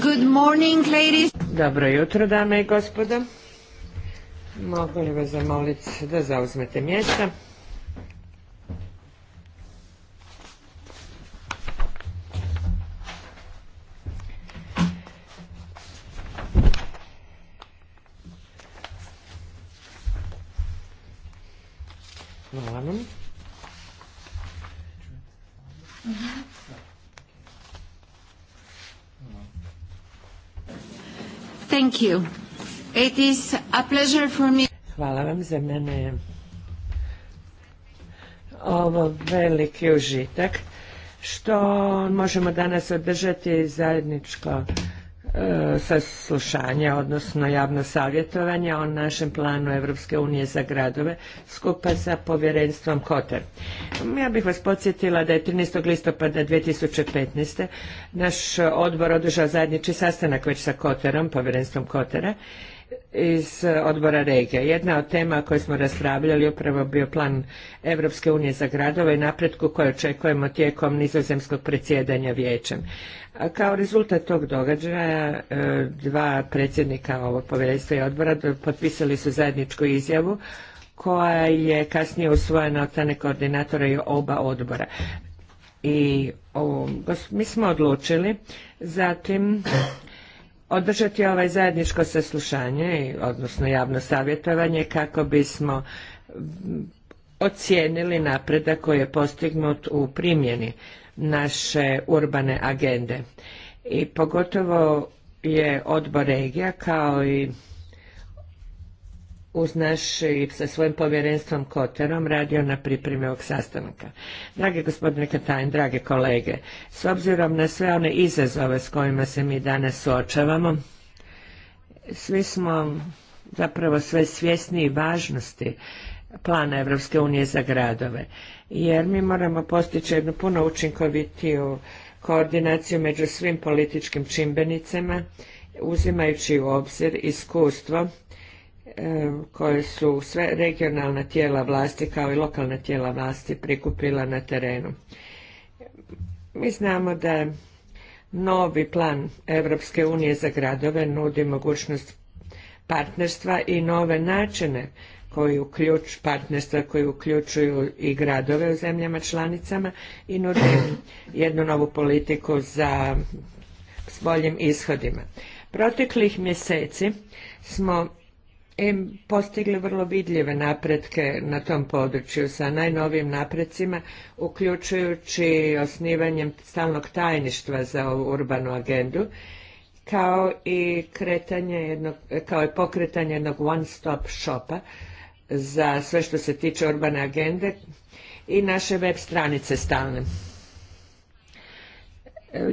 Good morning, ladies. Dobro jutro, dame i gospodo. Mogu li vas zamoliti da zauzmete mjesta? a pleasure for me. Hvala vam, za mene ovo veliki užitak što možemo danas održati zajedničko E, saslušanja, odnosno javno savjetovanje o našem planu Europske unije za gradove skupa sa povjerenstvom Koter. Ja bih vas podsjetila da je 13. listopada 2015. naš odbor održao zajednički sastanak već sa Koterom, povjerenstvom Kotera iz e, odbora regija. Jedna od tema koje smo raspravljali upravo bio plan Europske unije za gradove i napretku koje očekujemo tijekom nizozemskog predsjedanja vijećem. kao rezultat tog događaja e, dva predsjednika ovog povjerenstva i odbora potpisali su zajedničku izjavu koja je kasnije usvojena od strane koordinatora i oba odbora. I mi smo odlučili zatim održati ovaj zajedničko saslušanje, odnosno javno savjetovanje kako bismo ocijenili napredak koji je postignut u primjeni naše urbane agende. I pogotovo je odbor regija kao i uz naš i sa svojim povjerenstvom Koterom radio na pripremi ovog sastanka. Dragi gospodine Katajn, drage kolege, s obzirom na sve one izazove s kojima se mi danas suočavamo, svi smo zapravo sve svjesni važnosti plana Evropske unije za gradove, jer mi moramo postići jednu puno učinkovitiju koordinaciju među svim političkim čimbenicama, uzimajući u obzir iskustvo koje su sve regionalna tijela vlasti kao i lokalna tijela vlasti prikupila na terenu. Mi znamo da novi plan Europske unije za gradove nudi mogućnost partnerstva i nove načine koji uključ, partnerstva koji uključuju i gradove u zemljama članicama i nudi jednu novu politiku za s boljim ishodima. Proteklih mjeseci smo postigli vrlo vidljive napretke na tom području sa najnovijim naprecima, uključujući osnivanjem stalnog tajništva za ovu urbanu agendu, kao i kretanje jednog, kao i pokretanje jednog one-stop shopa za sve što se tiče urbane agende i naše web stranice stalne.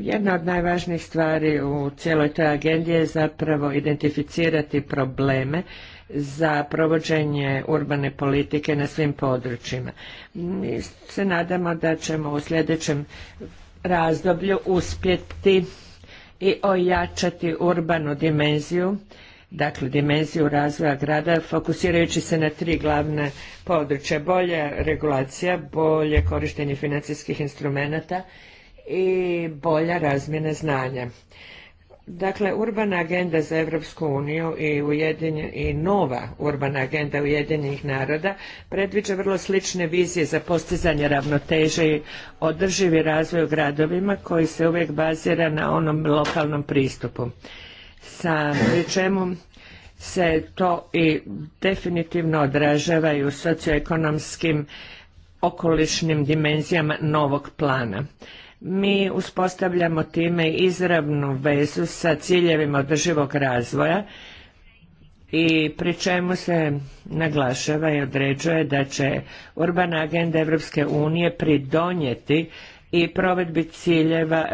Jedna od najvažnijih stvari u cijeloj toj agendi je zapravo identificirati probleme za provođenje urbane politike na svim područjima. Mi se nadamo da ćemo u sljedećem razdoblju uspjeti i ojačati urbanu dimenziju, dakle dimenziju razvoja grada, fokusirajući se na tri glavne područja. Bolja regulacija, bolje korištenje financijskih instrumenata i bolja razmjena znanja. Dakle, urbana agenda za Europsku uniju i, i nova urbana agenda Ujedinjenih naroda predviđa vrlo slične vizije za postizanje ravnoteže i održivi razvoj u gradovima koji se uvijek bazira na onom lokalnom pristupu. Sa čemu se to i definitivno odražava i u socioekonomskim okolišnim dimenzijama novog plana mi uspostavljamo time izravnu vezu sa ciljevima održivog razvoja i pri čemu se naglašava i određuje da će urbana agenda Europske unije pridonijeti i provedbi ciljeva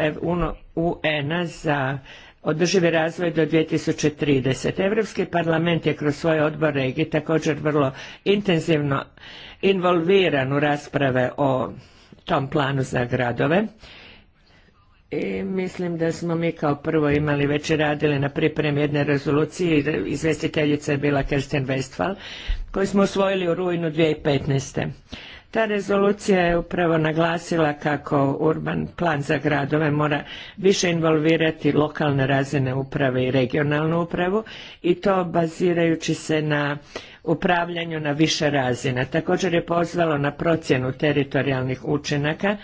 UN-a za održivi razvoj do 2030. Europski parlament je kroz svoj odbor regije također vrlo intenzivno involviran u rasprave o tom planu za gradove i mislim da smo mi kao prvo imali već radili na pripremi jedne rezolucije, izvestiteljica je bila kersten Westphal, koju smo usvojili u rujnu 2015. Ta rezolucija je upravo naglasila kako urban plan za gradove mora više involvirati lokalne razine uprave i regionalnu upravu i to bazirajući se na upravljanju na više razina. Također je pozvalo na procjenu teritorijalnih učinaka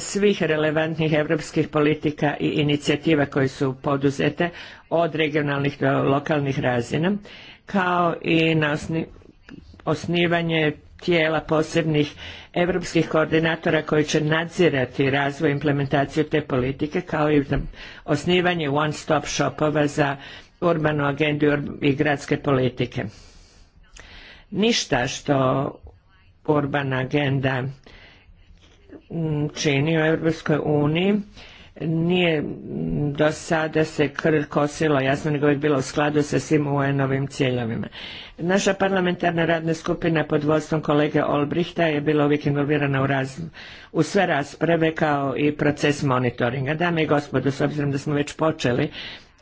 svih relevantnih europskih politika i inicijativa koje su poduzete od regionalnih do lokalnih razina, kao i na osnivanje tijela posebnih europskih koordinatora koji će nadzirati razvoj i implementaciju te politike kao i osnivanje one stop shopova za urbanu agendu i gradske politike. Ništa što urbana agenda čini u Europskoj uniji nije do sada se krv kosilo jasno nego je bilo u skladu sa svim UN-ovim ciljevima. Naša parlamentarna radna skupina pod vodstvom kolege Olbrihta je bila uvijek involvirana u, u sve rasprave kao i proces monitoringa. Dame i gospodo, s obzirom da smo već počeli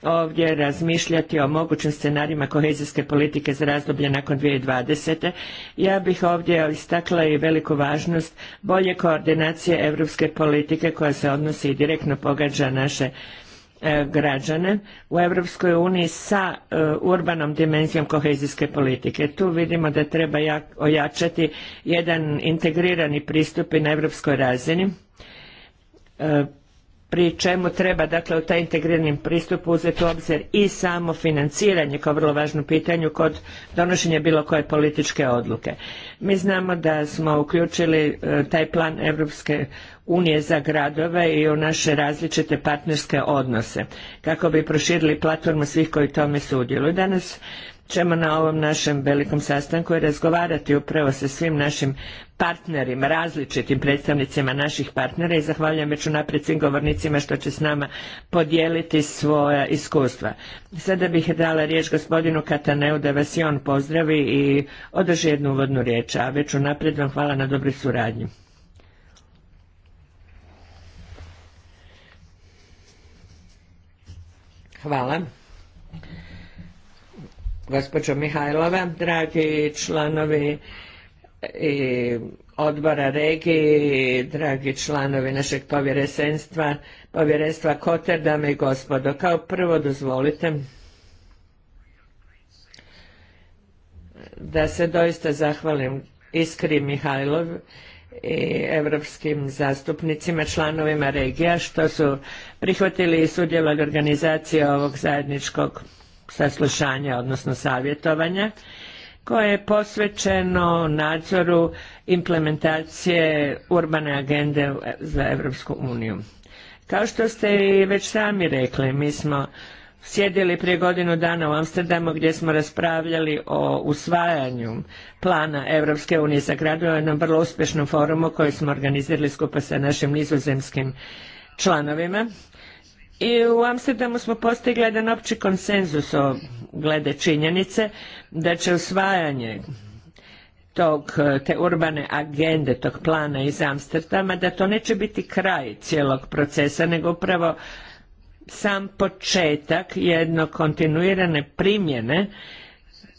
ovdje razmišljati o mogućim scenarijima kohezijske politike za razdoblje nakon 2020. Ja bih ovdje istakla i veliku važnost bolje koordinacije europske politike koja se odnosi i direktno pogađa naše e, građane u Europskoj uniji sa e, urbanom dimenzijom kohezijske politike. Tu vidimo da treba ojačati jedan integrirani pristup i na europskoj razini e, pri čemu treba dakle u taj integrirani pristup uzeti u obzir i samo financiranje kao vrlo važno pitanje kod donošenja bilo koje političke odluke. Mi znamo da smo uključili e, taj plan Europske unije za gradove i u naše različite partnerske odnose kako bi proširili platformu svih koji tome sudjeluju. Danas ćemo na ovom našem velikom sastanku razgovarati upravo sa svim našim partnerima, različitim predstavnicima naših partnera i zahvaljujem već unaprijed svim govornicima što će s nama podijeliti svoja iskustva. Sada bih dala riječ gospodinu Kataneu da vas i on pozdravi i održi jednu uvodnu riječ, a već unaprijed vam hvala na dobroj suradnji. Hvala gospođo Mihajlova, dragi članovi i odbora regiji, dragi članovi našeg povjerenstva, povjerenstva Koter, dame i gospodo. Kao prvo dozvolite da se doista zahvalim Iskri Mihajlov i evropskim zastupnicima, članovima regija, što su prihvatili i sudjelovali organizacije ovog zajedničkog saslušanja, odnosno savjetovanja, koje je posvećeno nadzoru implementacije urbane agende za Europsku uniju. Kao što ste i već sami rekli, mi smo sjedili prije godinu dana u Amsterdamu gdje smo raspravljali o usvajanju plana Europske unije za gradove u jednom vrlo uspješnom forumu koji smo organizirali skupa sa našim nizozemskim članovima i u Amsterdamu smo postigli jedan opći konsenzus o glede činjenice da će usvajanje tog, e, te urbane agende, tog plana iz Amsterdama, da to neće biti kraj cijelog procesa, nego upravo sam početak jedno kontinuirane primjene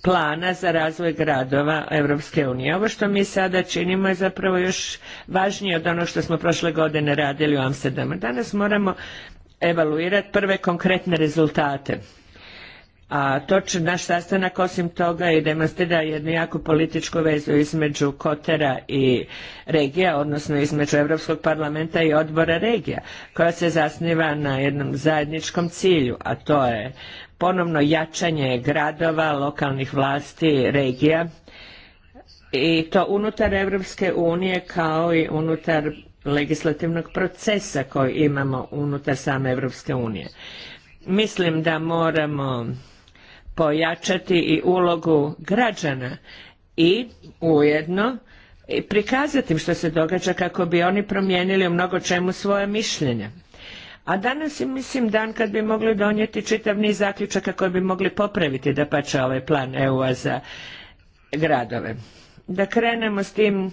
plana za razvoj gradova Europske unije. Ovo što mi sada činimo je zapravo još važnije od ono što smo prošle godine radili u Amsterdamu. Danas moramo evaluirati prve konkretne rezultate. A to će naš sastanak osim toga i demonstrira jednu jaku političku vezu između Kotera i regija, odnosno između Europskog parlamenta i odbora regija, koja se zasniva na jednom zajedničkom cilju, a to je ponovno jačanje gradova, lokalnih vlasti, regija i to unutar Europske unije kao i unutar legislativnog procesa koji imamo unutar same Europske unije. Mislim da moramo pojačati i ulogu građana i ujedno prikazati im što se događa kako bi oni promijenili u mnogo čemu svoje mišljenja. A danas je, mislim, dan kad bi mogli donijeti čitav niz zaključaka koje bi mogli popraviti da pače ovaj plan EU-a za gradove. Da krenemo s tim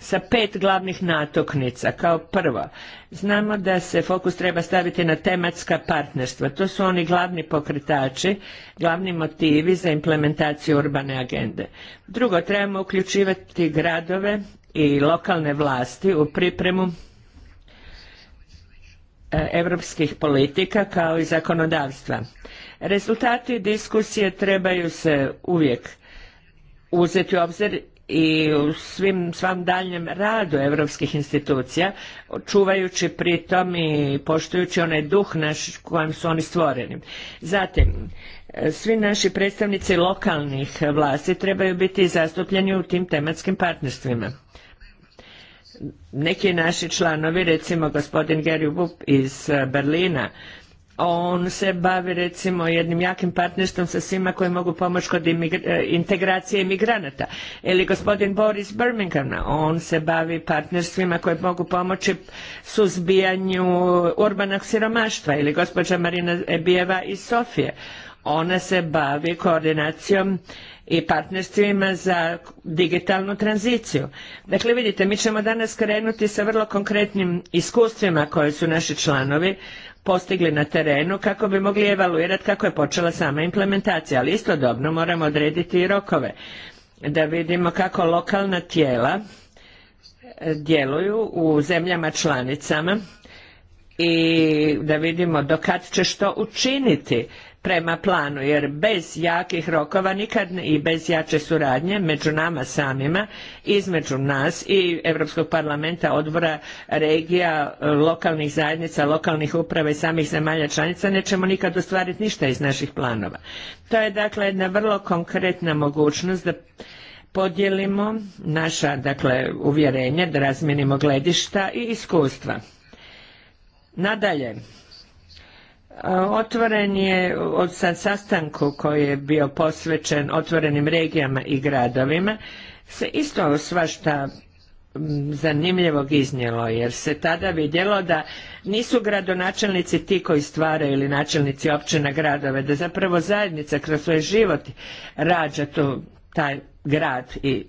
sa pet glavnih natoknica. Kao prvo, znamo da se fokus treba staviti na tematska partnerstva. To su oni glavni pokretači, glavni motivi za implementaciju urbane agende. Drugo, trebamo uključivati gradove i lokalne vlasti u pripremu europskih politika kao i zakonodavstva. Rezultati diskusije trebaju se uvijek uzeti u obzir i u svim, svom daljem radu europskih institucija, čuvajući pritom i poštujući onaj duh naš kojem su oni stvoreni. Zatim, svi naši predstavnici lokalnih vlasti trebaju biti zastupljeni u tim tematskim partnerstvima. Neki naši članovi, recimo gospodin Gary iz Berlina, on se bavi recimo jednim jakim partnerstvom sa svima koji mogu pomoći kod e, integracije imigranata. Ili gospodin Boris Birmingham, on se bavi partnerstvima koji mogu pomoći suzbijanju urbanog siromaštva. Ili gospođa Marina Ebijeva iz Sofije, ona se bavi koordinacijom i partnerstvima za digitalnu tranziciju. Dakle, vidite, mi ćemo danas krenuti sa vrlo konkretnim iskustvima koje su naši članovi postigli na terenu kako bi mogli evaluirati kako je počela sama implementacija, ali istodobno moramo odrediti i rokove da vidimo kako lokalna tijela eh, djeluju u zemljama članicama i da vidimo do kad će što učiniti prema planu jer bez jakih rokova nikad i bez jače suradnje među nama samima između nas i Europskog parlamenta odbora regija lokalnih zajednica lokalnih uprava i samih zemalja članica nećemo nikad ostvariti ništa iz naših planova to je dakle jedna vrlo konkretna mogućnost da podijelimo naša dakle uvjerenja da razmijenimo gledišta i iskustva nadalje Otvoren je od sastanku koji je bio posvećen otvorenim regijama i gradovima se isto svašta zanimljivog iznijelo jer se tada vidjelo da nisu gradonačelnici ti koji stvaraju ili načelnici općina gradove, da zapravo zajednica kroz svoj život rađa tu taj grad i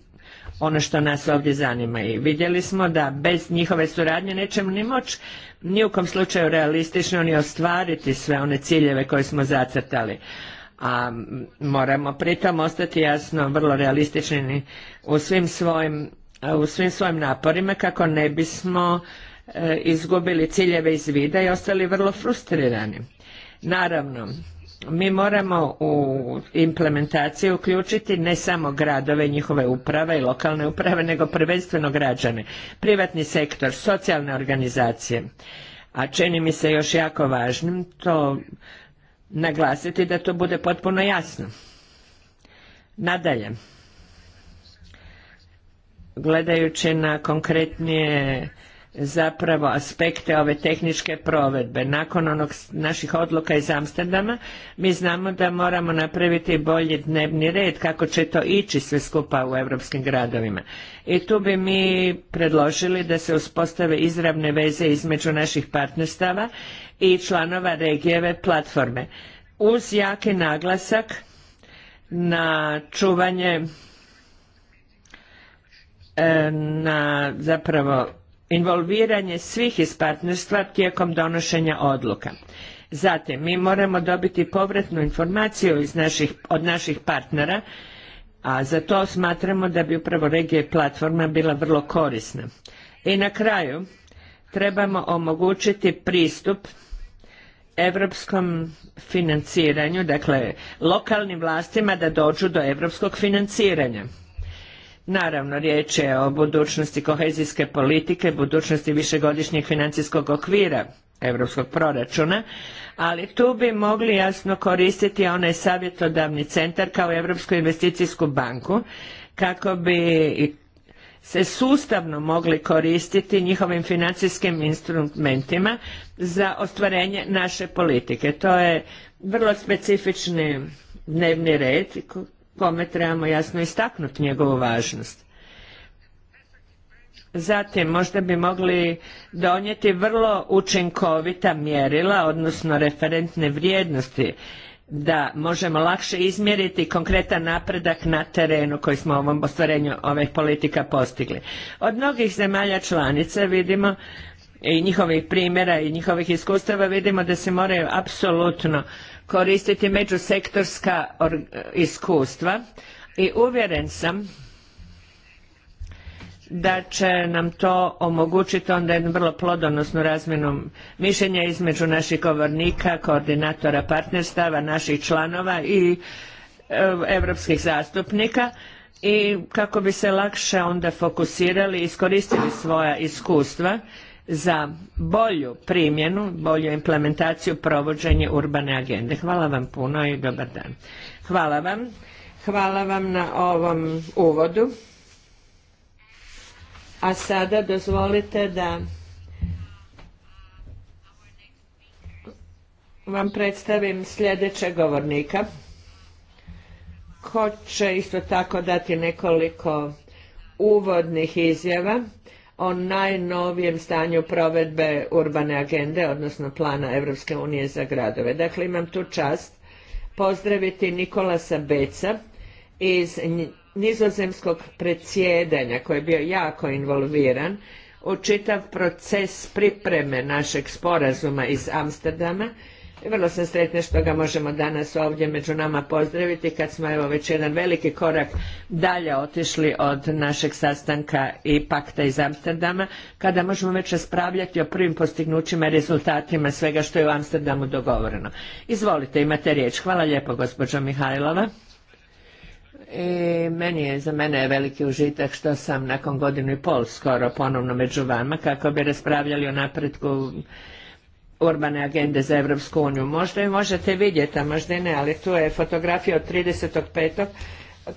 ono što nas ovdje zanima i vidjeli smo da bez njihove suradnje nećemo ni moći ni u kom slučaju realistično ni ostvariti sve one ciljeve koje smo zacrtali a moramo pritom ostati jasno vrlo realistični u svim svojim, u svim svojim naporima kako ne bismo e, izgubili ciljeve iz vida i ostali vrlo frustrirani. Naravno, mi moramo u implementaciju uključiti ne samo gradove, njihove uprave i lokalne uprave, nego prvenstveno građane, privatni sektor, socijalne organizacije. A čini mi se još jako važnim to naglasiti da to bude potpuno jasno. Nadalje, gledajući na konkretnije zapravo aspekte ove tehničke provedbe. Nakon onog naših odluka iz Amsterdama mi znamo da moramo napraviti bolji dnevni red kako će to ići sve skupa u europskim gradovima. I tu bi mi predložili da se uspostave izravne veze između naših partnerstava i članova regijeve platforme. Uz jaki naglasak na čuvanje e, na zapravo involviranje svih iz partnerstva tijekom donošenja odluka. Zatim, mi moramo dobiti povratnu informaciju od naših partnera, a za to smatramo da bi upravo regije platforma bila vrlo korisna. I na kraju, trebamo omogućiti pristup europskom financiranju, dakle lokalnim vlastima da dođu do europskog financiranja. Naravno, riječ je o budućnosti kohezijske politike, budućnosti višegodišnjeg financijskog okvira europskog proračuna, ali tu bi mogli jasno koristiti onaj savjetodavni centar kao Europsku investicijsku banku kako bi se sustavno mogli koristiti njihovim financijskim instrumentima za ostvarenje naše politike. To je vrlo specifični dnevni red kome trebamo jasno istaknuti njegovu važnost. Zatim, možda bi mogli donijeti vrlo učinkovita mjerila, odnosno referentne vrijednosti, da možemo lakše izmjeriti konkretan napredak na terenu koji smo u ovom ostvarenju ovih politika postigli. Od mnogih zemalja članica vidimo i njihovih primjera i njihovih iskustava vidimo da se moraju apsolutno koristiti međusektorska iskustva i uvjeren sam da će nam to omogućiti onda jednu vrlo plodonosnu razmjenu mišljenja između naših govornika, koordinatora partnerstava, naših članova i europskih zastupnika i kako bi se lakše onda fokusirali i iskoristili svoja iskustva za bolju primjenu, bolju implementaciju, provođenje urbane agende. Hvala vam puno i dobar dan. Hvala vam. Hvala vam na ovom uvodu. A sada dozvolite da vam predstavim sljedećeg govornika ko će isto tako dati nekoliko uvodnih izjava o najnovijem stanju provedbe urbane agende, odnosno plana Europske unije za gradove. Dakle, imam tu čast pozdraviti Nikolasa Beca iz nizozemskog predsjedanja koji je bio jako involviran u čitav proces pripreme našeg sporazuma iz Amsterdama vrlo sam sretna što ga možemo danas ovdje među nama pozdraviti kad smo evo već jedan veliki korak dalje otišli od našeg sastanka i pakta iz Amsterdama kada možemo već raspravljati o prvim postignućima i rezultatima svega što je u Amsterdamu dogovoreno. Izvolite, imate riječ. Hvala lijepo gospođo Mihajlova. I meni je, za mene je veliki užitak što sam nakon godinu i pol skoro ponovno među vama kako bi raspravljali o napretku urbane agende za Evropsku uniju. Možda ju možete vidjeti, a možda ne, ali tu je fotografija od 35.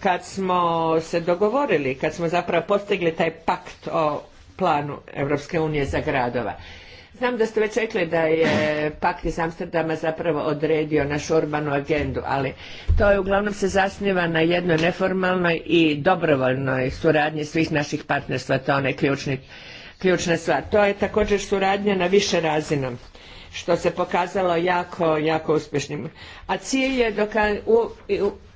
kad smo se dogovorili, kad smo zapravo postigli taj pakt o planu Evropske unije za gradova. Znam da ste već rekli da je pakt iz Amsterdama zapravo odredio našu urbanu agendu, ali to je uglavnom se zasniva na jednoj neformalnoj i dobrovoljnoj suradnji svih naših partnerstva, to je onaj ključni ključna stvar. To je također suradnja na više razinom što se pokazalo jako, jako uspješnim. A cilj je doka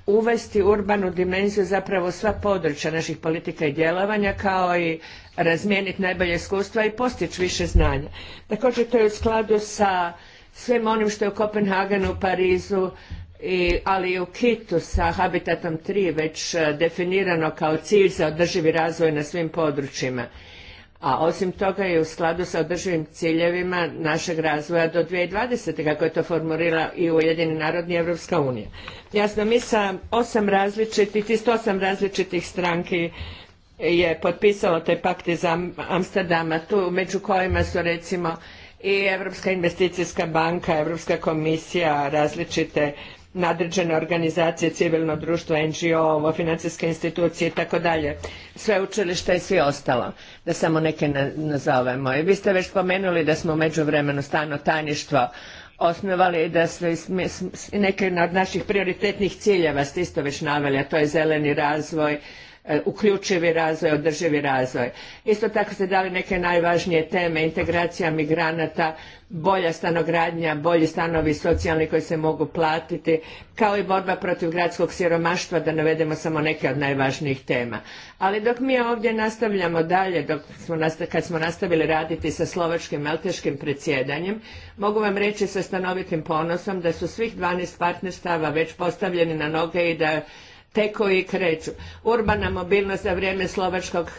uvesti urbanu dimenziju zapravo sva područja naših politika i djelovanja kao i razmijeniti najbolje iskustva i postići više znanja. Također to je u skladu sa svim onim što je u Kopenhagenu, Parizu, ali i u Kitu sa Habitatom 3 već e, definirano kao cilj za održivi razvoj na svim područjima a osim toga je u skladu sa održivim ciljevima našeg razvoja do 2020. kako je to formulira i Ujedini narodni i Evropska unija. Jasno, mi sa osam različitih, iz osam različitih stranki je potpisalo taj pakt iz Amsterdama, tu među kojima su recimo i Europska investicijska banka, Europska komisija, različite nadređene organizacije, civilno društvo, NGO, financijske institucije i tako dalje, sveučilišta i svi ostalo, da samo neke nazovemo. vi ste već spomenuli da smo u međuvremenu stano tajništvo osnovali i da ste neke od naših prioritetnih ciljeva ste isto već naveli, a to je zeleni razvoj, E, uključivi razvoj, održivi razvoj. Isto tako ste dali neke najvažnije teme, integracija migranata, bolja stanogradnja, bolji stanovi socijalni koji se mogu platiti, kao i borba protiv gradskog siromaštva, da navedemo samo neke od najvažnijih tema. Ali dok mi ovdje nastavljamo dalje, dok smo kad smo nastavili raditi sa slovačkim malteškim predsjedanjem, mogu vam reći sa stanovitim ponosom da su svih 12 partnerstava već postavljeni na noge i da te i kreću. Urbana mobilnost za vrijeme slovačkog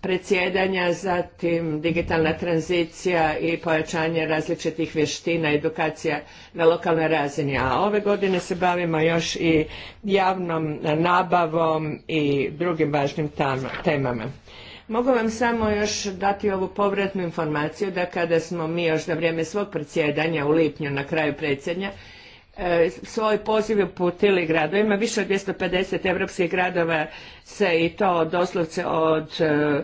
predsjedanja, zatim digitalna tranzicija i pojačanje različitih vještina, edukacija na lokalnoj razini. A ove godine se bavimo još i javnom nabavom i drugim važnim temama. Mogu vam samo još dati ovu povratnu informaciju da kada smo mi još na vrijeme svog predsjedanja u lipnju na kraju predsjednja, E, svoj poziv uputili gradovima. Više od 250 europskih gradova se i to doslovce od e,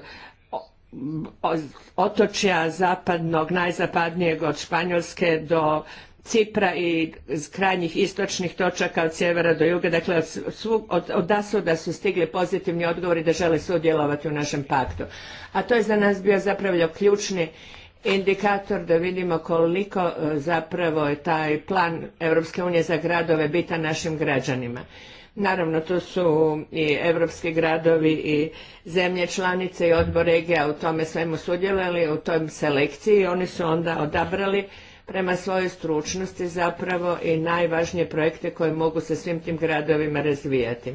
otočja zapadnog, najzapadnijeg od Španjolske do Cipra i krajnjih istočnih točaka od sjevera do juga, dakle od, da su stigli pozitivni odgovori da žele sudjelovati u našem paktu. A to je za nas bio zapravo ključni indikator da vidimo koliko e, zapravo je taj plan Europske unije za gradove bitan našim građanima. Naravno, tu su i evropski gradovi i zemlje članice i odbor regija u tome svemu sudjelovali, u toj selekciji i oni su onda odabrali prema svojoj stručnosti zapravo i najvažnije projekte koje mogu se svim tim gradovima razvijati.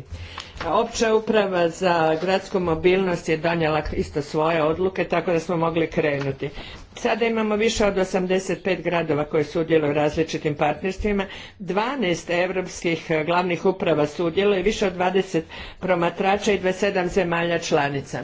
Opća uprava za gradsku mobilnost je donijela isto svoje odluke tako da smo mogli krenuti. Sada imamo više od 85 gradova koji sudjeluju u različitim partnerstvima, 12 europskih glavnih uprava sudjeluje, više od 20 promatrača i 27 zemalja članica.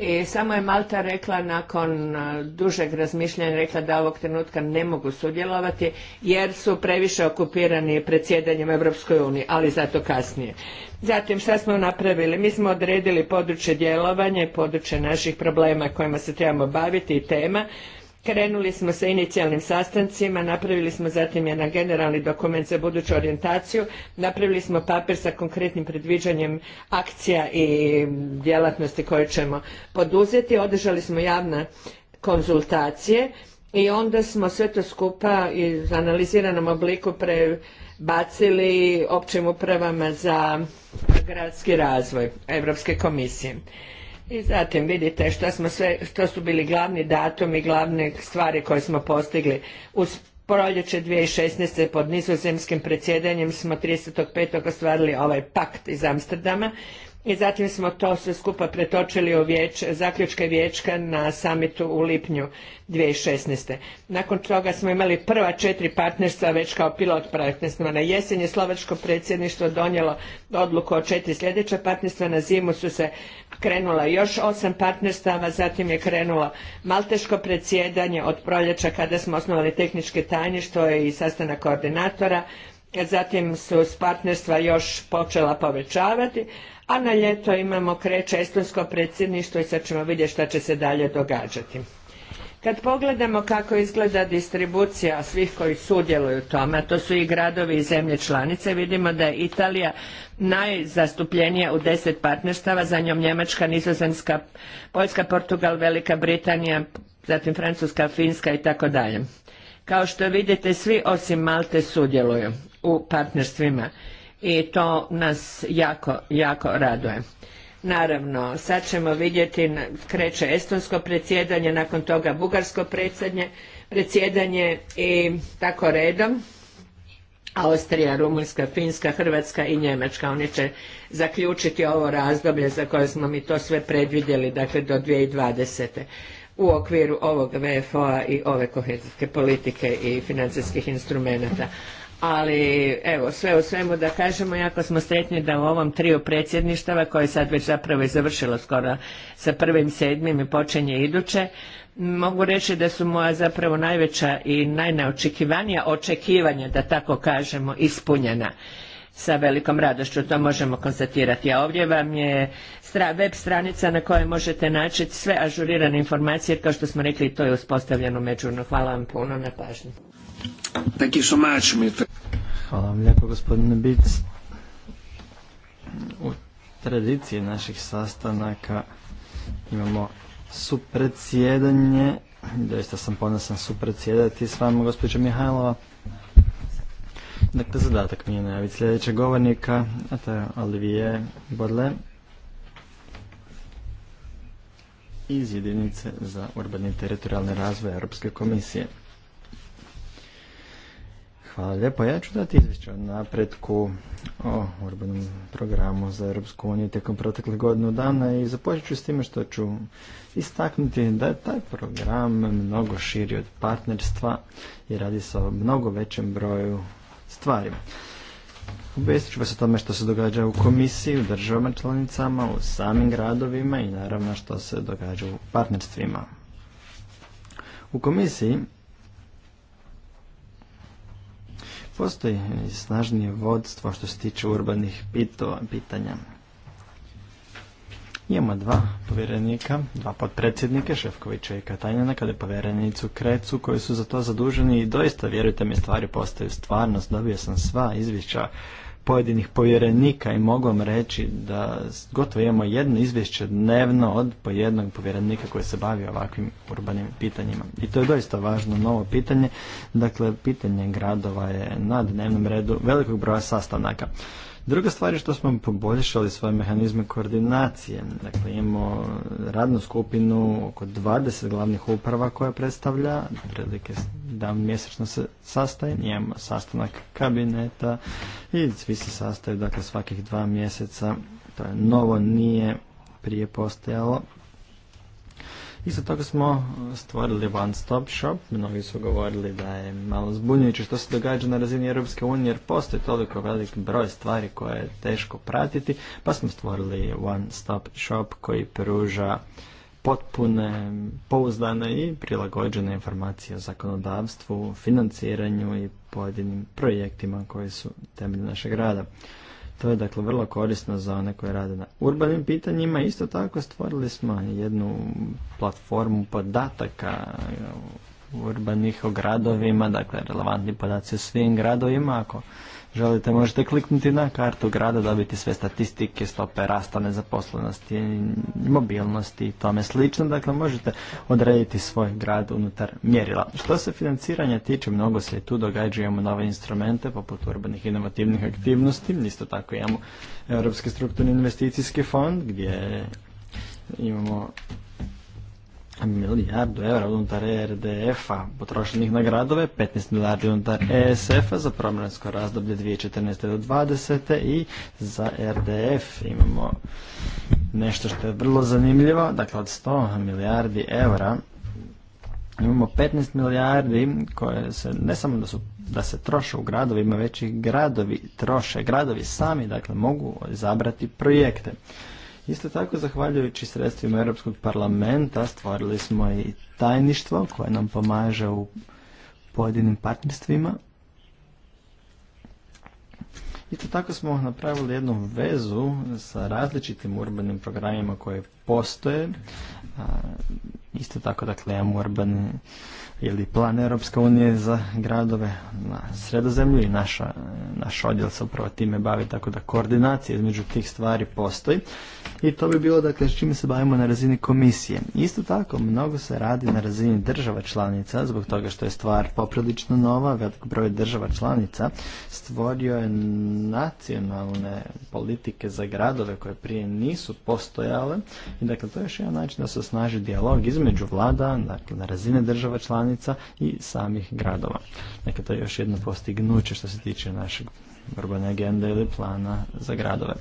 I samo je Malta rekla nakon dužeg razmišljanja rekla da ovog trenutka ne mogu sudjelovati jer su previše okupirani predsjedanjem Europskoj uniji, ali zato kasnije. Zatim šta smo napravili? Mi smo odredili područje djelovanja i područje naših problema kojima se trebamo baviti i tema Krenuli smo sa inicijalnim sastancima, napravili smo zatim jedan generalni dokument za buduću orijentaciju, napravili smo papir sa konkretnim predviđanjem akcija i djelatnosti koje ćemo poduzeti, održali smo javne konzultacije i onda smo sve to skupa i u analiziranom obliku prebacili općim upravama za gradski razvoj Europske komisije. I zatim vidite što, smo su bili glavni datumi, glavne stvari koje smo postigli. Uz proljeće 2016. pod nizozemskim predsjedanjem smo 35. ostvarili ovaj pakt iz Amsterdama i zatim smo to sve skupa pretočili u zaključke vječka na samitu u lipnju 2016. Nakon toga smo imali prva četiri partnerstva već kao pilot partnerstva. Na jesen je slovačko predsjedništvo donijelo odluku o četiri sljedeća partnerstva, na zimu su se krenula još osam partnerstava, zatim je krenulo malteško predsjedanje od proljeća kada smo osnovali tehničke tajništvo i sastanak koordinatora, zatim su s partnerstva još počela povećavati, a na ljeto imamo kreće estonsko predsjedništvo i sad ćemo vidjeti šta će se dalje događati. Kad pogledamo kako izgleda distribucija svih koji sudjeluju u tome, a to su i gradovi i zemlje članice, vidimo da je Italija najzastupljenija u deset partnerstava, za njom Njemačka, Nizozemska, Poljska, Portugal, Velika Britanija, zatim Francuska, Finska i tako dalje. Kao što vidite, svi osim Malte sudjeluju u partnerstvima i to nas jako, jako raduje. Naravno, sad ćemo vidjeti, kreće estonsko predsjedanje, nakon toga bugarsko predsjedanje, predsjedanje i tako redom. Austrija, Rumunjska, Finska, Hrvatska i Njemačka. Oni će zaključiti ovo razdoblje za koje smo mi to sve predvidjeli, dakle do 2020. u okviru ovog VFO-a i ove kohezijske politike i financijskih instrumenata ali evo sve u svemu da kažemo jako smo sretni da u ovom triju predsjedništava koje je sad već zapravo i završilo skoro sa prvim sedmim i počinje iduće mogu reći da su moja zapravo najveća i najneočekivanija očekivanja da tako kažemo ispunjena sa velikom radošću, to možemo konstatirati. A ovdje vam je web stranica na kojoj možete naći sve ažurirane informacije, jer kao što smo rekli, to je uspostavljeno međurno. Hvala vam puno na pažnju. Hvala vam lijepo gospodine Bic. U tradiciji naših sastanaka imamo supredsjedanje. Doista sam ponosan supredsjedati s vama gospođo Mihajlova. Dakle, zadatak mi je najaviti sljedećeg govornika, a to je Olivier Bodle. iz jedinice za urbani teritorijalni razvoj Europske komisije. Hvala lijepo. Ja ću dati izvješće o napretku o urbanom programu za Europsku uniju tijekom protekle godinu dana i započet ću s time što ću istaknuti da je taj program mnogo širi od partnerstva i radi se o mnogo većem broju stvari. Obvijestit ću vas o tome što se događa u komisiji, u državama članicama, u samim gradovima i naravno što se događa u partnerstvima. U komisiji Postoji snažnije vodstvo što se tiče urbanih pitova, pitanja. Imamo dva povjerenika, dva podpredsjednike, Šefkovića i Katajnjana, kada je povjerenicu Krecu, koji su za to zaduženi i doista, vjerujte mi, stvari postaju stvarnost. Dobio sam sva izvješća pojedinih povjerenika i mogu vam reći da gotovo imamo jedno izvješće dnevno od pojednog povjerenika koji se bavi ovakvim urbanim pitanjima. I to je doista važno novo pitanje. Dakle, pitanje gradova je na dnevnom redu velikog broja sastanaka. Druga stvar je što smo poboljšali svoje mehanizme koordinacije. Dakle, imamo radnu skupinu oko 20 glavnih uprava koja predstavlja otprilike dan mjesečno se sastaje, imamo sastanak kabineta i svi se sastaju dakle svakih dva mjeseca. To je novo, nije prije postojalo. Isto toga smo stvorili One Stop Shop, mnogi su govorili da je malo zbunjujuće što se događa na razini Europske unije jer postoji toliko velik broj stvari koje je teško pratiti, pa smo stvorili One Stop Shop koji pruža potpune, pouzdane i prilagođene informacije o zakonodavstvu, financiranju i pojedinim projektima koji su temelj našeg rada. To je dakle vrlo korisno za one koje rade na urbanim pitanjima. Isto tako stvorili smo jednu platformu podataka urbanih o gradovima, dakle relevantni podaci o svim gradovima. Ako želite možete kliknuti na kartu grada, dobiti sve statistike, stope rasta nezaposlenosti, mobilnosti i tome slično. Dakle, možete odrediti svoj grad unutar mjerila. Što se financiranja tiče, mnogo se i tu događa, imamo nove instrumente poput urbanih inovativnih aktivnosti, isto tako imamo Europski strukturni investicijski fond gdje imamo milijardu eura unutar e RDF-a potrošenih na gradove, 15 milijardi unutar ESF-a za promjensko razdoblje 2014. do 2020. i za RDF imamo nešto što je vrlo zanimljivo, dakle od 100 milijardi eura imamo 15 milijardi koje se ne samo da su da se troše u gradovima, već i gradovi troše. Gradovi sami, dakle, mogu izabrati projekte. Isto tako, zahvaljujući sredstvima Europskog parlamenta, stvorili smo i tajništvo koje nam pomaže u pojedinim partnerstvima. Isto tako smo napravili jednu vezu sa različitim urbanim programima koje postoje. Isto tako, dakle, imamo urbane ili plan Europske unije za gradove na sredozemlju i naša, naš odjel se upravo time bavi, tako da koordinacija između tih stvari postoji i to bi bilo dakle s čime se bavimo na razini komisije. Isto tako mnogo se radi na razini država članica zbog toga što je stvar poprilično nova, velik broj država članica stvorio je nacionalne politike za gradove koje prije nisu postojale i dakle to je još jedan način da se osnaži dijalog između vlada, dakle na razine država članica i samih gradova. Neka to je još jedno postignuće što se tiče našeg urbane agende ili plana za gradove.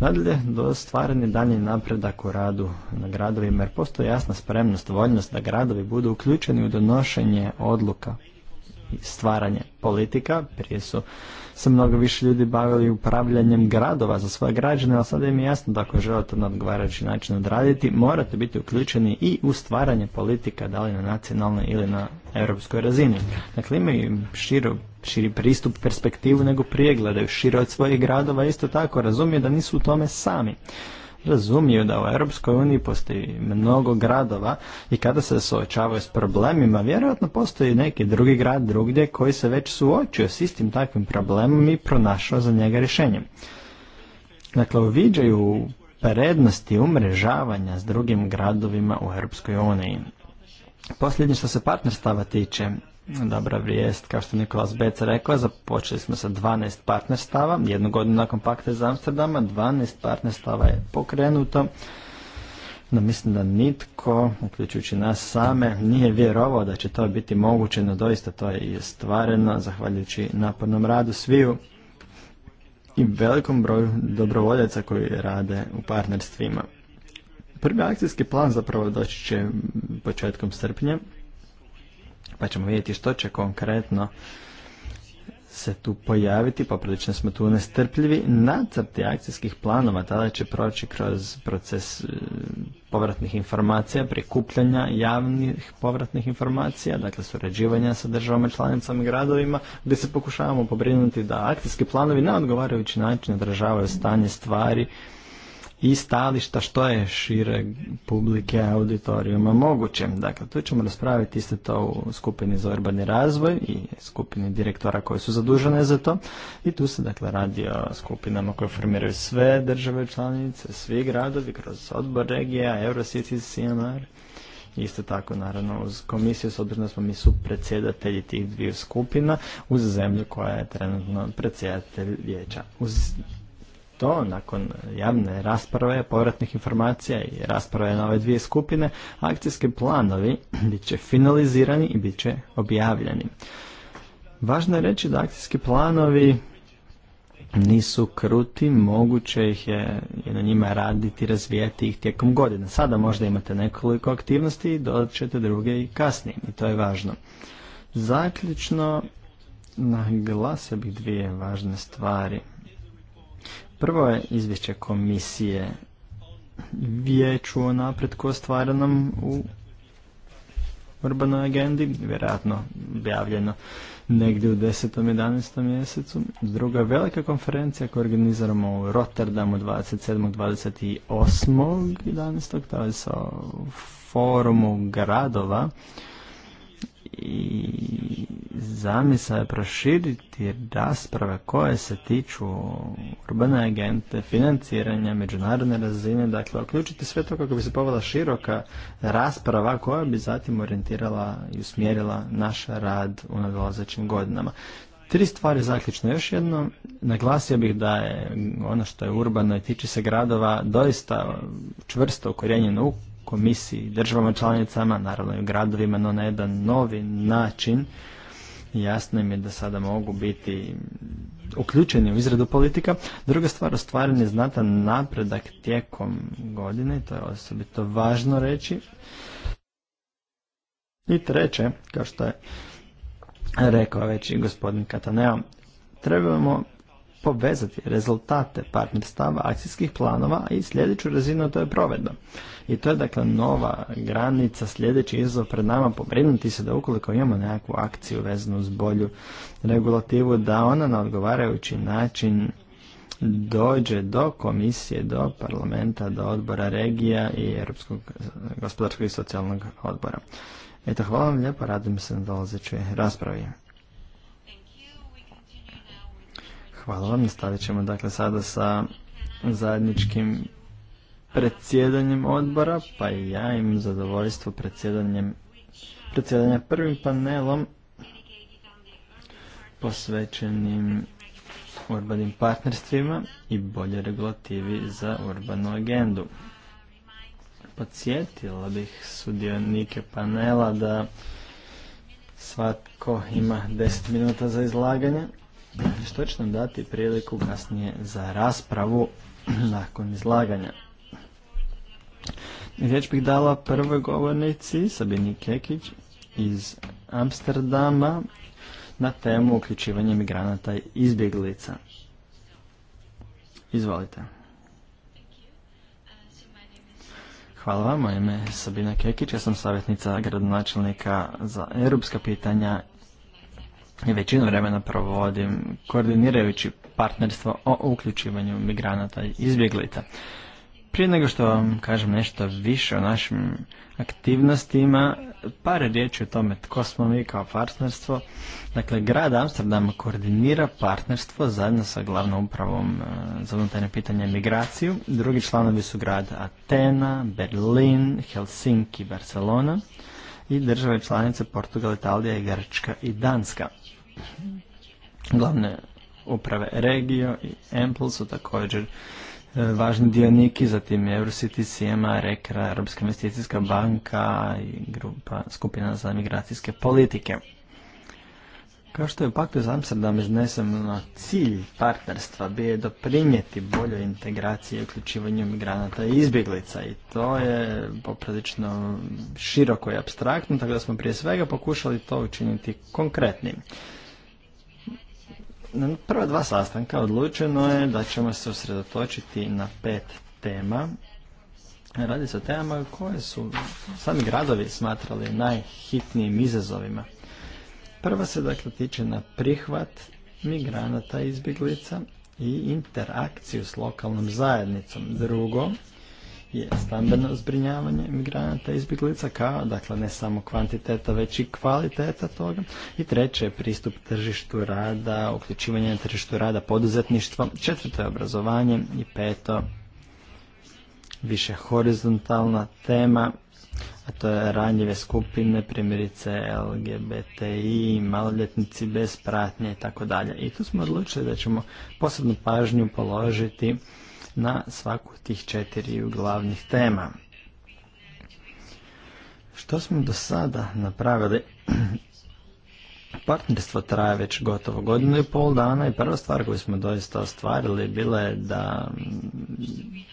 Nadalje, do stvaranje dalje napredak u radu na gradovima, jer postoji jasna spremnost, voljnost da gradovi budu uključeni u donošenje odluka i stvaranje politika. Prije su se mnogo više ljudi bavili upravljanjem gradova za svoje građane, ali sada im je jasno da ako želite na odgovarajući način odraditi, morate biti uključeni i u stvaranje politika, da li na nacionalnoj ili na europskoj razini. Dakle, imaju širo, širi pristup, perspektivu nego prije, gledaju šire od svojih gradova, isto tako razumiju da nisu u tome sami razumiju da u Europskoj uniji postoji mnogo gradova i kada se suočavaju s problemima, vjerojatno postoji neki drugi grad drugdje koji se već suočio s istim takvim problemom i pronašao za njega rješenje. Dakle, uviđaju prednosti umrežavanja s drugim gradovima u Europskoj uniji. Posljednje što se partnerstava tiče, Dobra vrijest kao što je Nikolas Bec rekao, započeli smo sa 12 partnerstava, jednu godinu nakon pakta iz Amsterdama, 12 partnerstava je pokrenuto, no mislim da nitko, uključujući nas same, nije vjerovao da će to biti moguće, no doista to je i stvareno, zahvaljujući napornom radu sviju i velikom broju dobrovoljaca koji rade u partnerstvima. Prvi akcijski plan zapravo doći će početkom srpnja, pa ćemo vidjeti što će konkretno se tu pojaviti, poprilično smo tu nestrpljivi. Nacrti akcijskih planova tada će proći kroz proces e, povratnih informacija, prikupljanja javnih povratnih informacija, dakle surađivanja sa državama, članicama i gradovima, gdje se pokušavamo pobrinuti da akcijski planovi na odgovarajući način održavaju stanje stvari i stališta što je šire publike auditorijuma moguće. Dakle, tu ćemo raspraviti isto to u skupini za urbani razvoj i skupini direktora koji su zadužene za to. I tu se dakle radi o skupinama koje formiraju sve države članice, svi gradovi kroz odbor regija, Eurocity, CNR. Isto tako, naravno, uz komisiju, s obzirom smo mi su predsjedatelji tih dviju skupina, uz zemlju koja je trenutno predsjedatelj vijeća. Uz to nakon javne rasprave, povratnih informacija i rasprave na ove dvije skupine, akcijski planovi bit će finalizirani i bit će objavljeni. Važno je reći da akcijski planovi nisu kruti, moguće ih je na njima raditi, razvijati ih tijekom godine. Sada možda imate nekoliko aktivnosti i dodat ćete druge i kasnije i to je važno. Zaključno naglasio bih dvije važne stvari. Prvo je izvješće komisije vijeću o napretku ostvarenom u urbanoj agendi, vjerojatno objavljeno negdje u 10. 11. mjesecu. Druga velika konferencija koju organiziramo u Rotterdamu 27. 28. 11. tada sa o forumu gradova i zamisa je proširiti rasprave koje se tiču urbane agente, financiranja, međunarodne razine, dakle uključiti sve to kako bi se povela široka rasprava koja bi zatim orijentirala i usmjerila naš rad u nadolazećim godinama. Tri stvari zaključno. Još jedno, naglasio bih da je ono što je urbano i tiče se gradova doista čvrsto ukorjenjeno u komisiji, državama članicama, naravno i gradovima, no na jedan novi način. Jasno im je da sada mogu biti uključeni u izradu politika. Druga stvar, ostvaren je znatan napredak tijekom godine, to je osobito važno reći. I treće, kao što je rekao već i gospodin Kataneo, trebamo povezati rezultate partnerstava, akcijskih planova i sljedeću razinu to je provedba. I to je dakle nova granica, sljedeći izazov pred nama, pobrinuti se da ukoliko imamo nekakvu akciju vezanu s bolju regulativu, da ona na odgovarajući način dođe do komisije, do parlamenta, do odbora regija i Europskog gospodarskog i socijalnog odbora. Eto, hvala vam lijepo, radim se na dolazećoj raspravi. Hvala vam. Nastavit ćemo dakle sada sa zajedničkim predsjedanjem odbora, pa i ja im zadovoljstvo predsjedanjem predsjedanja prvim panelom posvećenim urbanim partnerstvima i bolje regulativi za urbanu agendu. Podsjetila bih sudionike panela da svatko ima 10 minuta za izlaganje što će nam dati priliku kasnije za raspravu nakon izlaganja. Riječ bih dala prvoj govornici Sabini Kekić iz Amsterdama na temu uključivanja migranata i izbjeglica. Izvolite. Hvala vam, moje ime je Sabina Kekić, ja sam savjetnica gradonačelnika za europska pitanja većinu vremena provodim koordinirajući partnerstvo o uključivanju migranata i izbjeglica. Prije nego što vam kažem nešto više o našim aktivnostima, par riječi o tome tko smo mi kao partnerstvo. Dakle, grad Amsterdam koordinira partnerstvo zajedno sa glavnom upravom e, za unutarnje pitanje migraciju. Drugi članovi su grad Atena, Berlin, Helsinki, Barcelona i države članice Portugal, Italija Grčka i Danska. Glavne uprave Regio i Ample su također e, važni dioniki, zatim Eurocity, CMA, Rekra, Europska investicijska banka i grupa skupina za migracijske politike. Kao što je u paktu za Amsterdam izneseno cilj partnerstva bi je doprinijeti boljoj integraciji i uključivanju migranata i izbjeglica i to je poprilično široko i abstraktno, tako da smo prije svega pokušali to učiniti konkretnim. Na prva dva sastanka odlučeno je da ćemo se usredotočiti na pet tema. Radi se o temama koje su sami gradovi smatrali najhitnijim izazovima. Prva se dakle tiče na prihvat migranata i izbjeglica i interakciju s lokalnom zajednicom. Drugo, je stambeno zbrinjavanje migranata izbjeglica kao, dakle, ne samo kvantiteta, već i kvaliteta toga. I treće je pristup tržištu rada, uključivanje na tržištu rada poduzetništvo Četvrto je obrazovanje i peto više horizontalna tema, a to je ranjive skupine, primjerice LGBTI, maloljetnici bez pratnje i tako dalje. I tu smo odlučili da ćemo posebnu pažnju položiti na svaku tih četiri glavnih tema. Što smo do sada napravili? Partnerstvo traje već gotovo godinu i pol dana i prva stvar koju smo doista ostvarili bila je da mm,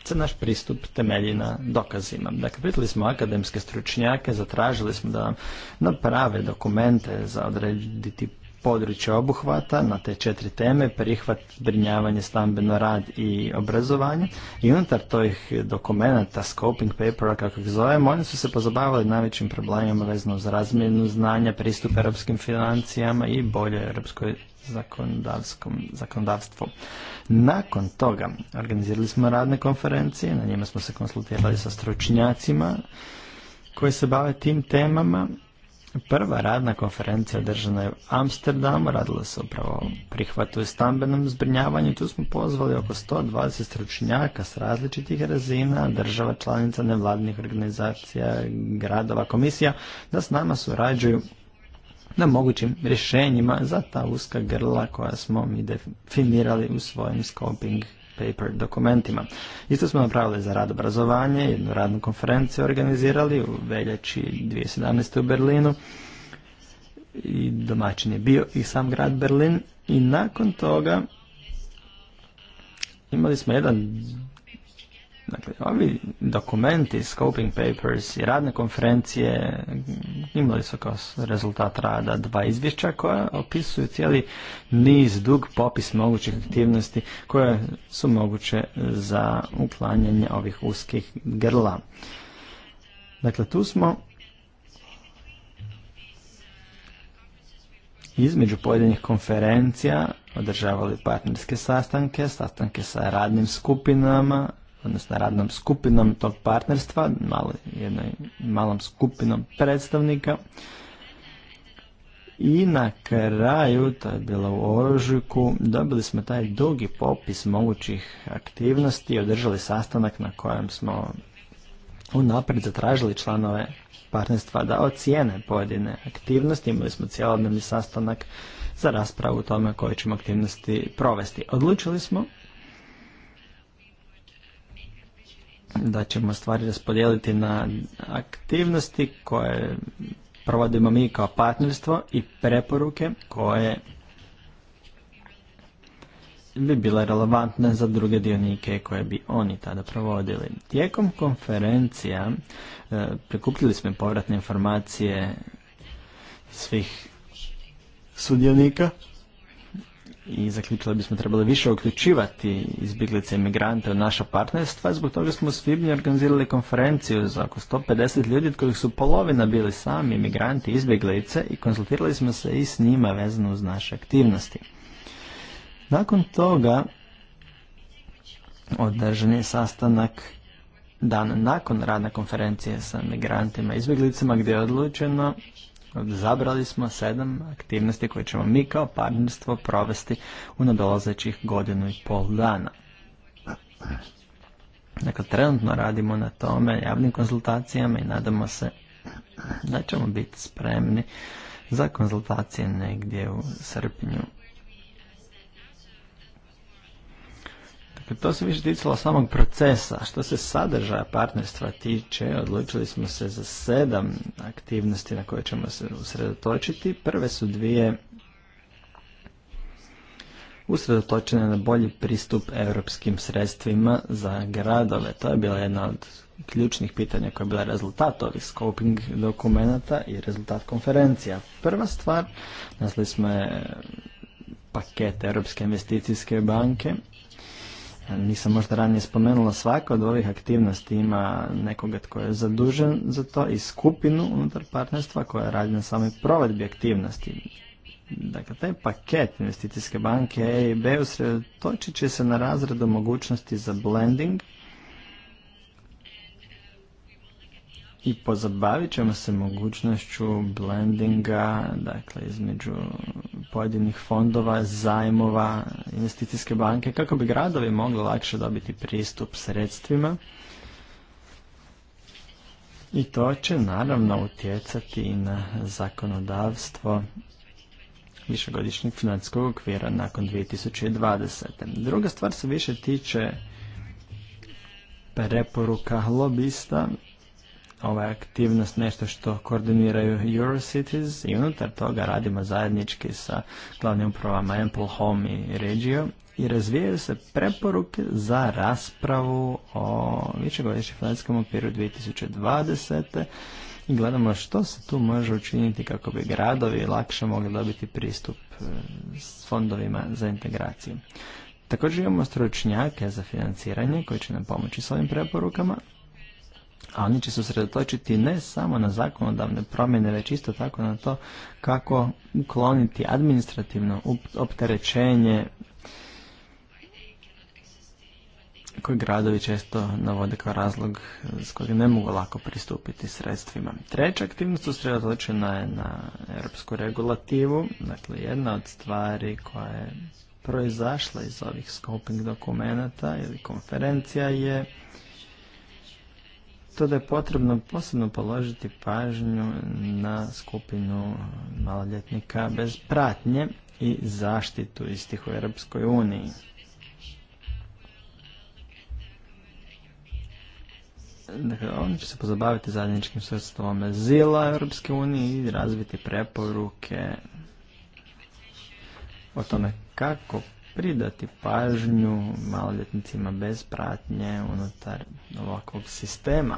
se naš pristup temelji na dokazima. Dakle, pitali smo akademske stručnjake, zatražili smo da naprave dokumente za odrediti područja obuhvata na te četiri teme, prihvat, brinjavanje, stambeno rad i obrazovanje. I unutar tojih dokumenata, scoping papera, kako ih zovemo, oni su se pozabavili najvećim problemima vezano za razmjenu znanja, pristup europskim financijama i bolje europskoj zakonodavstvu. Nakon toga organizirali smo radne konferencije, na njima smo se konsultirali sa stručnjacima koji se bave tim temama Prva radna konferencija održana je u Amsterdamu, Radila se upravo o prihvatu i stambenom zbrinjavanju. Tu smo pozvali oko 120 stručnjaka s različitih razina, država, članica, nevladnih organizacija, gradova, komisija, da s nama surađuju na mogućim rješenjima za ta uska grla koja smo mi definirali u svojim scoping paper dokumentima. Isto smo napravili za rad obrazovanje, jednu radnu konferenciju organizirali u veljači 2017. u Berlinu i domaćin je bio i sam grad Berlin i nakon toga imali smo jedan Dakle, ovi dokumenti, scoping papers i radne konferencije imali su kao rezultat rada dva izvješća koja opisuju cijeli niz dug popis mogućih aktivnosti koje su moguće za uklanjanje ovih uskih grla. Dakle, tu smo između pojedinih konferencija održavali partnerske sastanke, sastanke sa radnim skupinama, odnosno radnom skupinom tog partnerstva, malo, jednoj malom skupinom predstavnika. I na kraju, to je bilo u ožujku, dobili smo taj dugi popis mogućih aktivnosti i održali sastanak na kojem smo unaprijed zatražili članove partnerstva da ocijene pojedine aktivnosti. Imali smo cjelodnevni sastanak za raspravu o tome koje ćemo aktivnosti provesti. Odlučili smo da ćemo stvari raspodijeliti na aktivnosti koje provodimo mi kao partnerstvo i preporuke koje bi bile relevantne za druge dionike koje bi oni tada provodili. Tijekom konferencija e, prikupljili smo povratne informacije svih sudionika i zaključili bismo trebali više uključivati izbjeglice i migrante u naša partnerstva. Zbog toga smo u svibnju organizirali konferenciju za oko 150 ljudi od kojih su polovina bili sami migranti i izbjeglice i konzultirali smo se i s njima vezano uz naše aktivnosti. Nakon toga održan je sastanak dan nakon radne konferencije sa migrantima i izbjeglicama gdje je odlučeno Zabrali smo sedam aktivnosti koje ćemo mi kao partnerstvo provesti u nadolazećih godinu i pol dana. Dakle, trenutno radimo na tome, javnim konzultacijama i nadamo se da ćemo biti spremni za konzultacije negdje u srpnju Dakle, to se više ticalo samog procesa. Što se sadržaja partnerstva tiče, odlučili smo se za sedam aktivnosti na koje ćemo se usredotočiti. Prve su dvije usredotočene na bolji pristup europskim sredstvima za gradove. To je bila jedna od ključnih pitanja koja je bila rezultat ovih scoping dokumenata i rezultat konferencija. Prva stvar, nasli smo je paket Europske investicijske banke nisam možda ranije spomenula, svaka od ovih aktivnosti ima nekoga tko je zadužen za to i skupinu unutar partnerstva koja radi na samoj provedbi aktivnosti. Dakle, taj paket investicijske banke EIB usredotočit će se na razredu mogućnosti za blending, i pozabavit ćemo se mogućnošću blendinga, dakle između pojedinih fondova, zajmova, investicijske banke, kako bi gradovi mogli lakše dobiti pristup sredstvima. I to će naravno utjecati i na zakonodavstvo višegodišnjeg financijskog okvira nakon 2020. Druga stvar se više tiče preporuka lobista ova aktivnost nešto što koordiniraju Eurocities i unutar toga radimo zajednički sa glavnim upravama Ample Home i Regio i razvijaju se preporuke za raspravu o višegodišnjem financijskom okviru 2020. I gledamo što se tu može učiniti kako bi gradovi lakše mogli dobiti pristup e, s fondovima za integraciju. Također imamo stručnjake za financiranje koji će nam pomoći s ovim preporukama, a oni će se usredotočiti ne samo na zakonodavne promjene, već isto tako na to kako ukloniti administrativno opterećenje koje gradovi često navode kao razlog s kojeg ne mogu lako pristupiti sredstvima. Treća aktivnost usredotočena je na europsku regulativu, dakle jedna od stvari koja je proizašla iz ovih scoping dokumenata ili konferencija je to da je potrebno posebno položiti pažnju na skupinu maloljetnika bez pratnje i zaštitu istih u Europskoj uniji. Dakle, on će se pozabaviti zajedničkim sredstvom azila Europske unije i razviti preporuke o tome kako pridati pažnju maloljetnicima bez pratnje unutar ovakvog sistema.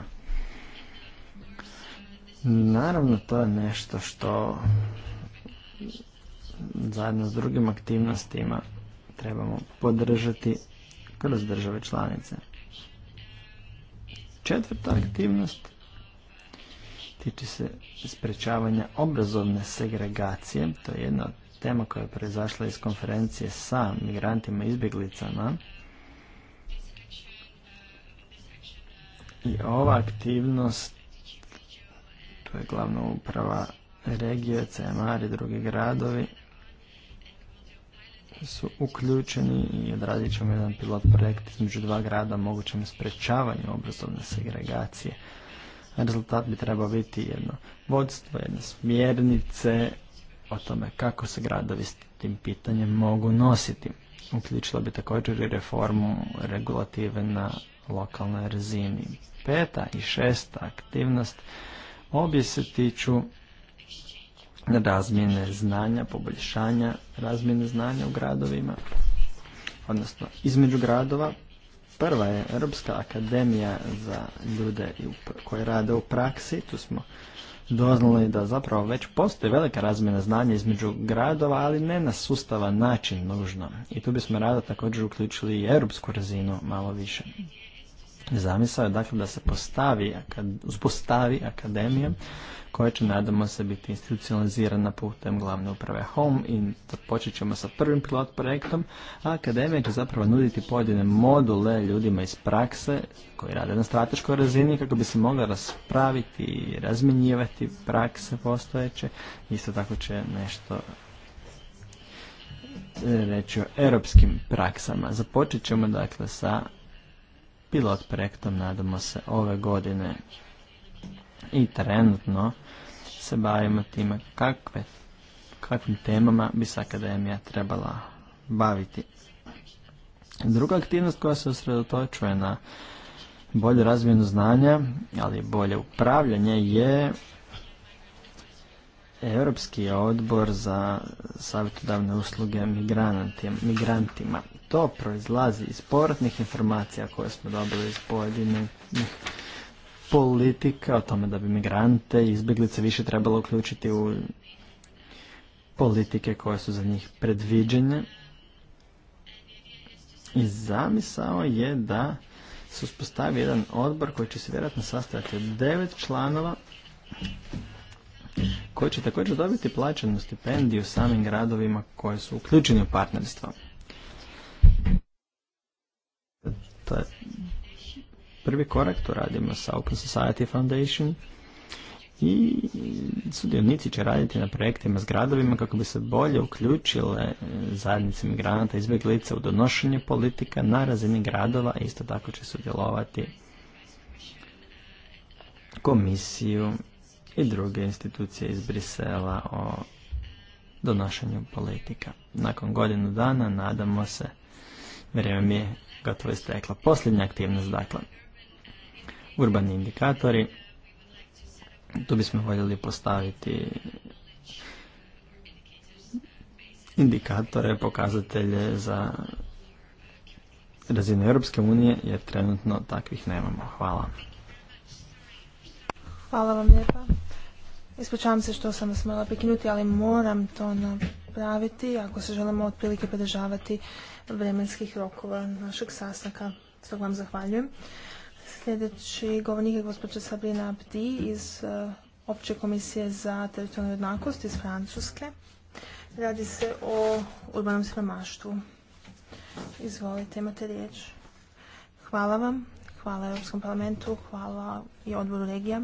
Naravno, to je nešto što zajedno s drugim aktivnostima trebamo podržati kroz države članice. Četvrta aktivnost tiče se sprečavanja obrazovne segregacije. To je jedna od tema koja je proizašla iz konferencije sa migrantima i izbjeglicama. I ova aktivnost, to je glavna uprava regije, CMR i drugi gradovi, su uključeni i odradit ćemo jedan pilot projekt između dva grada mogućem sprečavanju obrazovne segregacije. Rezultat bi trebao biti jedno vodstvo, jedne smjernice o tome kako se gradovi s tim pitanjem mogu nositi. Uključila bi također i reformu regulative na lokalnoj razini. Peta i šesta aktivnost obje se tiču razmjene znanja, poboljšanja razmjene znanja u gradovima, odnosno između gradova. Prva je Europska akademija za ljude koje rade u praksi, tu smo doznali da zapravo već postoji velika razmjena znanja između gradova, ali ne na sustava način nužno. I tu bismo rado također uključili i europsku razinu malo više. Zamisao je dakle da se postavi, uspostavi akademija koja će nadamo se biti institucionalizirana putem glavne uprave Home i počet ćemo sa prvim pilot projektom, a Akademija će zapravo nuditi pojedine module ljudima iz prakse koji rade na strateškoj razini kako bi se mogla raspraviti i razminjivati prakse postojeće. Isto tako će nešto reći o europskim praksama. Započet ćemo dakle sa pilot projektom, nadamo se, ove godine i trenutno se bavimo time kakve, kakvim temama bi se akademija trebala baviti. Druga aktivnost koja se usredotočuje na bolju razvijenu znanja, ali bolje upravljanje je Europski odbor za savjetodavne usluge migrantima. To proizlazi iz povratnih informacija koje smo dobili iz pojedinih politika o tome da bi migrante i izbjeglice više trebalo uključiti u politike koje su za njih predviđene. I zamisao je da se uspostavi jedan odbor koji će se vjerojatno sastojati od devet članova koji će također dobiti plaćenu stipendiju samim gradovima koji su uključeni u partnerstvo. To je prvi korak, to radimo sa Open Society Foundation i sudionici će raditi na projektima s gradovima kako bi se bolje uključile zajednice migranata i izbjeglica u donošenje politika na razini gradova, isto tako će sudjelovati komisiju i druge institucije iz Brisela o donošenju politika. Nakon godinu dana nadamo se, vrijeme mi je gotovo isteklo. Posljednja aktivnost dakle urbani indikatori. Tu bismo voljeli postaviti indikatore, pokazatelje za razine Europske unije, jer trenutno takvih nemamo. Hvala. Hvala vam lijepa. Ispočavam se što sam vas morala prekinuti, ali moram to napraviti ako se želimo otprilike podržavati vremenskih rokova našeg sastanka. Stoga vam zahvaljujem. Sljedeći govornik je gospođa Sabrina Abdi iz e, Opće komisije za teritorijalnu jednakost iz Francuske. Radi se o urbanom siromaštvu. Izvolite, imate riječ. Hvala vam. Hvala Europskom parlamentu, hvala i odboru regija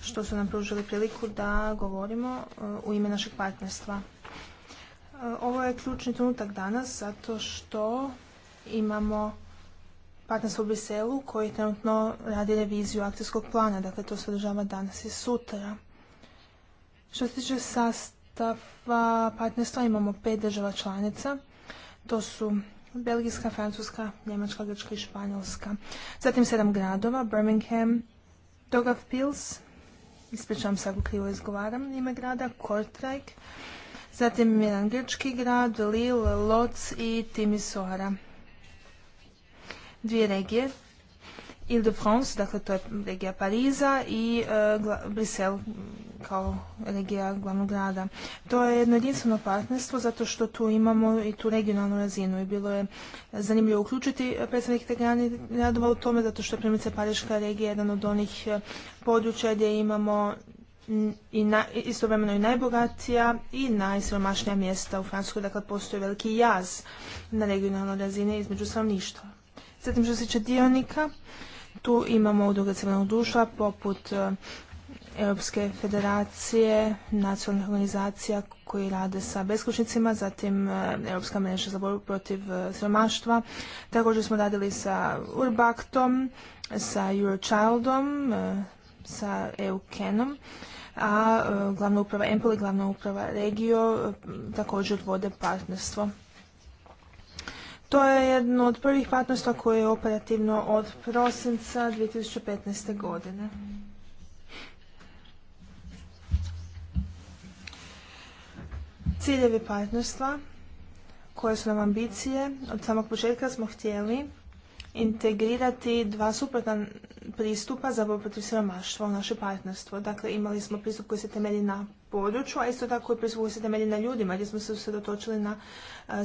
što su nam pružili priliku da govorimo e, u ime našeg partnerstva. E, ovo je ključni trenutak danas zato što imamo partnerstvo u Briselu koji trenutno radi reviziju akcijskog plana, dakle to se održava danas i sutra. Što se tiče sastava partnerstva imamo pet država članica, to su Belgijska, Francuska, Njemačka, Grčka i Španjolska. Zatim sedam gradova, Birmingham, of Pils, ispričavam se ako krivo izgovaram ime grada, Kortrijk, zatim jedan grčki grad, Lille, Lodz i Timisoara dvije regije, Ile-de-France, dakle to je regija Pariza i e, Brisel kao regija glavnog grada. To je jedno jedinstveno partnerstvo zato što tu imamo i tu regionalnu razinu i bilo je zanimljivo uključiti predstavnike gradova radova u tome zato što je primjerice Pariška regija jedan od onih e, područja gdje imamo i istovremeno i najbogatija i najsiromašnija mjesta u Francuskoj, dakle postoji veliki jaz na regionalnoj razini između stanovništva. Zatim što se tiče dionika, tu imamo udruge civilnog društva poput e, Europske federacije, nacionalnih organizacija koji rade sa beskućnicima, zatim e, Europska mreža za borbu protiv e, siromaštva. Također smo radili sa Urbaktom, sa Eurochildom, sa Kenom a glavna uprava Empoli, glavna uprava Regio također vode partnerstvo. To je jedno od prvih partnerstva koje je operativno od prosinca 2015. godine. Ciljevi partnerstva, koje su nam ambicije, od samog početka smo htjeli integrirati dva suprotna pristupa za borbu protiv siromaštva u naše partnerstvo. Dakle, imali smo pristup koji se temelji na području, a isto tako i pristup koji se temelji na ljudima, gdje smo se usredotočili na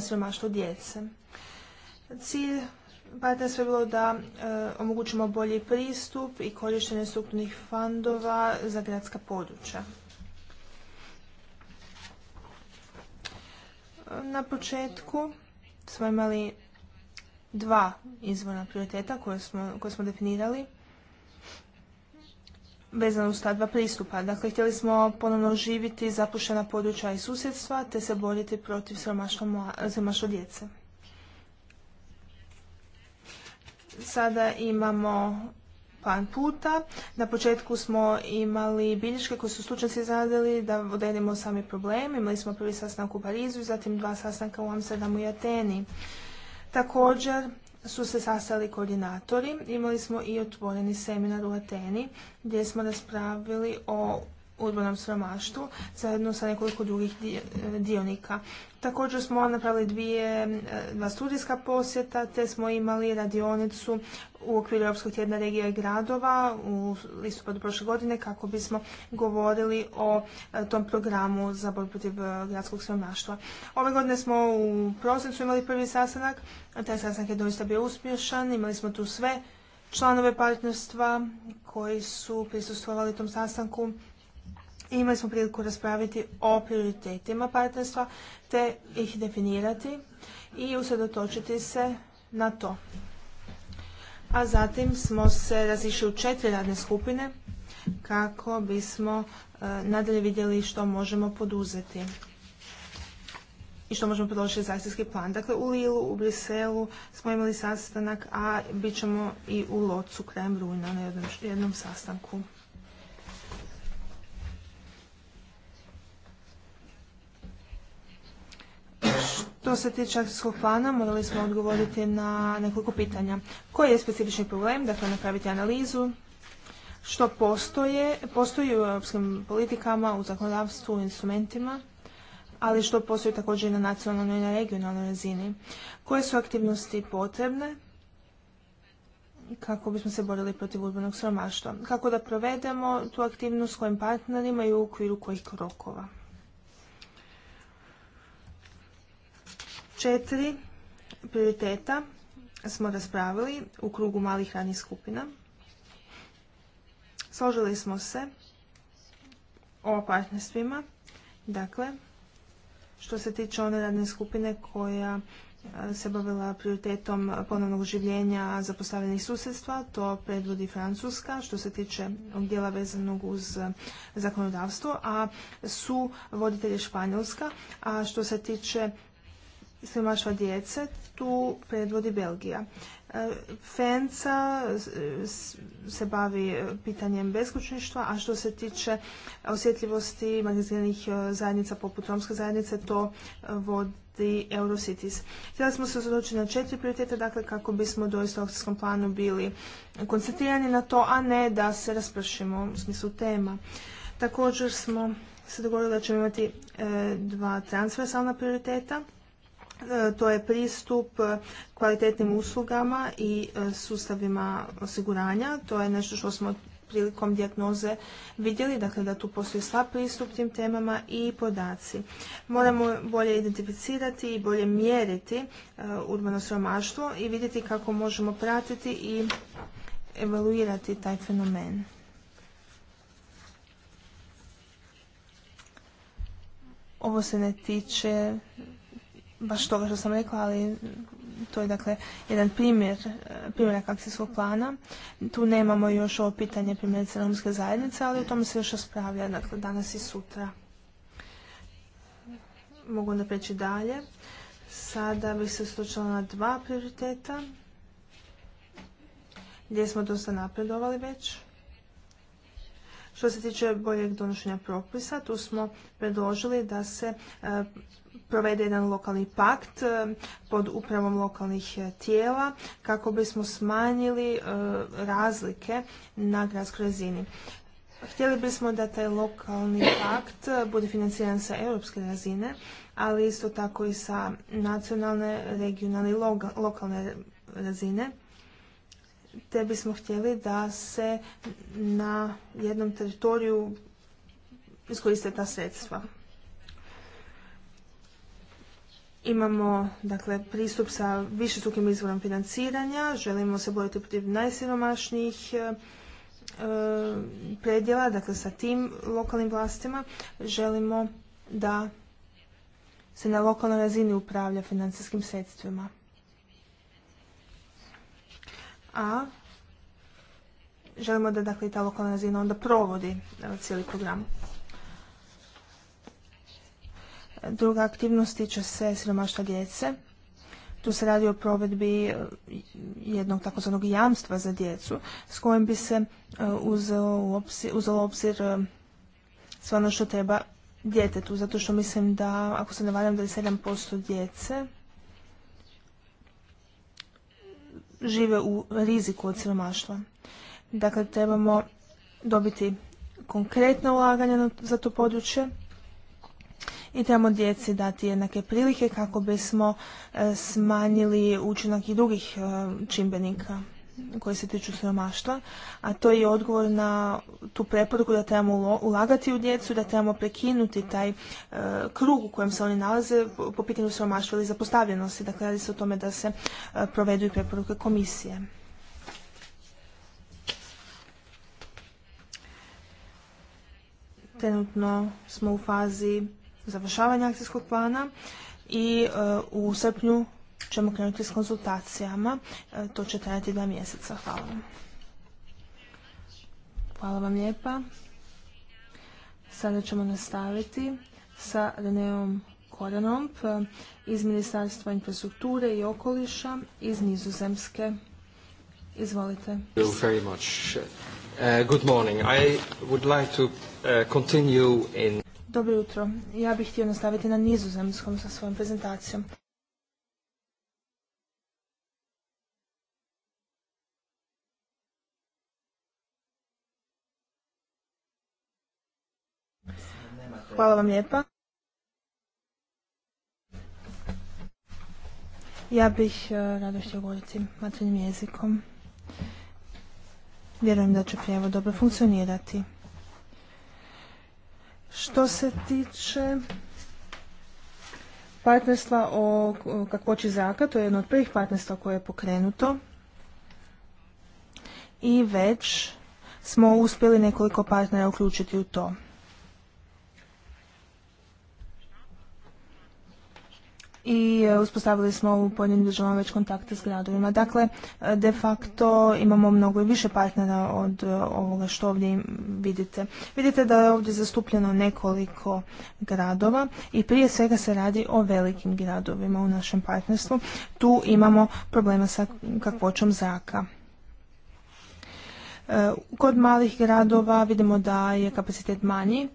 siromaštvo djece. Cilj partnerstva je bilo da e, omogućimo bolji pristup i korištenje strukturnih fondova za gradska područja. Na početku smo imali dva izvorna prioriteta koje smo, definirali vezano uz ta dva pristupa. Dakle, htjeli smo ponovno živiti zapuštena područja i susjedstva te se boriti protiv siromaštva djece. Sada imamo plan puta. Na početku smo imali bilješke koje su se izradili da odredimo sami problem. Imali smo prvi sastanak u Parizu i zatim dva sastanka u Amsterdamu i Ateni. Također su se sastali koordinatori. Imali smo i otvoreni seminar u Ateni gdje smo raspravili o urbanom sramaštu zajedno sa nekoliko drugih dionika. Također smo napravili dvije, e, dva studijska posjeta, te smo imali radionicu u okviru Europskog tjedna regija i gradova u listopadu prošle godine kako bismo govorili o e, tom programu za borbu protiv e, gradskog siromaštva. Ove godine smo u prosincu imali prvi sastanak, taj sastanak je doista bio uspješan, imali smo tu sve članove partnerstva koji su prisustvovali tom sastanku imali smo priliku raspraviti o prioritetima partnerstva te ih definirati i usredotočiti se na to. A zatim smo se razišli u četiri radne skupine kako bismo e, nadalje vidjeli što možemo poduzeti i što možemo predložiti za akcijski plan. Dakle, u Lilu, u Briselu smo imali sastanak, a bit ćemo i u Locu krajem rujna na jednom sastanku. Što se tiče akcijskog plana, morali smo odgovoriti na nekoliko pitanja. Koji je specifični problem, dakle napraviti analizu, što postoje, postoji u europskim politikama, u zakonodavstvu, u instrumentima, ali što postoji također i na nacionalnoj i na regionalnoj razini. Koje su aktivnosti potrebne kako bismo se borili protiv urbanog sromaštva? Kako da provedemo tu aktivnost s kojim partnerima i u okviru kojih rokova? Četiri prioriteta smo raspravili u krugu malih radnih skupina. Složili smo se o partnerstvima, dakle, što se tiče one radne skupine koja e, se bavila prioritetom ponovnog življenja zapostavljenih susjedstva, to predvodi Francuska što se tiče dijela vezanog uz zakonodavstvo, a su voditelje Španjolska, a što se tiče siromaštva djece, tu predvodi Belgija. E, Fenca se bavi pitanjem beskućništva, a što se tiče osjetljivosti magazinih e, zajednica poput romske zajednice, to e, vodi Eurocities. Htjeli smo se zadoći na četiri prioriteta, dakle kako bismo doista u akcijskom planu bili koncentrirani na to, a ne da se raspršimo u smislu tema. Također smo se dogovorili da ćemo imati dva transversalna prioriteta, E, to je pristup e, kvalitetnim uslugama i e, sustavima osiguranja. To je nešto što smo prilikom dijagnoze vidjeli, dakle da tu postoji slab pristup tim temama i podaci. Moramo bolje identificirati i bolje mjeriti urbano siromaštvo i vidjeti kako možemo pratiti i evaluirati taj fenomen. Ovo se ne tiče baš toga što sam rekla, ali to je dakle jedan primjer, e, primjer akcijskog plana. Tu nemamo još ovo pitanje primjerice romske zajednice, ali o tome se još raspravlja dakle, danas i sutra. Mogu onda preći dalje. Sada bih se slučala na dva prioriteta gdje smo dosta napredovali već. Što se tiče boljeg donošenja propisa, tu smo predložili da se e, provede jedan lokalni pakt e, pod upravom lokalnih e, tijela kako bismo smanjili e, razlike na gradskoj razini. Htjeli bismo da taj lokalni pakt bude financiran sa europske razine, ali isto tako i sa nacionalne, regionalne i lokalne razine. Te bismo htjeli da se na jednom teritoriju iskoriste ta sredstva. Imamo dakle, pristup sa višestukim izvorom financiranja, želimo se boriti protiv najsiromašnijih e, e, predjela, dakle sa tim lokalnim vlastima. Želimo da se na lokalnoj razini upravlja financijskim sredstvima. A želimo da dakle, ta lokalna razina onda provodi e, cijeli program. Druga aktivnost tiče se siromaštva djece. Tu se radi o provedbi eh, jednog takozvanog jamstva za djecu s kojim bi se eh, uzelo obzir eh, sve ono što treba djetetu, zato što mislim da, ako se ne varam, posto djece žive u riziku od siromaštva. Dakle, trebamo dobiti konkretna ulaganja za to područje i trebamo djeci dati jednake prilike kako bismo e, smanjili učinak i drugih e, čimbenika koji se tiču siromaštva, a to je odgovor na tu preporuku da trebamo ulagati u djecu, da trebamo prekinuti taj e, krug u kojem se oni nalaze po pitanju siromaštva ili zapostavljenosti. Dakle, radi se o tome da se provedu i preporuke komisije. Trenutno smo u fazi završavanja akcijskog plana i e, u srpnju ćemo krenuti s konzultacijama. E, to će trajati dva mjeseca. Hvala vam. Hvala vam lijepa. Sada ćemo nastaviti sa Reneom Koranom iz Ministarstva infrastrukture i okoliša iz Nizozemske. Izvolite. Uh, good morning. Uh, dobro jutro. Ja bih htio nastaviti na nizozemskom sa svojom prezentacijom. Hvala vam lijepa. Ja bih e, rado htio govoriti jezikom. Vjerujem da će prijevo dobro funkcionirati. Što se tiče partnerstva o kakvoći zraka, to je jedno od prvih partnerstva koje je pokrenuto i već smo uspjeli nekoliko partnera uključiti u to. i e, uspostavili smo u pojedinim državama već kontakte s gradovima. Dakle, e, de facto imamo mnogo i više partnera od e, ovoga što ovdje vidite. Vidite da je ovdje zastupljeno nekoliko gradova i prije svega se radi o velikim gradovima u našem partnerstvu. Tu imamo problema sa kakvoćom zraka. Kod malih gradova vidimo da je kapacitet manji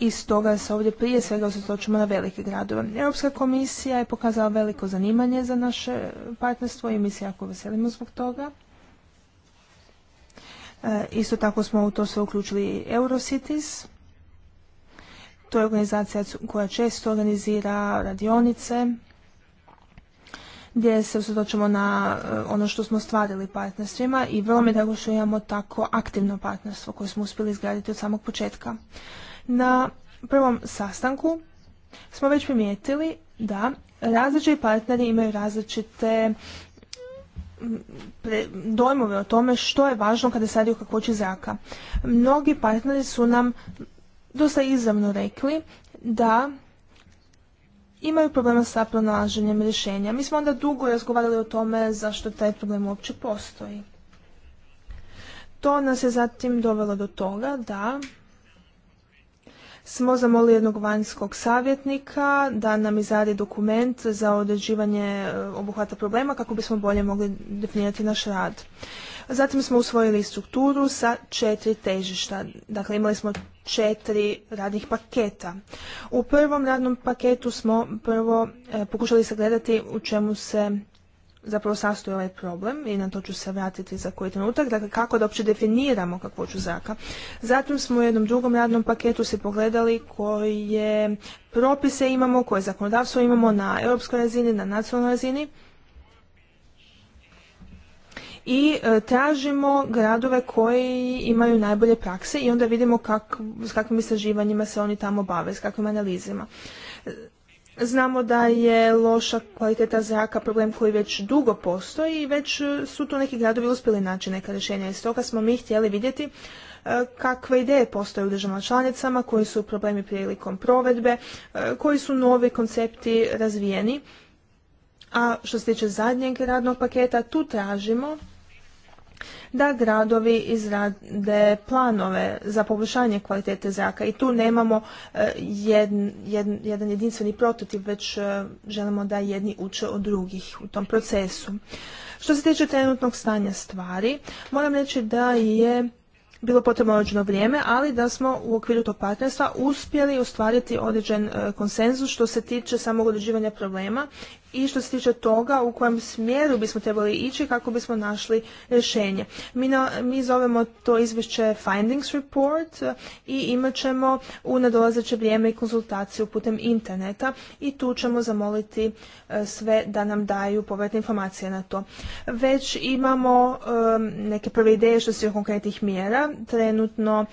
i stoga se ovdje prije svega osjećamo na velike gradove. Europska komisija je pokazala veliko zanimanje za naše partnerstvo i mi se jako veselimo zbog toga. E, isto tako smo u to sve uključili Eurocities. To je organizacija koja često organizira radionice gdje se osjetočimo na e, ono što smo stvarili partnerstvima i vrlo mi je drago što imamo tako aktivno partnerstvo koje smo uspjeli izgraditi od samog početka. Na prvom sastanku smo već primijetili da različiti partneri imaju različite dojmove o tome što je važno kada se radi o kakvoći zraka. Mnogi partneri su nam dosta izravno rekli da imaju problema sa pronalaženjem rješenja. Mi smo onda dugo razgovarali o tome zašto taj problem uopće postoji. To nas je zatim dovelo do toga da smo zamolili jednog vanjskog savjetnika da nam izradi dokument za određivanje e, obuhvata problema kako bismo bolje mogli definirati naš rad. Zatim smo usvojili strukturu sa četiri težišta. Dakle, imali smo četiri radnih paketa. U prvom radnom paketu smo prvo e, pokušali sagledati u čemu se zapravo sastoji ovaj problem i na to ću se vratiti za koji trenutak, dakle kako da opće definiramo kakvoću zraka. Zatim smo u jednom drugom radnom paketu se pogledali koje propise imamo, koje zakonodavstvo imamo na europskoj razini, na nacionalnoj razini i e, tražimo gradove koji imaju najbolje prakse i onda vidimo s kakvim istraživanjima se oni tamo bave, s kakvim analizima. Znamo da je loša kvaliteta zraka problem koji već dugo postoji i već e, su tu neki gradovi uspjeli naći neka rješenja. I stoga smo mi htjeli vidjeti e, kakve ideje postoje u državama članicama, koji su problemi prilikom provedbe, e, koji su novi koncepti razvijeni. A što se tiče zadnjeg radnog paketa, tu tražimo da gradovi izrade planove za poboljšanje kvalitete zraka i tu nemamo e, jedan, jedinstveni prototip, već e, želimo da jedni uče od drugih u tom procesu. Što se tiče trenutnog stanja stvari, moram reći da je bilo potrebno određeno vrijeme, ali da smo u okviru tog partnerstva uspjeli ostvariti određen e, konsenzus što se tiče samog određivanja problema i što se tiče toga u kojem smjeru bismo trebali ići kako bismo našli rješenje. Mi, zovemo to izvješće Findings Report e, i imat ćemo u nadolazeće vrijeme i konzultaciju putem interneta i tu ćemo zamoliti e, sve da nam daju povratne informacije na to. Već imamo neke prve ideje što se konkretnih mjera Trenutno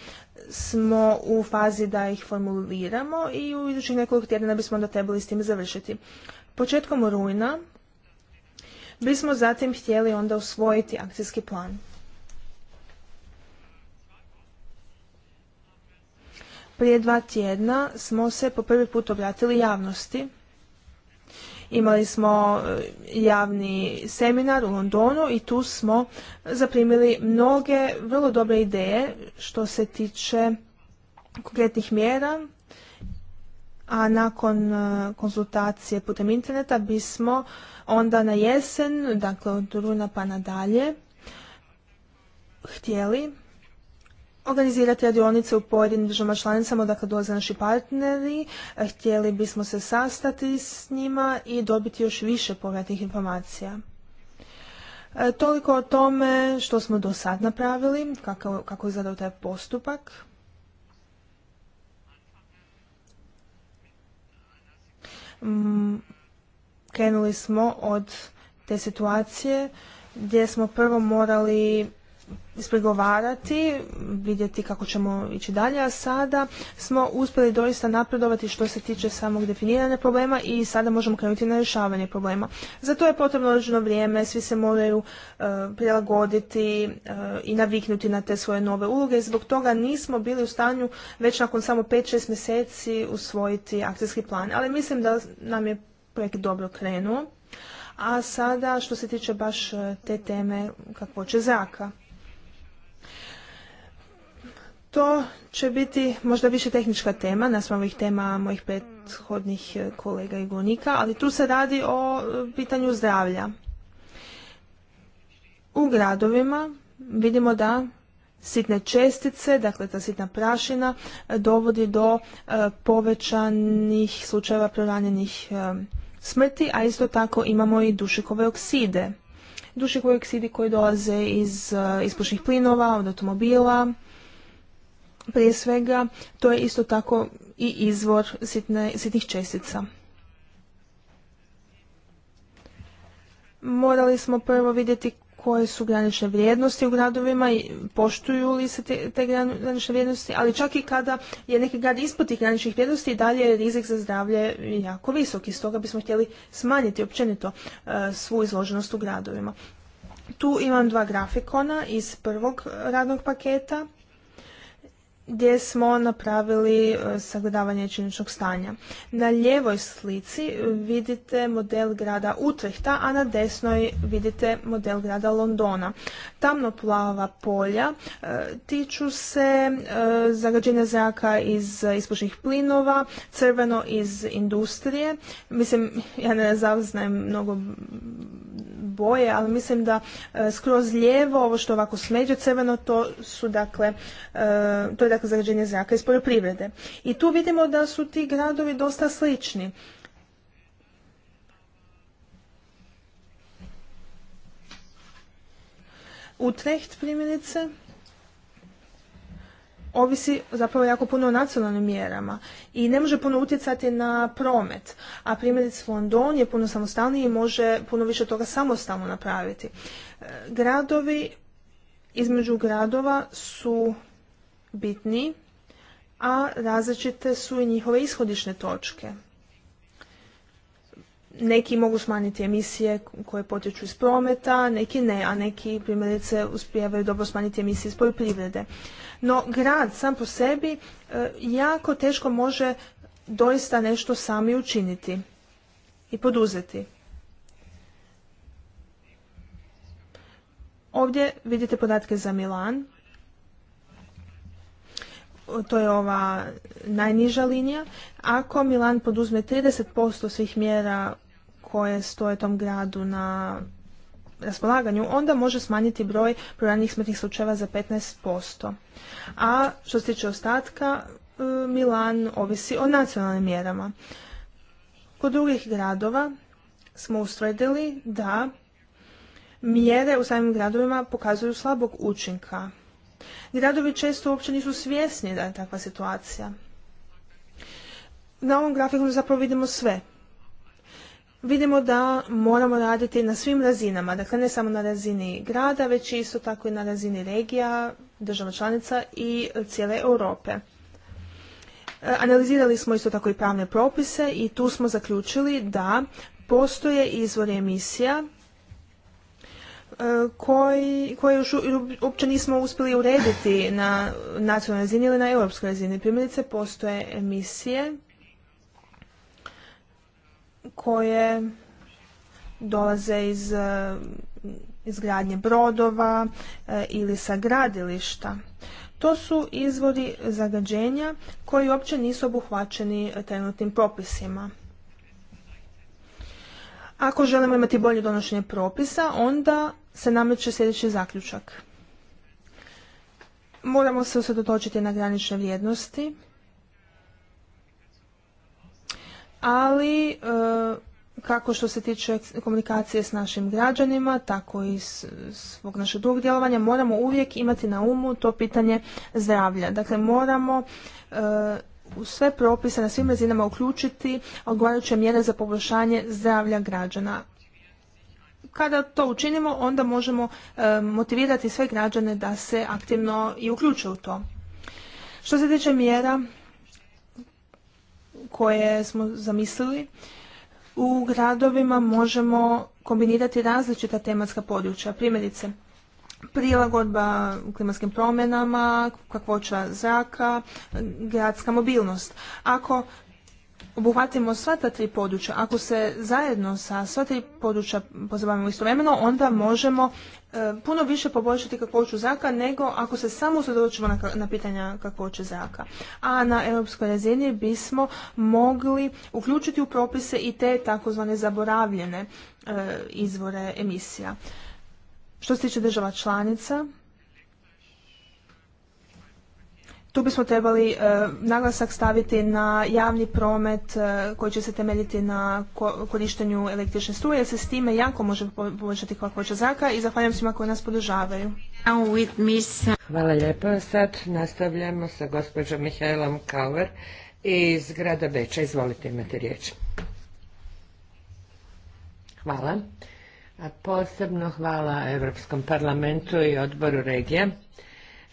smo u fazi da ih formuliramo i u idućih nekoliko tjedana bismo onda trebali s tim završiti. Početkom rujna bismo zatim htjeli onda usvojiti akcijski plan. Prije dva tjedna smo se po prvi put obratili javnosti Imali smo e, javni seminar u Londonu i tu smo zaprimili mnoge vrlo dobre ideje što se tiče konkretnih mjera, a nakon e, konzultacije putem interneta bismo onda na jesen, dakle od runa pa nadalje, htjeli organizirati radionice u pojedinim državama članicama, dakle dolaze naši partneri, eh, htjeli bismo se sastati s njima i dobiti još više povratnih informacija. Eh, toliko o tome što smo do sad napravili, kako, je izgledao taj postupak. Mm, krenuli smo od te situacije gdje smo prvo morali ispregovarati, vidjeti kako ćemo ići dalje, a sada smo uspjeli doista napredovati što se tiče samog definiranja problema i sada možemo krenuti na rješavanje problema. Za to je potrebno određeno vrijeme, svi se moraju e, prilagoditi e, i naviknuti na te svoje nove uloge i zbog toga nismo bili u stanju već nakon samo 5-6 mjeseci usvojiti akcijski plan. Ali mislim da nam je projekt dobro krenuo. A sada što se tiče baš e, te teme kakvoće zraka. To će biti možda više tehnička tema, na ovih tema mojih prethodnih e, kolega i govornika, ali tu se radi o e, pitanju zdravlja. U gradovima vidimo da sitne čestice, dakle ta sitna prašina, e, dovodi do povećanih slučajeva proranjenih smrti, a isto tako imamo i dušikove okside. Dušikovi oksidi koji dolaze iz ispušnih plinova, od automobila, prije svega to je isto tako i izvor sitnih čestica. Morali smo prvo vidjeti koje su granične vrijednosti u gradovima i poštuju li se te, granične vrijednosti, ali čak i kada je neki grad ispod tih graničnih vrijednosti i dalje je rizik za zdravlje jako visok i stoga bismo htjeli smanjiti općenito e, svu izloženost u gradovima. Tu imam dva grafikona iz prvog radnog paketa gdje smo napravili e, sagledavanje činičnog stanja. Na lijevoj slici e, vidite model grada Utrehta, a na desnoj vidite model grada Londona. Tamno plava polja e, tiču se zagađenja zraka iz ispušnih plinova, crveno iz industrije. Mislim, ja ne zaznajem mnogo boje, ali mislim da e, skroz lijevo, ovo što ovako smeđe crveno, to su dakle, e, to je dakle zagađenje zraka iz poljoprivrede. I tu vidimo da su ti gradovi dosta slični. Utrecht primjerice ovisi zapravo jako puno o nacionalnim mjerama i ne može puno utjecati na promet, a primjerice London je puno samostalniji i može puno više toga samostalno napraviti. E, gradovi između gradova su bitni, a različite su i njihove ishodišne točke neki mogu smanjiti emisije koje potječu iz prometa, neki ne, a neki primjerice uspijevaju dobro smanjiti emisije iz poljoprivrede. No grad sam po sebi e, jako teško može doista nešto sami učiniti i poduzeti. Ovdje vidite podatke za Milan. To je ova najniža linija. Ako Milan poduzme 30% svih mjera koje stoje tom gradu na raspolaganju, onda može smanjiti broj proranih smrtnih slučajeva za 15%. A što se tiče ostatka, e, Milan ovisi o nacionalnim mjerama. Kod drugih gradova smo ustvrdili da mjere u samim gradovima pokazuju slabog učinka. Gradovi često uopće nisu svjesni da je takva situacija. Na ovom grafiku zapravo vidimo sve vidimo da moramo raditi na svim razinama, dakle ne samo na razini grada, već isto tako i na razini regija, država članica i cijele Europe. E, analizirali smo isto tako i pravne propise i tu smo zaključili da postoje izvori emisija e, koje još uopće nismo uspjeli urediti na nacionalnoj razini ili na europskoj razini. Primjerice, postoje emisije koje dolaze iz eh, izgradnje brodova eh, ili sa gradilišta. To su izvori zagađenja koji uopće nisu obuhvaćeni trenutnim propisima. Ako želimo imati bolje donošenje propisa, onda se nameće sljedeći zaključak. Moramo se usredotočiti na granične vrijednosti ali e, kako što se tiče komunikacije s našim građanima, tako i svog našeg drugog djelovanja, moramo uvijek imati na umu to pitanje zdravlja. Dakle, moramo e, u sve propise na svim razinama uključiti odgovarajuće mjere za poboljšanje zdravlja građana. Kada to učinimo, onda možemo e, motivirati sve građane da se aktivno i uključe u to. Što se tiče mjera koje smo zamislili u gradovima možemo kombinirati različita tematska područja. Primjerice, prilagodba klimatskim promjenama, kakvoća zraka, gradska mobilnost. Ako obuhvatimo sva ta tri područja, ako se zajedno sa sva tri područja pozabavimo istovremeno, onda možemo e, puno više poboljšati kakvoću zraka nego ako se samo usredotočimo na, pitanja kakvoće zraka. A na europskoj razini bismo mogli uključiti u propise i te takozvane zaboravljene e, izvore emisija. Što se tiče država članica, tu bismo trebali e, naglasak staviti na javni promet e, koji će se temeljiti na korištenju električne struje jer se s time jako može poboljšati kakvoća zraka i zahvaljujem svima koji nas podržavaju. Hvala lijepa. Sad nastavljamo sa gospođom Mihajlom Kauer iz grada Beča. Izvolite, imate riječ. Hvala. posebno hvala Europskom parlamentu i odboru regije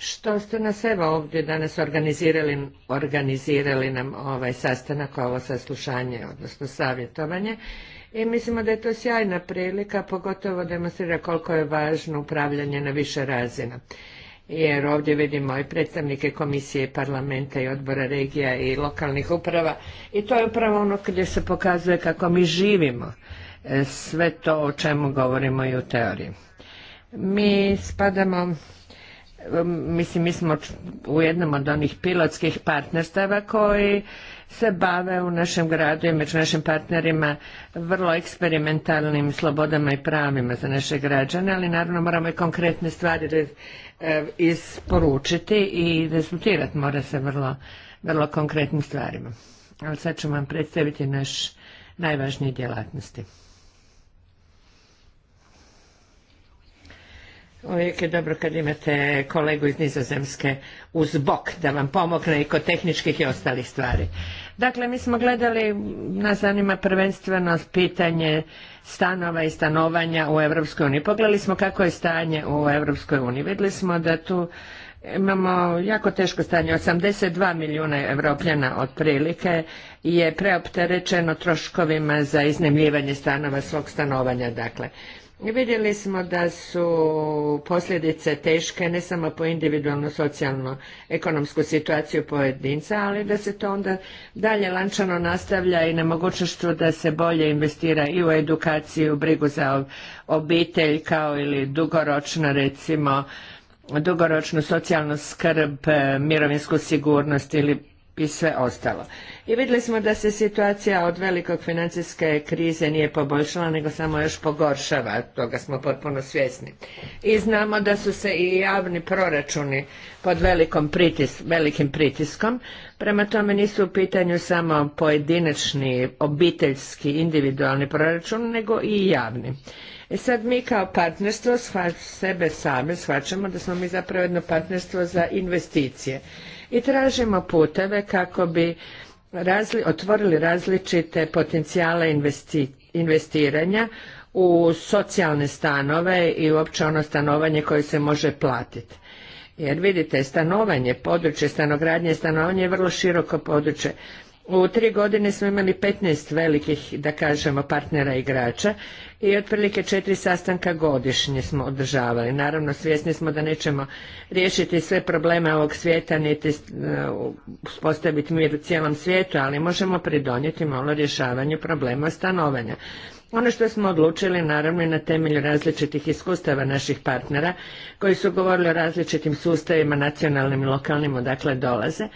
što ste nas evo ovdje danas organizirali, organizirali nam ovaj sastanak, ovo saslušanje, odnosno savjetovanje. I mislimo da je to sjajna prilika, pogotovo demonstrira koliko je važno upravljanje na više razina. Jer ovdje vidimo i predstavnike komisije, parlamenta i odbora regija i lokalnih uprava. I to je upravo ono gdje se pokazuje kako mi živimo. E, sve to o čemu govorimo i u teoriji. Mi spadamo mislim mi smo u jednom od onih pilotskih partnerstava koji se bave u našem gradu i među našim partnerima vrlo eksperimentalnim slobodama i pravima za naše građane, ali naravno moramo i konkretne stvari e, isporučiti i rezultirati mora se vrlo, vrlo konkretnim stvarima. Ali sad ću vam predstaviti naš najvažnije djelatnosti. Uvijek je dobro kad imate kolegu iz Nizozemske uz bok da vam pomogne i kod tehničkih i ostalih stvari. Dakle, mi smo gledali, nas zanima prvenstveno pitanje stanova i stanovanja u Europskoj uniji. Pogledali smo kako je stanje u Europskoj uniji. Vidjeli smo da tu imamo jako teško stanje. 82 milijuna evropljana otprilike je preopterećeno troškovima za iznemljivanje stanova svog stanovanja. Dakle, Vidjeli smo da su posljedice teške ne samo po individualno, socijalno, ekonomsku situaciju pojedinca, ali da se to onda dalje lančano nastavlja i nemogućnošću da se bolje investira i u edukaciju, brigu za obitelj kao ili dugoročno recimo dugoročnu socijalnu skrb, eh, mirovinsku sigurnost ili i sve ostalo. I vidjeli smo da se situacija od velikog financijske krize nije poboljšala, nego samo još pogoršava, toga smo potpuno svjesni. I znamo da su se i javni proračuni pod velikim pritiskom, prema tome nisu u pitanju samo pojedinačni, obiteljski, individualni proračun, nego i javni. I e sad mi kao partnerstvo sebe same shvaćamo da smo mi zapravo jedno partnerstvo za investicije i tražimo puteve kako bi otvorili različite potencijale investiranja u socijalne stanove i uopće ono stanovanje koje se može platiti. Jer vidite, stanovanje, područje stanogradnje, stanovanje je vrlo široko područje u tri godine smo imali 15 velikih, da kažemo, partnera igrača i otprilike četiri sastanka godišnje smo održavali. Naravno, svjesni smo da nećemo riješiti sve probleme ovog svijeta, niti e, uspostaviti mir u cijelom svijetu, ali možemo pridonijeti malo rješavanju problema stanovanja. Ono što smo odlučili naravno je na temelju različitih iskustava naših partnera koji su govorili o različitim sustavima nacionalnim i lokalnim odakle dolaze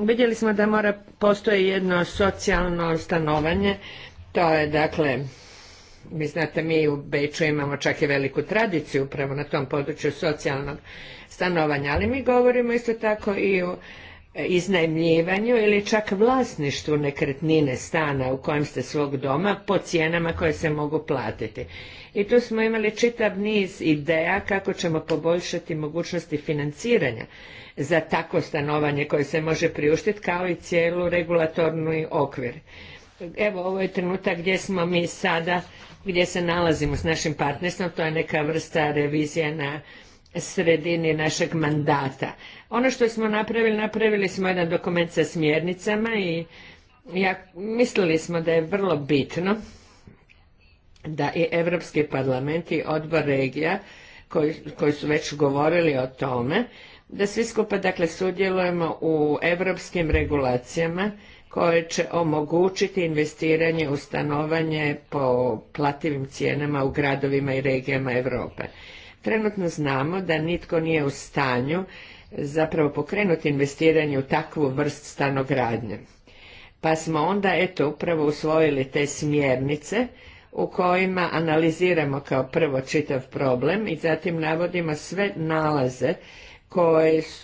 Vidjeli smo da mora postoji jedno socijalno stanovanje, to je dakle, vi znate mi u Beču imamo čak i veliku tradiciju upravo na tom području socijalnog stanovanja, ali mi govorimo isto tako i o iznajmljivanju ili čak vlasništvu nekretnine stana u kojem ste svog doma po cijenama koje se mogu platiti i tu smo imali čitav niz ideja kako ćemo poboljšati mogućnosti financiranja za takvo stanovanje koje se može priuštiti kao i cijelu regulatorni okvir. Evo, ovo je trenutak gdje smo mi sada, gdje se nalazimo s našim partnerstvom, to je neka vrsta revizije na sredini našeg mandata. Ono što smo napravili, napravili smo jedan dokument sa smjernicama i mislili smo da je vrlo bitno da i Europski parlament i odbor regija koji, su već govorili o tome, da svi skupa dakle sudjelujemo u europskim regulacijama koje će omogućiti investiranje u stanovanje po plativim cijenama u gradovima i regijama Europe. Trenutno znamo da nitko nije u stanju zapravo pokrenuti investiranje u takvu vrst stanogradnje. Pa smo onda eto upravo usvojili te smjernice u kojima analiziramo kao prvo čitav problem i zatim navodimo sve nalaze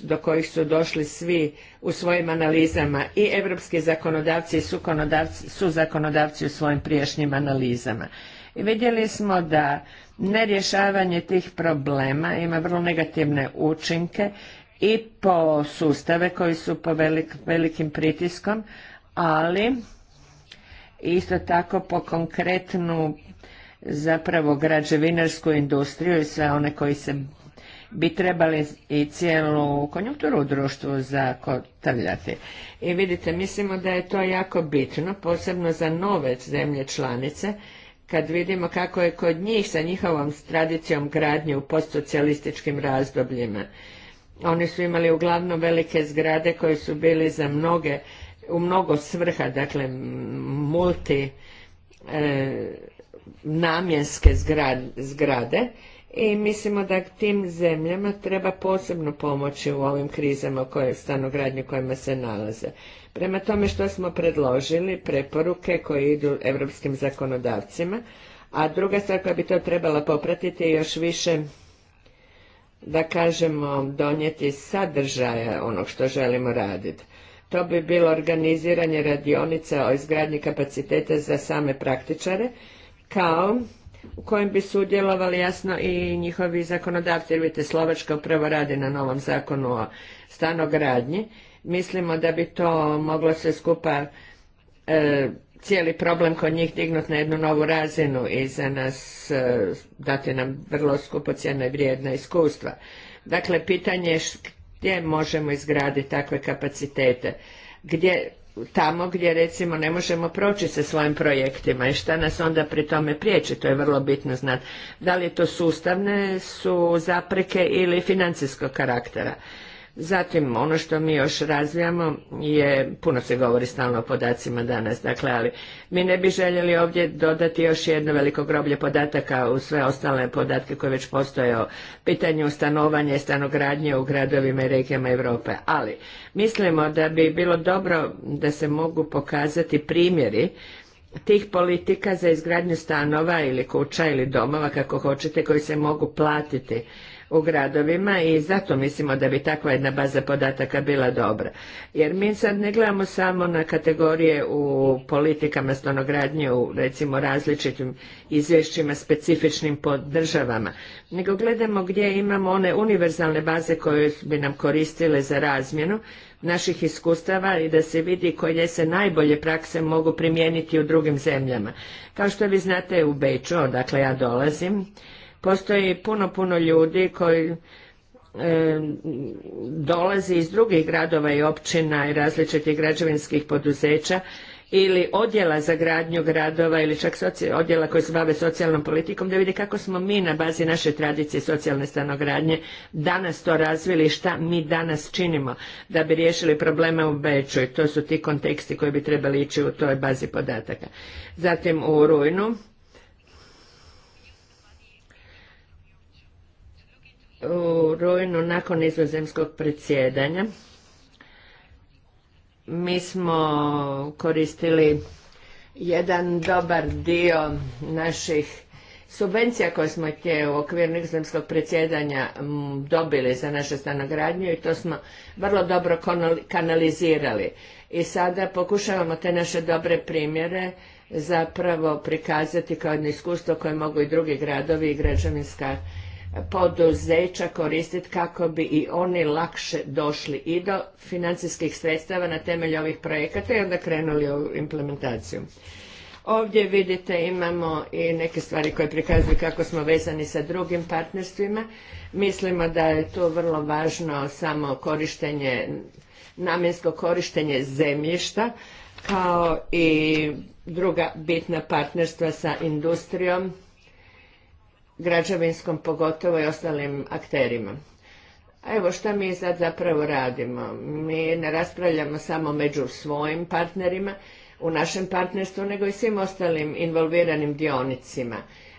do kojih su došli svi u svojim analizama i europski zakonodavci i su zakonodavci u svojim prijašnjim analizama. I vidjeli smo da nerješavanje tih problema ima vrlo negativne učinke i po sustave koji su po velikim pritiskom, ali isto tako po konkretnu zapravo građevinarsku industriju i sve one koji se bi trebali i cijelu konjunkturu u društvu zakotavljati. I vidite, mislimo da je to jako bitno, posebno za nove zemlje članice, kad vidimo kako je kod njih sa njihovom tradicijom gradnje u postsocijalističkim razdobljima. Oni su imali uglavnom velike zgrade koje su bili za mnoge u mnogo svrha, dakle multi e, namjenske zgrade i mislimo da tim zemljama treba posebno pomoći u ovim krizama koje, stanogradnje kojima se nalaze. Prema tome što smo predložili, preporuke koje idu evropskim zakonodavcima, a druga stvar koja bi to trebala popratiti je još više da kažemo donijeti sadržaja onog što želimo raditi. To bi bilo organiziranje radionica o izgradnji kapaciteta za same praktičare, kao u kojem bi sudjelovali jasno i njihovi zakonodavci. Jer vidite, Slovačka upravo radi na novom zakonu o stanogradnji. Mislimo da bi to moglo sve skupa e, cijeli problem kod njih dignuti na jednu novu razinu i za nas e, dati nam vrlo skupo i vrijedna iskustva. Dakle, pitanje gdje možemo izgraditi takve kapacitete, gdje tamo gdje recimo ne možemo proći sa svojim projektima i šta nas onda pri tome priječi, to je vrlo bitno znati. Da li to sustavne su zapreke ili financijskog karaktera. Zatim, ono što mi još razvijamo je, puno se govori stalno o podacima danas, dakle, ali mi ne bi željeli ovdje dodati još jedno veliko groblje podataka u sve ostale podatke koje već postoje o pitanju stanovanja i stanogradnje u gradovima i regijama Europe. Ali, mislimo da bi bilo dobro da se mogu pokazati primjeri tih politika za izgradnju stanova ili kuća ili domova, kako hoćete, koji se mogu platiti u gradovima i zato mislimo da bi takva jedna baza podataka bila dobra. Jer mi sad ne gledamo samo na kategorije u politikama stanogradnje u recimo različitim izvješćima specifičnim po državama, nego gledamo gdje imamo one univerzalne baze koje bi nam koristile za razmjenu naših iskustava i da se vidi koje se najbolje prakse mogu primijeniti u drugim zemljama. Kao što vi znate u Beču, odakle ja dolazim, Postoji puno, puno ljudi koji E, dolazi iz drugih gradova i općina i različitih građevinskih poduzeća ili odjela za gradnju gradova ili čak odjela koji se bave socijalnom politikom da vidi kako smo mi na bazi naše tradicije socijalne stanogradnje danas to razvili i šta mi danas činimo da bi riješili probleme u Beču i to su ti konteksti koji bi trebali ići u toj bazi podataka. Zatim u rujnu u rujnu nakon izvozemskog predsjedanja mi smo koristili jedan dobar dio naših subvencija koje smo tje u okviru nizozemskog predsjedanja dobili za našu stanogradnju i to smo vrlo dobro kanalizirali. I sada pokušavamo te naše dobre primjere zapravo prikazati kao jedno iskustvo koje mogu i drugi gradovi i građevinska poduzeća koristiti kako bi i oni lakše došli i do financijskih sredstava na temelju ovih projekata i onda krenuli u implementaciju. Ovdje vidite imamo i neke stvari koje prikazuju kako smo vezani sa drugim partnerstvima. Mislimo da je tu vrlo važno samo korištenje, namjensko korištenje zemljišta kao i druga bitna partnerstva sa industrijom građevinskom pogotovo i ostalim akterima. evo šta mi sad zapravo radimo. Mi ne raspravljamo samo među svojim partnerima u našem partnerstvu, nego i svim ostalim involviranim dionicima.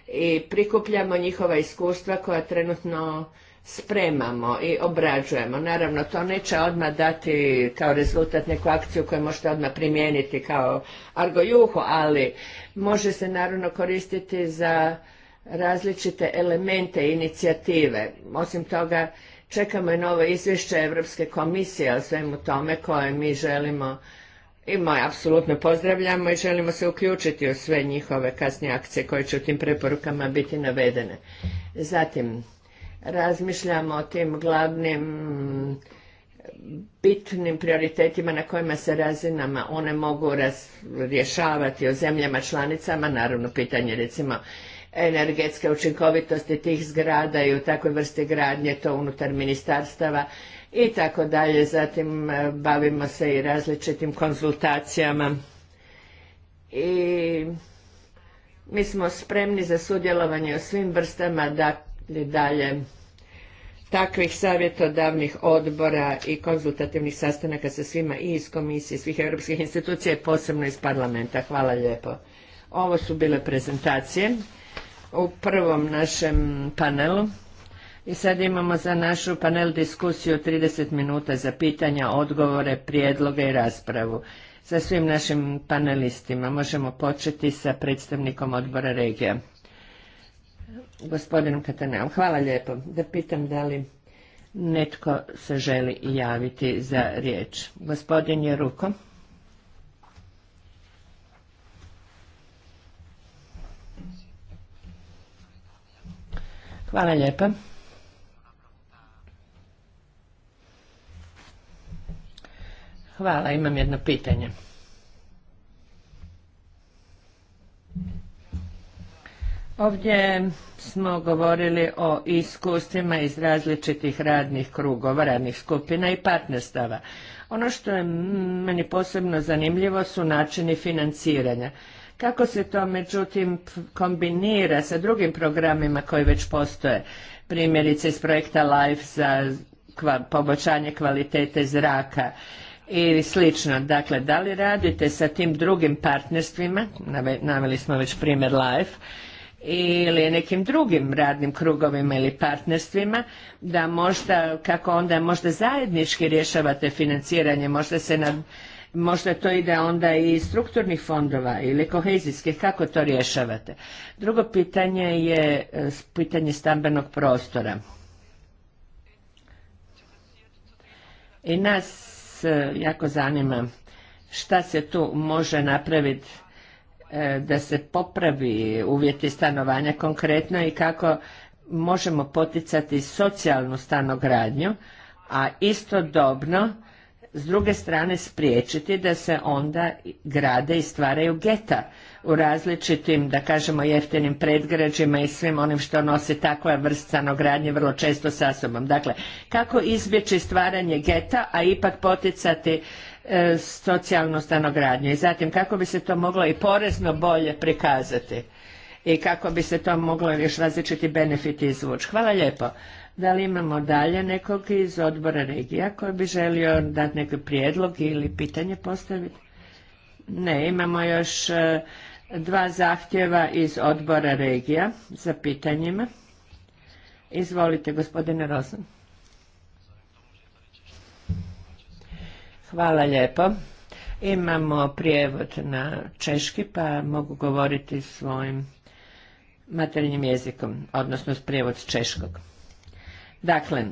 I prikupljamo njihova iskustva koja trenutno spremamo i obrađujemo. Naravno, to neće odmah dati kao rezultat neku akciju koju možete odmah primijeniti kao argojuho ali može se naravno koristiti za različite elemente inicijative. Osim toga, čekamo i novo izvješće Europske komisije o svemu tome koje mi želimo i moj apsolutno pozdravljamo i želimo se uključiti u sve njihove kasnije akcije koje će u tim preporukama biti navedene. Zatim, razmišljamo o tim glavnim bitnim prioritetima na kojima se razinama one mogu rješavati o zemljama članicama, naravno pitanje recimo energetske učinkovitosti tih zgrada i u takvoj vrsti gradnje to unutar ministarstava i tako dalje. Zatim e, bavimo se i različitim konzultacijama i mi smo spremni za sudjelovanje u svim vrstama dakle dalje takvih savjetodavnih odbora i konzultativnih sastanaka sa svima i iz komisije, svih europskih institucija i posebno iz parlamenta. Hvala lijepo. Ovo su bile prezentacije u prvom našem panelu. I sad imamo za našu panel diskusiju 30 minuta za pitanja, odgovore, prijedloge i raspravu sa svim našim panelistima. Možemo početi sa predstavnikom odbora regija, gospodinom Katanevom. Hvala lijepo. Da pitam da li netko se želi javiti za riječ. Gospodin je rukom. Hvala lijepa. Hvala, imam jedno pitanje. Ovdje smo govorili o iskustvima iz različitih radnih krugova, radnih skupina i partnerstava. Ono što je meni posebno zanimljivo su načini financiranja. Kako se to međutim kombinira sa drugim programima koji već postoje, primjerice iz projekta LIFE za kva, poboljšanje kvalitete zraka i slično. Dakle, da li radite sa tim drugim partnerstvima, naveli smo već primjer LIFE, ili nekim drugim radnim krugovima ili partnerstvima da možda kako onda možda zajednički rješavate financiranje možda se na Možda to ide onda i strukturnih fondova ili kohezijskih, kako to rješavate? Drugo pitanje je eh, pitanje stambenog prostora. I nas eh, jako zanima šta se tu može napraviti eh, da se popravi uvjeti stanovanja konkretno i kako možemo poticati socijalnu stanogradnju, a istodobno s druge strane spriječiti da se onda grade i stvaraju geta u različitim, da kažemo, jeftinim predgrađima i svim onim što nosi takva vrst stanogradnje vrlo često sa sobom. Dakle, kako izbjeći stvaranje geta, a ipak poticati e, socijalnu stanogradnju i zatim kako bi se to moglo i porezno bolje prikazati i kako bi se to moglo još različiti benefiti izvući. Hvala lijepo. Da li imamo dalje nekog iz odbora regija koji bi želio dati neki prijedlog ili pitanje postaviti? Ne, imamo još e, dva zahtjeva iz odbora regija za pitanjima. Izvolite, gospodine Rosan. Hvala lijepo. Imamo prijevod na češki, pa mogu govoriti svojim materinjim jezikom, odnosno s prijevod češkog. Dakle,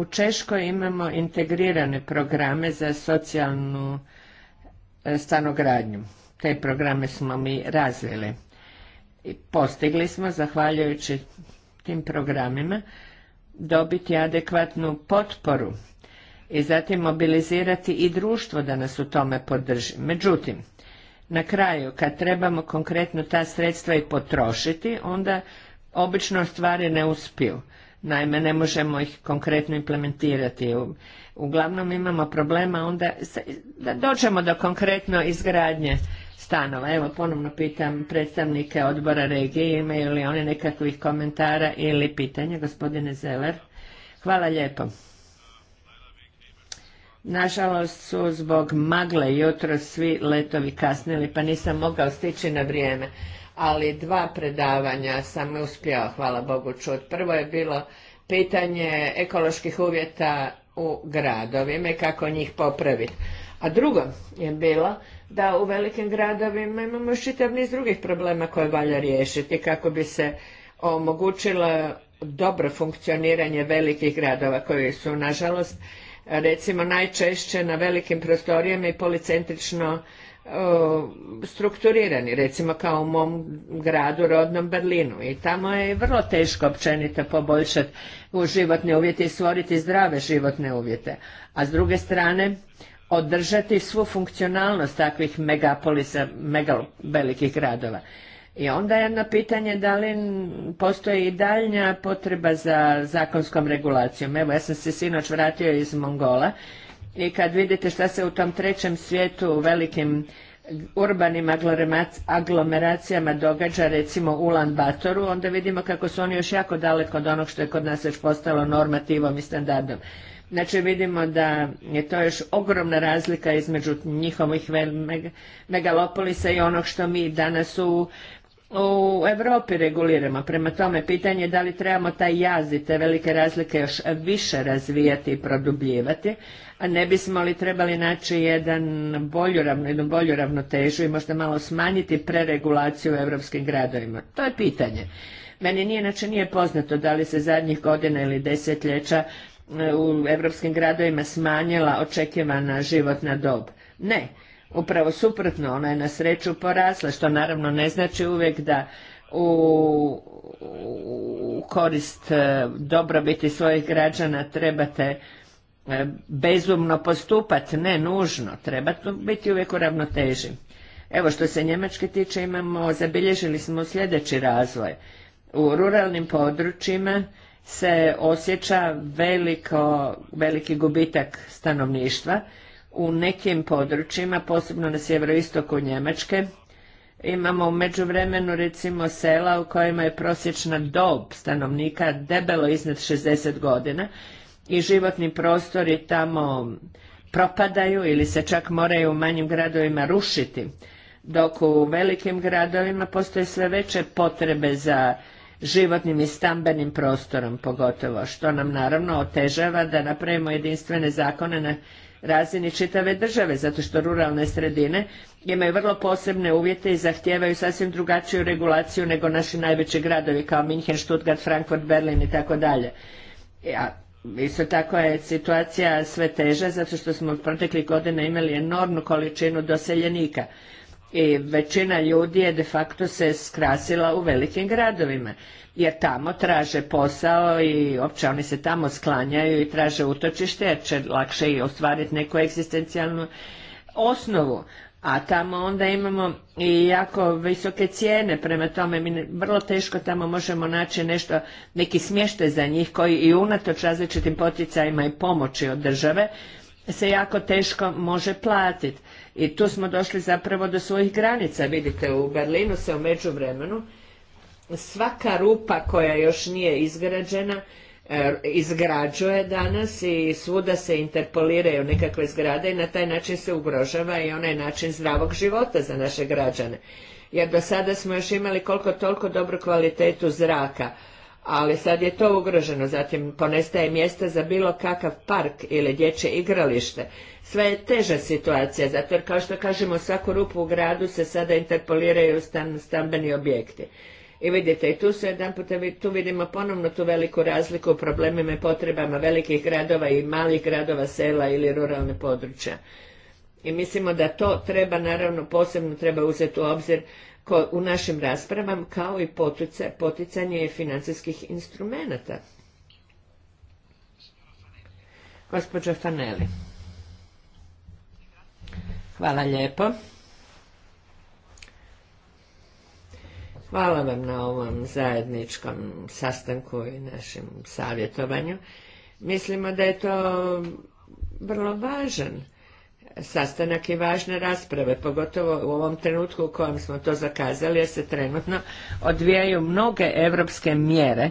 u Češkoj imamo integrirane programe za socijalnu e, stanogradnju. Te programe smo mi razvili. I postigli smo, zahvaljujući tim programima, dobiti adekvatnu potporu i zatim mobilizirati i društvo da nas u tome podrži. Međutim, na kraju, kad trebamo konkretno ta sredstva i potrošiti, onda obično stvari ne uspiju. Naime, ne možemo ih konkretno implementirati. Uglavnom imamo problema onda da dođemo do konkretno izgradnje stanova. Evo ponovno pitam predstavnike odbora regije imaju li oni nekakvih komentara ili pitanja. Gospodine Zeler, hvala lijepo. Nažalost su zbog magle jutro svi letovi kasnili pa nisam mogao stići na vrijeme ali dva predavanja sam uspjela, hvala Bogu, čut. Prvo je bilo pitanje ekoloških uvjeta u gradovima i kako njih popraviti. A drugo je bilo da u velikim gradovima imamo čitav niz drugih problema koje valja riješiti kako bi se omogućilo dobro funkcioniranje velikih gradova koji su nažalost recimo najčešće na velikim prostorijama i policentrično E, strukturirani, recimo kao u mom gradu, rodnom Berlinu. I tamo je vrlo teško općenito poboljšati u životne uvjete i stvoriti zdrave životne uvjete. A s druge strane, održati svu funkcionalnost takvih megapolisa, mega velikih gradova. I onda je jedno pitanje da li postoji i daljnja potreba za zakonskom regulacijom. Evo, ja sam se sinoć vratio iz Mongola i kad vidite šta se u tom trećem svijetu u velikim urbanim aglomeracijama događa, recimo u Ulan Batoru, onda vidimo kako su oni još jako daleko od onog što je kod nas već postalo normativom i standardom. Znači vidimo da je to još ogromna razlika između njihovih megalopolisa i onog što mi danas u u Europi reguliramo. Prema tome, pitanje je da li trebamo taj jaz i te velike razlike još više razvijati i produbljivati, a ne bismo li trebali naći jedan bolju, jednu bolju ravnotežu i možda malo smanjiti preregulaciju u europskim gradovima? To je pitanje. Meni nije, inače nije poznato da li se zadnjih godina ili desetljeća e, u europskim gradovima smanjila očekivana životna dob. Ne, upravo suprotno, ona je na sreću porasla, što naravno ne znači uvijek da u korist e, dobrobiti svojih građana trebate E, bezumno postupati, ne nužno, treba to biti uvijek u ravnoteži. Evo što se Njemačke tiče imamo, zabilježili smo sljedeći razvoj. U ruralnim područjima se osjeća veliko, veliki gubitak stanovništva. U nekim područjima, posebno na sjeveroistoku Njemačke, imamo u međuvremenu recimo sela u kojima je prosječna dob stanovnika debelo iznad 60 godina i životni prostori tamo propadaju ili se čak moraju u manjim gradovima rušiti, dok u velikim gradovima postoje sve veće potrebe za životnim i stambenim prostorom pogotovo, što nam naravno otežava da napravimo jedinstvene zakone na razini čitave države, zato što ruralne sredine imaju vrlo posebne uvjete i zahtijevaju sasvim drugačiju regulaciju nego naši najveći gradovi kao Minhen, Stuttgart, Frankfurt, Berlin i tako dalje. Isto tako je situacija sve teža zato što smo u proteklih godina imali enormnu količinu doseljenika i većina ljudi je de facto se skrasila u velikim gradovima jer tamo traže posao i opće oni se tamo sklanjaju i traže utočište jer će lakše i ostvariti neku egzistencijalnu osnovu a tamo onda imamo i jako visoke cijene, prema tome mi vrlo teško tamo možemo naći nešto, neki smještaj za njih koji i unatoč različitim poticajima i pomoći od države se jako teško može platiti. I tu smo došli zapravo do svojih granica, vidite u Berlinu se u međuvremenu svaka rupa koja još nije izgrađena E, izgrađuje danas i svuda se interpoliraju nekakve zgrade i na taj način se ugrožava i onaj način zdravog života za naše građane. Jer do sada smo još imali koliko toliko dobru kvalitetu zraka, ali sad je to ugroženo, zatim ponestaje mjesta za bilo kakav park ili dječje igralište. Sve je teža situacija, zato jer kao što kažemo svaku rupu u gradu se sada interpoliraju stambeni objekti. I vidite, i tu se jedan puta, tu vidimo ponovno tu veliku razliku u problemima i potrebama velikih gradova i malih gradova, sela ili ruralne područja. I mislimo da to treba, naravno, posebno treba uzeti u obzir u našim raspravama, kao i poticanje financijskih instrumenata. gospođo Faneli. Hvala lijepo. Hvala vam na ovom zajedničkom sastanku i našem savjetovanju. Mislimo da je to vrlo važan sastanak i važne rasprave, pogotovo u ovom trenutku u kojem smo to zakazali, jer se trenutno odvijaju mnoge evropske mjere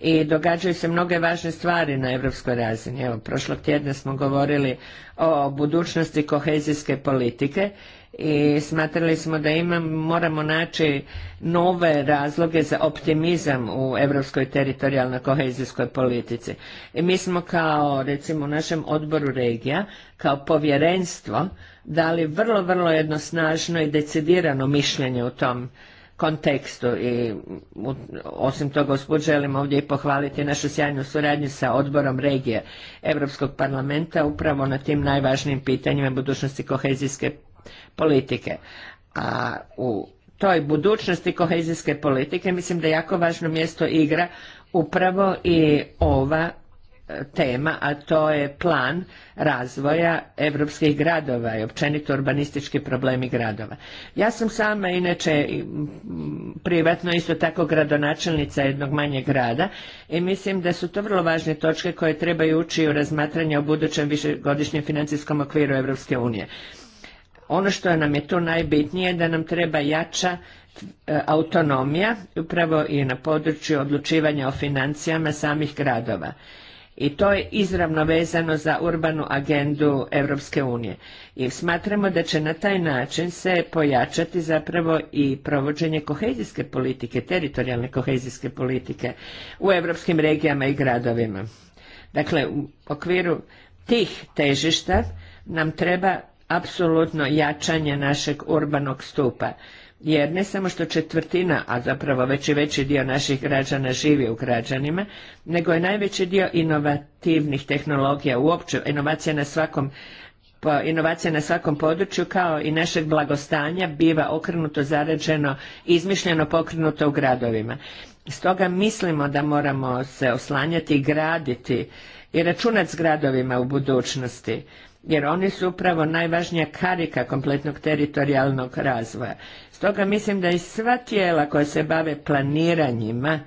i događaju se mnoge važne stvari na evropskoj razini. Evo, prošlog tjedna smo govorili o budućnosti kohezijske politike i smatrali smo da imam, moramo naći nove razloge za optimizam u europskoj teritorijalnoj kohezijskoj politici. I mi smo kao, recimo, u našem odboru regija, kao povjerenstvo, dali vrlo, vrlo jednosnažno i decidirano mišljenje u tom kontekstu i osim toga usput želim ovdje i pohvaliti našu sjajnu suradnju sa odborom regije Europskog parlamenta upravo na tim najvažnijim pitanjima budućnosti kohezijske politike. A u toj budućnosti kohezijske politike mislim da jako važno mjesto igra upravo i ova e, tema, a to je plan razvoja evropskih gradova i općenito urbanistički problemi gradova. Ja sam sama inače privatno isto tako gradonačelnica jednog manjeg grada i mislim da su to vrlo važne točke koje trebaju ući u razmatranje o budućem višegodišnjem financijskom okviru Evropske unije. Ono što nam je tu najbitnije da nam treba jača e, autonomija upravo i na području odlučivanja o financijama samih gradova. I to je izravno vezano za urbanu agendu Europske unije. I smatramo da će na taj način se pojačati zapravo i provođenje kohezijske politike, teritorijalne kohezijske politike u europskim regijama i gradovima. Dakle, u okviru tih težišta nam treba apsolutno jačanje našeg urbanog stupa. Jer ne samo što četvrtina, a zapravo već i veći dio naših građana živi u građanima, nego je najveći dio inovativnih tehnologija, uopće inovacija na svakom inovacija na svakom području kao i našeg blagostanja biva okrenuto, zarađeno, izmišljeno, pokrenuto u gradovima. Stoga mislimo da moramo se oslanjati i graditi i računati s gradovima u budućnosti jer oni su upravo najvažnija karika kompletnog teritorijalnog razvoja. Stoga mislim da i sva tijela koja se bave planiranjima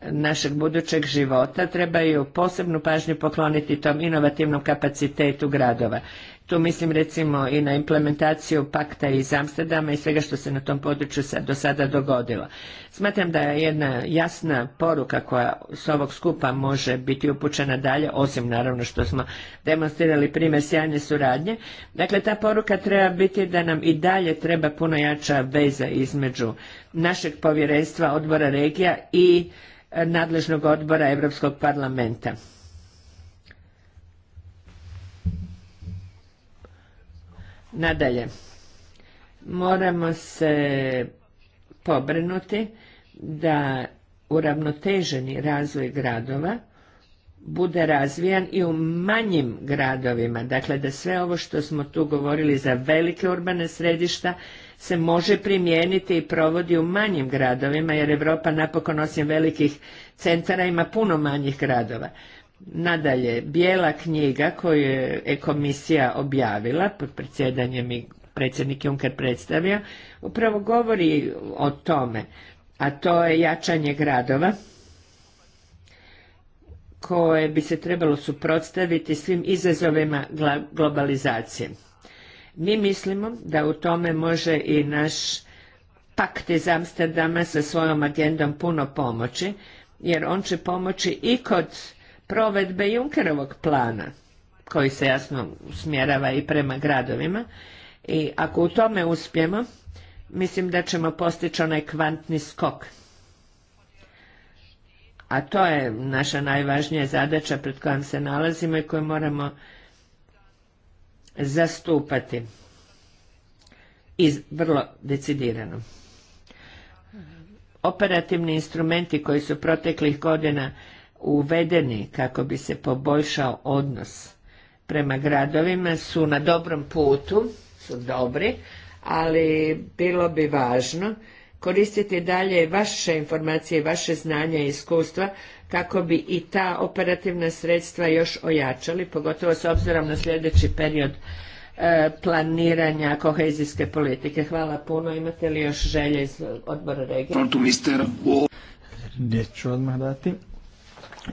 našeg budućeg života trebaju posebnu pažnju pokloniti tom inovativnom kapacitetu gradova. Tu mislim recimo i na implementaciju pakta iz Amsterdama i svega što se na tom području do sada dogodilo. Smatram da je jedna jasna poruka koja s ovog skupa može biti upućena dalje, osim naravno što smo demonstrirali primjer sjajne suradnje. Dakle, ta poruka treba biti da nam i dalje treba puno jača veza između našeg povjerenstva odbora regija i e, nadležnog odbora Europskog parlamenta. Nadalje, moramo se pobrinuti da uravnoteženi razvoj gradova bude razvijan i u manjim gradovima. Dakle, da sve ovo što smo tu govorili za velike urbane središta se može primijeniti i provodi u manjim gradovima, jer Europa napokon osim velikih centara ima puno manjih gradova. Nadalje, bijela knjiga koju je komisija objavila pod predsjedanjem i predsjednik Juncker predstavio, upravo govori o tome, a to je jačanje gradova koje bi se trebalo suprotstaviti svim izazovima globalizacije. Mi mislimo da u tome može i naš pakt iz Amsterdama sa svojom agendom puno pomoći, jer on će pomoći i kod provedbe Junkerovog plana koji se jasno usmjerava i prema gradovima i ako u tome uspijemo mislim da ćemo postići onaj kvantni skok a to je naša najvažnija zadaća pred kojom se nalazimo i koju moramo zastupati i vrlo decidirano. Operativni instrumenti koji su proteklih godina uvedeni kako bi se poboljšao odnos prema gradovima su na dobrom putu, su dobri, ali bilo bi važno koristiti dalje vaše informacije, vaše znanja i iskustva kako bi i ta operativna sredstva još ojačali, pogotovo s obzirom na sljedeći period e, planiranja kohezijske politike. Hvala puno. Imate li još želje iz odbora regije? Neću odmah dati.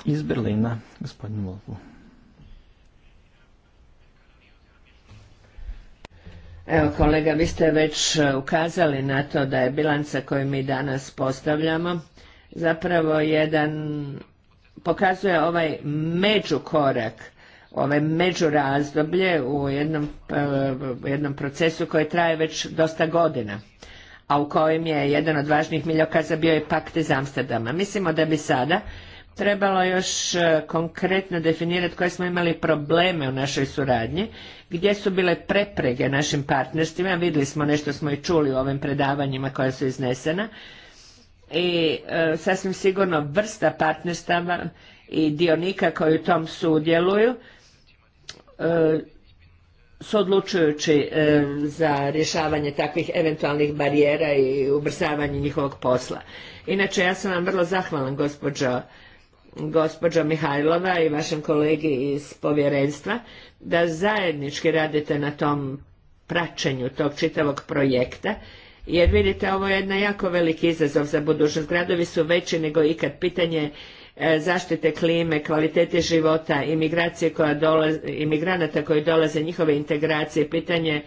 Iz Berlina, gospodin Volku. Evo kolega, vi ste već e, ukazali na to da je bilanca koju mi danas postavljamo zapravo jedan, pokazuje ovaj međukorak, ove međurazdoblje u jednom, e, jednom procesu koji traje već dosta godina a u kojem je jedan od važnijih miljokaza bio i pakt iz Amsterdama. Mislimo da bi sada trebalo još e, konkretno definirati koje smo imali probleme u našoj suradnji, gdje su bile preprege našim partnerstvima, vidjeli smo nešto smo i čuli u ovim predavanjima koja su iznesena i e, sasvim sigurno vrsta partnerstava i dionika koji u tom sudjeluju e, su odlučujući za rješavanje takvih eventualnih barijera i ubrzavanje njihovog posla. Inače, ja sam vam vrlo zahvalan, gospođo gospođo Mihajlova i vašem kolegi iz povjerenstva da zajednički radite na tom praćenju tog čitavog projekta jer vidite ovo je jedna jako veliki izazov za budućnost. Gradovi su veći nego ikad. Pitanje e, zaštite klime, kvalitete života, imigracije koja dolaze, imigranata koji dolaze, njihove integracije, pitanje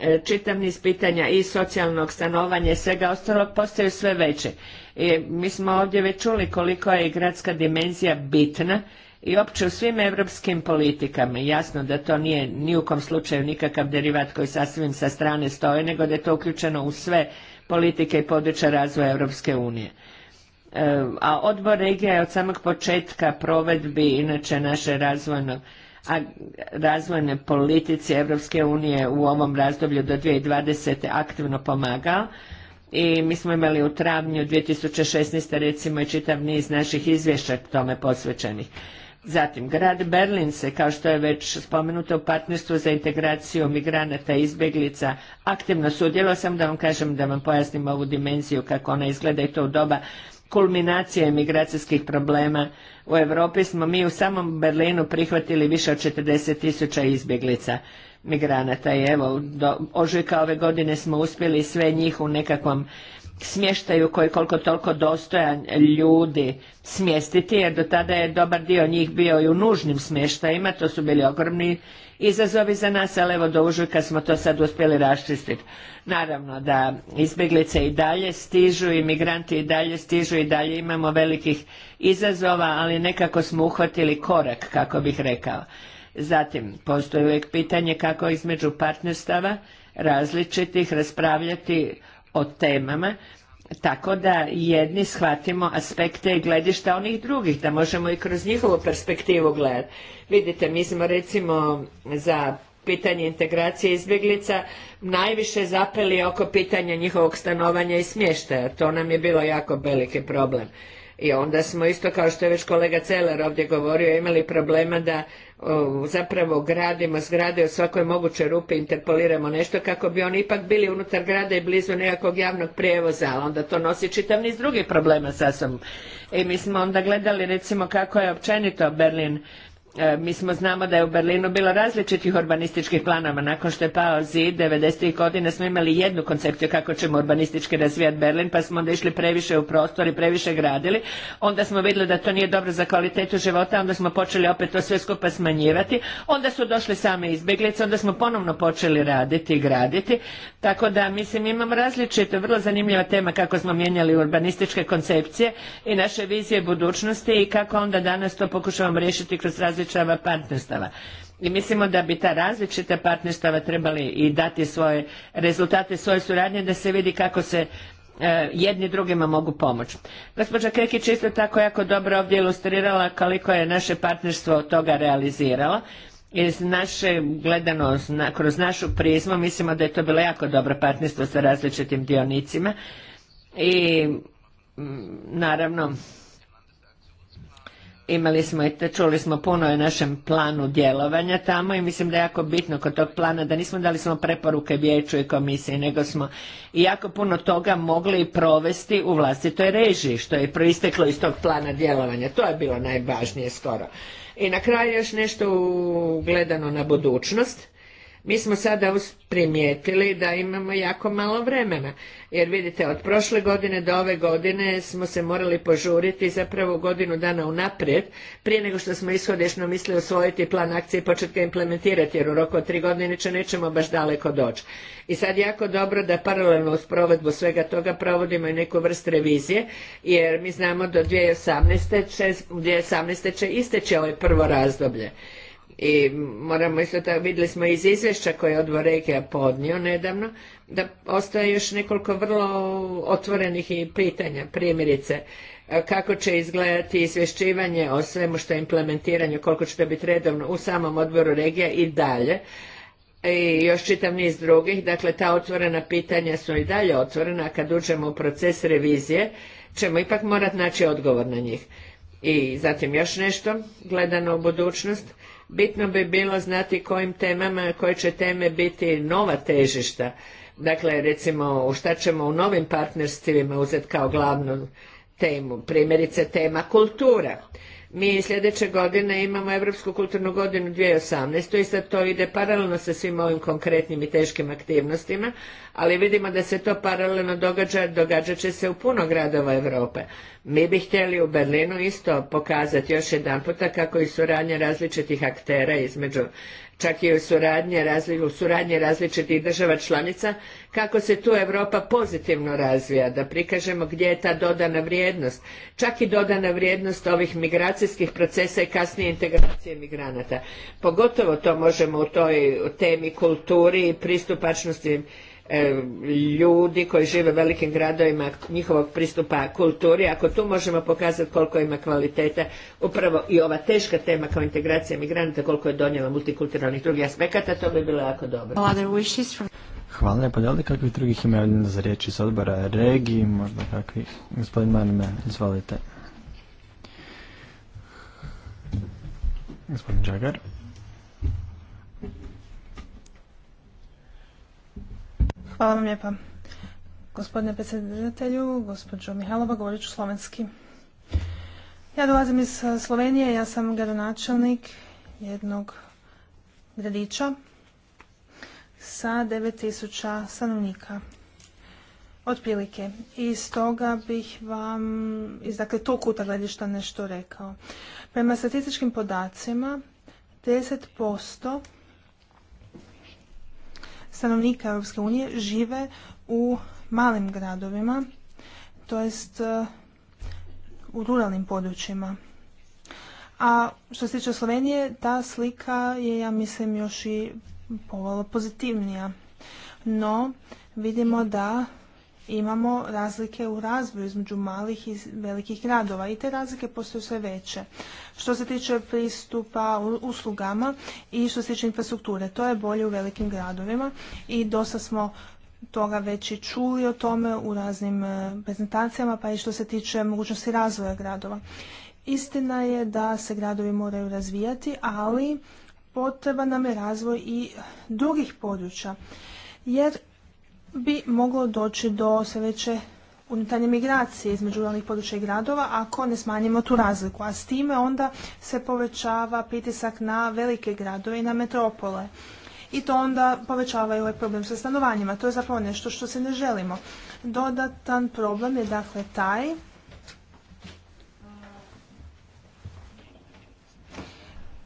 e, čitavnih pitanja i socijalnog stanovanja i svega ostalog postaju sve veće mi smo ovdje već čuli koliko je gradska dimenzija bitna i opće u svim europskim politikama. Jasno da to nije ni u kom slučaju nikakav derivat koji sasvim sa strane stoji, nego da je to uključeno u sve politike i područja razvoja Europske unije. E, a odbor regija je od samog početka provedbi inače naše razvojno a razvojne politici Europske unije u ovom razdoblju do 2020. aktivno pomagao i mi smo imali u travnju 2016. recimo i čitav niz naših izvješća tome posvećenih. Zatim, grad Berlin se, kao što je već spomenuto, u partnerstvu za integraciju migranata i izbjeglica aktivno sudjelo sam da vam kažem, da vam pojasnim ovu dimenziju kako ona izgleda i to u doba kulminacije migracijskih problema u Europi smo mi u samom Berlinu prihvatili više od 40 tisuća izbjeglica migranata i evo do ožujka ove godine smo uspjeli sve njih u nekakvom smještaju koji koliko toliko dostojan ljudi smjestiti jer do tada je dobar dio njih bio i u nužnim smještajima, to su bili ogromni izazovi za nas, ali evo do užujka smo to sad uspjeli raščistiti. Naravno da izbjeglice i dalje stižu i migranti i dalje stižu i dalje imamo velikih izazova, ali nekako smo uhvatili korak, kako bih rekao. Zatim, postoji uvijek pitanje kako između partnerstava različitih raspravljati o temama, tako da jedni shvatimo aspekte i gledišta onih drugih, da možemo i kroz njihovu perspektivu gledati. Vidite, mi smo recimo za pitanje integracije izbjeglica najviše zapeli oko pitanja njihovog stanovanja i smještaja. To nam je bilo jako veliki problem. I onda smo isto, kao što je već kolega Celer ovdje govorio, imali problema da zapravo gradimo zgrade u svakoj mogućoj rupi interpoliramo nešto kako bi oni ipak bili unutar grada i blizu nekakvog javnog prijevoza, ali onda to nosi čitav niz drugih problema sa sobom. I mi smo onda gledali recimo kako je općenito Berlin E, mi smo znamo da je u Berlinu bilo različitih urbanističkih planova. Nakon što je pao zid 90. godina smo imali jednu koncepciju kako ćemo urbanistički razvijati Berlin, pa smo onda išli previše u prostor i previše gradili. Onda smo vidjeli da to nije dobro za kvalitetu života, onda smo počeli opet to sve skupa smanjivati. Onda su došli same izbjeglice, onda smo ponovno počeli raditi i graditi. Tako da, mislim, imamo različite, vrlo zanimljiva tema kako smo mijenjali urbanističke koncepcije i naše vizije budućnosti i kako onda danas to pokušavamo riješiti kroz različava partnerstava. I mislimo da bi ta različita partnerstava trebali i dati svoje rezultate svoje suradnje da se vidi kako se e, jedni drugima mogu pomoći. Gospođa Krekić isto tako jako dobro ovdje ilustrirala koliko je naše partnerstvo od toga realiziralo. Iz naše, gledano kroz našu prizmu, mislimo da je to bilo jako dobro partnerstvo sa različitim dionicima i naravno imali smo i čuli smo puno o našem planu djelovanja tamo i mislim da je jako bitno kod tog plana da nismo dali samo preporuke vijeću i komisiji nego smo jako puno toga mogli provesti u vlastitoj režiji što je proisteklo iz tog plana djelovanja. To je bilo najvažnije skoro. I na kraju još nešto gledano na budućnost mi smo sada primijetili da imamo jako malo vremena, jer vidite, od prošle godine do ove godine smo se morali požuriti zapravo godinu dana unaprijed, prije nego što smo ishodišno mislili osvojiti plan akcije i početi ga implementirati, jer u roku od tri godine će nećemo baš daleko doći. I sad jako dobro da paralelno uz provedbu svega toga provodimo i neku vrstu revizije, jer mi znamo do 2018. 2018. će isteći ovo prvo razdoblje. I moramo isto tako, vidjeli smo iz izvješća koje je odbor regija podnio nedavno, da ostaje još nekoliko vrlo otvorenih i pitanja, primjerice kako će izgledati izvješćivanje o svemu što je implementiranje, koliko će to biti redovno u samom odboru regija i dalje. I još čitav niz drugih, dakle ta otvorena pitanja su i dalje otvorena, a kad uđemo u proces revizije ćemo ipak morati naći odgovor na njih. I zatim još nešto, gledano u budućnost, Bitno bi bilo znati kojim temama, koje će teme biti nova težišta. Dakle, recimo, šta ćemo u novim partnerstvima uzeti kao glavnu temu. Primjerice, tema kultura. Mi sljedeće godine imamo Europsku kulturnu godinu 2018. i sad to ide paralelno sa svim ovim konkretnim i teškim aktivnostima, ali vidimo da se to paralelno događa, događat će se u puno gradova Europe. Mi bi htjeli u Berlinu isto pokazati još jedan kako i suradnja različitih aktera između čak i u suradnje, različitih država članica, kako se tu Europa pozitivno razvija, da prikažemo gdje je ta dodana vrijednost, čak i dodana vrijednost ovih migracijskih procesa i kasnije integracije migranata. Pogotovo to možemo u toj temi kulturi i pristupačnosti E, ljudi koji žive u velikim gradovima njihovog pristupa kulturi. Ako tu možemo pokazati koliko ima kvalitete, upravo i ova teška tema kao integracija migranata, koliko je donijela multikulturalnih drugih aspekata, to bi bilo jako dobro. Hvala lijepo. Da kakvih drugih ima za riječ iz odbora Regi, možda kakvih? Gospodin Marime, izvolite. Gospodin Đagar. Hvala vam lijepa. Gospodine predsjedatelju, gospođo Mihalova, govorit ću slovenski. Ja dolazim iz eh, Slovenije, ja sam gradonačelnik jednog gradića sa 9000 stanovnika. Otprilike. I stoga bih vam iz dakle, tog kuta gledišta nešto rekao. Prema statističkim podacima 10% stanovnika EU unije žive u malim gradovima, to jest e, u ruralnim područjima. A što se tiče Slovenije, ta slika je, ja mislim, još i povalo pozitivnija. No, vidimo da imamo razlike u razvoju između malih i velikih gradova i te razlike postaju sve veće što se tiče pristupa uslugama i što se tiče infrastrukture. To je bolje u velikim gradovima i dosta smo toga već i čuli o tome u raznim e, prezentacijama, pa i što se tiče mogućnosti razvoja gradova. Istina je da se gradovi moraju razvijati, ali potreban nam je razvoj i drugih područja, jer bi moglo doći do sve veće unutarnje migracije između ruralnih područja i gradova ako ne smanjimo tu razliku. A s time onda se povećava pritisak na velike gradove i na metropole. I to onda povećava i ovaj problem sa stanovanjima. To je zapravo nešto što se ne želimo. Dodatan problem je dakle taj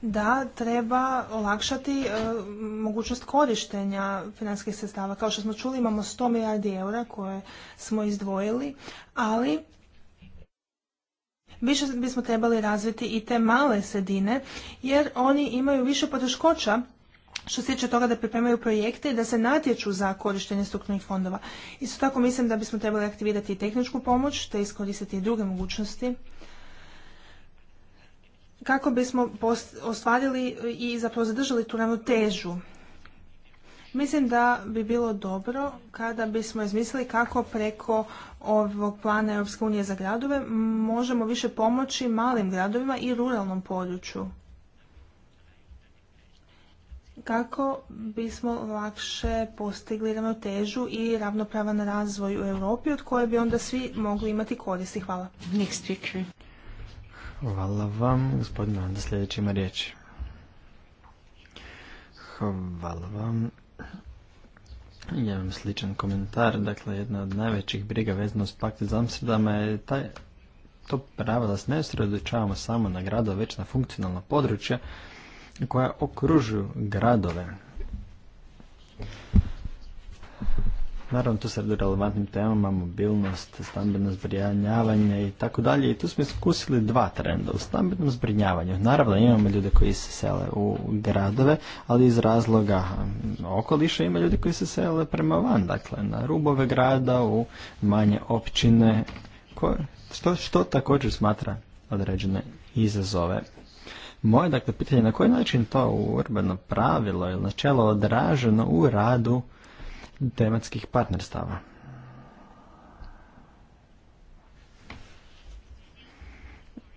da treba olakšati e, mogućnost korištenja financijskih sredstava. Kao što smo čuli imamo 100 milijardi eura koje smo izdvojili, ali više bismo trebali razviti i te male sredine jer oni imaju više poteškoća što se tiče toga da pripremaju projekte i da se natječu za korištenje strukturnih fondova. Isto tako mislim da bismo trebali aktivirati i tehničku pomoć te iskoristiti i druge mogućnosti kako bismo ostvarili i zapravo zadržali tu ravnotežu. Mislim da bi bilo dobro kada bismo izmislili kako preko ovog plana Europske unije za gradove možemo više pomoći malim gradovima i ruralnom području. Kako bismo lakše postigli ravnotežu i ravnopravan razvoj u Europi od koje bi onda svi mogli imati koristi. Hvala. Hvala vam, gospodin Vanda sljedeći ima riječ. Hvala vam. Ja imam sličan komentar, dakle jedna od najvećih briga vezano s pakti za Amsterdama je taj, to pravo da se ne sredočavamo samo na gradove, već na funkcionalna područja koja okružuju gradove. Naravno, tu se radi o relevantnim temama, mobilnost, stambeno zbrinjavanje i tako dalje. I tu smo iskusili dva trenda u stambenom zbrinjavanju. Naravno, imamo ljude koji se sele u gradove, ali iz razloga mm, okoliša ima ljudi koji se sele prema van, dakle, na rubove grada, u manje općine, što, što također smatra određene izazove moje dakle pitanje na koji način to urbano pravilo ili načelo odraženo u radu tematskih partnerstava.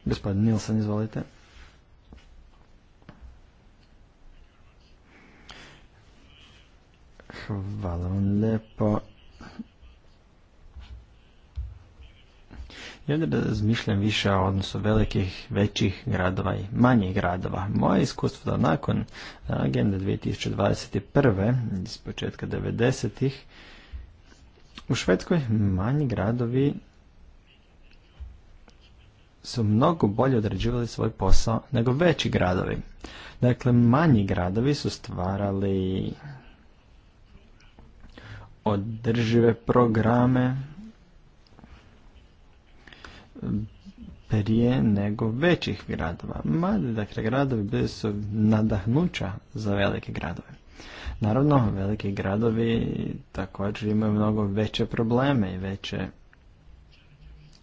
Gospodin Nilsson, izvolite. Hvala vam lijepo. da razmišljam više o odnosu velikih, većih gradova i manjih gradova. Moje iskustvo da nakon e, agende 2021. iz početka 90-ih u Švedskoj manji gradovi su mnogo bolje određivali svoj posao nego veći gradovi. Dakle, manji gradovi su stvarali održive programe prije nego većih gradova. mali dakle, gradovi bili su nadahnuća za velike gradove. Naravno, veliki gradovi također imaju mnogo veće probleme i veće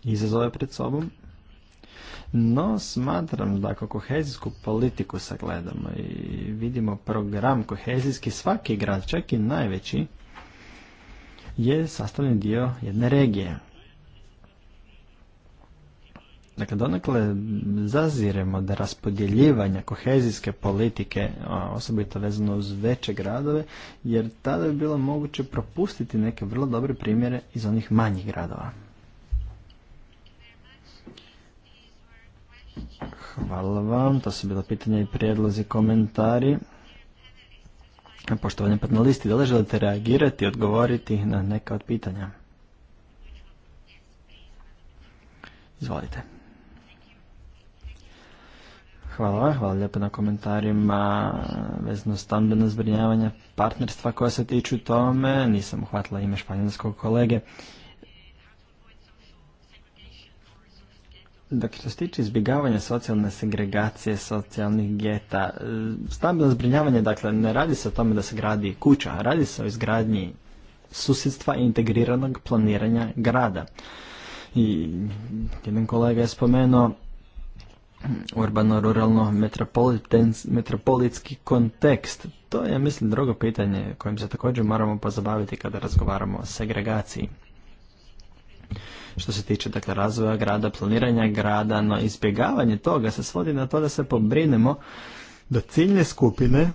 izazove pred sobom. No, smatram da ako kohezijsku politiku sagledamo i vidimo program kohezijski, svaki grad, čak i najveći, je sastavni dio jedne regije. Dakle, donekle zaziremo da raspodjeljivanja kohezijske politike, osobito vezano uz veće gradove, jer tada bi bilo moguće propustiti neke vrlo dobre primjere iz onih manjih gradova. Hvala vam, to su bila pitanja i prijedlozi, komentari. Poštovani panelisti, da li želite reagirati, i odgovoriti na neka od pitanja? Izvolite. Hvala vam, hvala lijepo na komentarima vezno stambeno zbrinjavanje partnerstva koja se tiču tome. Nisam uhvatila ime španjolskog kolege. Dakle, što se tiče izbjegavanja socijalne segregacije, socijalnih geta, stambeno zbrinjavanje, dakle, ne radi se o tome da se gradi kuća, radi se o izgradnji susjedstva i integriranog planiranja grada. I jedan kolega je spomenuo urbano-ruralno metropolitski kontekst? To je, mislim, drugo pitanje kojim se također moramo pozabaviti kada razgovaramo o segregaciji. Što se tiče dakle, razvoja grada, planiranja grada, no izbjegavanje toga se svodi na to da se pobrinemo da ciljne skupine e,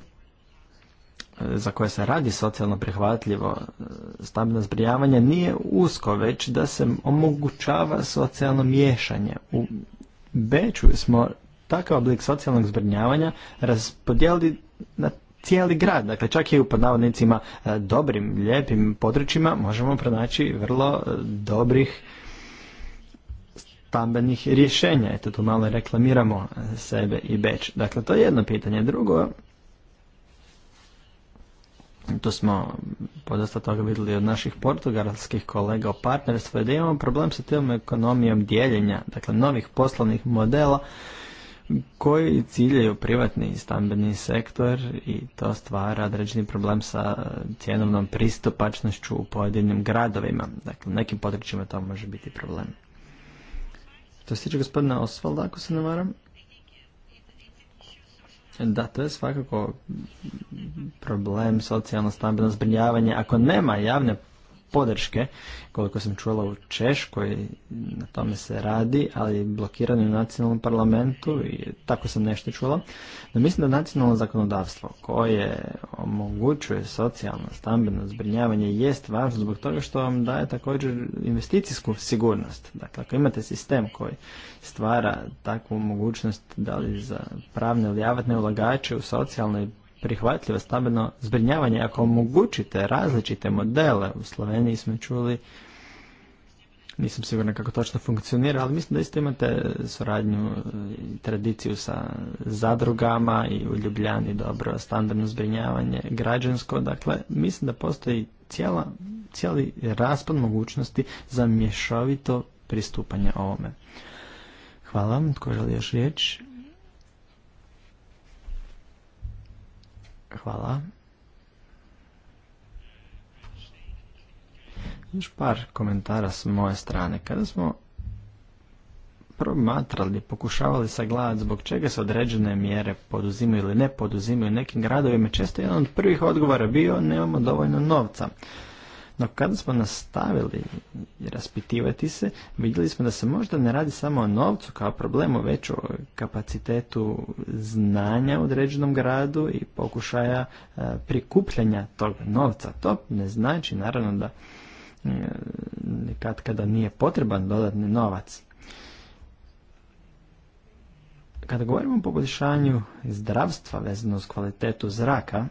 za koje se radi socijalno prihvatljivo e, stambeno zbrijavanje nije usko, već da se omogućava socijalno miješanje u Beču smo takav oblik socijalnog zbrinjavanja raspodijeli na cijeli grad. Dakle, čak i u podnavodnicima e, dobrim, lijepim područjima možemo pronaći vrlo e, dobrih stambenih rješenja. Eto, tu malo reklamiramo sebe i Beč. Dakle, to je jedno pitanje. Drugo, to smo podosta toga vidjeli od naših portugalskih kolega o partnerstvu, je da imamo problem sa tim ekonomijom dijeljenja, dakle novih poslovnih modela koji ciljaju privatni i stambeni sektor i to stvara određeni problem sa cjenovnom pristupačnošću u pojedinim gradovima. Dakle, u nekim područjima to može biti problem. To se tiče gospodina Osvalda, ako se ne varam, da, to je svakako problem socijalno stambeno zbrinjavanje. Ako nema javne podrške. Koliko sam čula u Češkoj, na tome se radi, ali blokirani u nacionalnom parlamentu i tako sam nešto čula. Da mislim da nacionalno zakonodavstvo koje omogućuje socijalno, stambeno zbrinjavanje jest važno zbog toga što vam daje također investicijsku sigurnost. Dakle, ako imate sistem koji stvara takvu mogućnost da li za pravne ili javatne ulagače u socijalne prihvatljivo stambeno zbrinjavanje ako omogućite različite modele. U Sloveniji smo čuli, nisam siguran kako točno funkcionira, ali mislim da isto imate suradnju i tradiciju sa zadrugama i u Ljubljani dobro standardno zbrinjavanje građansko. Dakle, mislim da postoji cijela, cijeli raspad mogućnosti za mješovito pristupanje ovome. Hvala vam. Tko želi još riječ? Hvala. Još par komentara s moje strane. Kada smo promatrali, pokušavali sagledati zbog čega se određene mjere poduzimaju ili ne poduzimaju nekim gradovima, često jedan od prvih odgovora bio nemamo dovoljno novca. No kada smo nastavili raspitivati se, vidjeli smo da se možda ne radi samo o novcu kao problemu, već o kapacitetu znanja u određenom gradu i pokušaja e, prikupljanja tog novca. To ne znači naravno da e, kad kada nije potreban dodatni novac. Kada govorimo o poboljšanju zdravstva vezano uz kvalitetu zraka,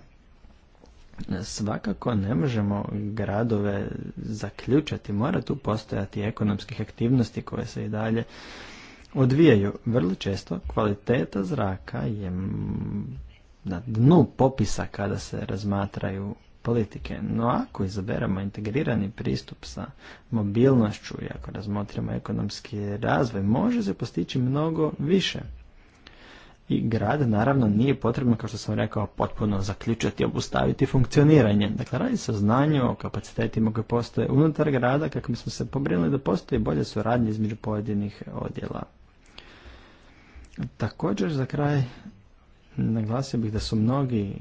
svakako ne možemo gradove zaključati. Mora tu postojati ekonomskih aktivnosti koje se i dalje odvijaju. Vrlo često kvaliteta zraka je na dnu popisa kada se razmatraju politike. No ako izaberemo integrirani pristup sa mobilnošću i ako razmotrimo ekonomski razvoj, može se postići mnogo više i grad naravno nije potrebno, kao što sam rekao, potpuno zaključati, obustaviti funkcioniranje. Dakle, radi se o znanju, o kapacitetima koje postoje unutar grada, kako bismo se pobrinuli da postoji bolje suradnje između pojedinih odjela. Također, za kraj, naglasio bih da su mnogi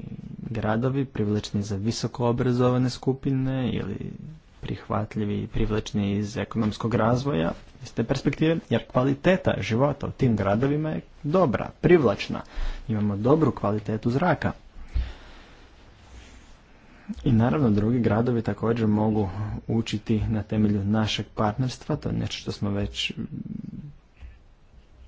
gradovi privlačni za visoko obrazovane skupine ili prihvatljivi i privlačni iz ekonomskog razvoja iz te perspektive, jer kvaliteta života u tim gradovima je dobra, privlačna. Imamo dobru kvalitetu zraka. I naravno drugi gradovi također mogu učiti na temelju našeg partnerstva, to je nešto što smo već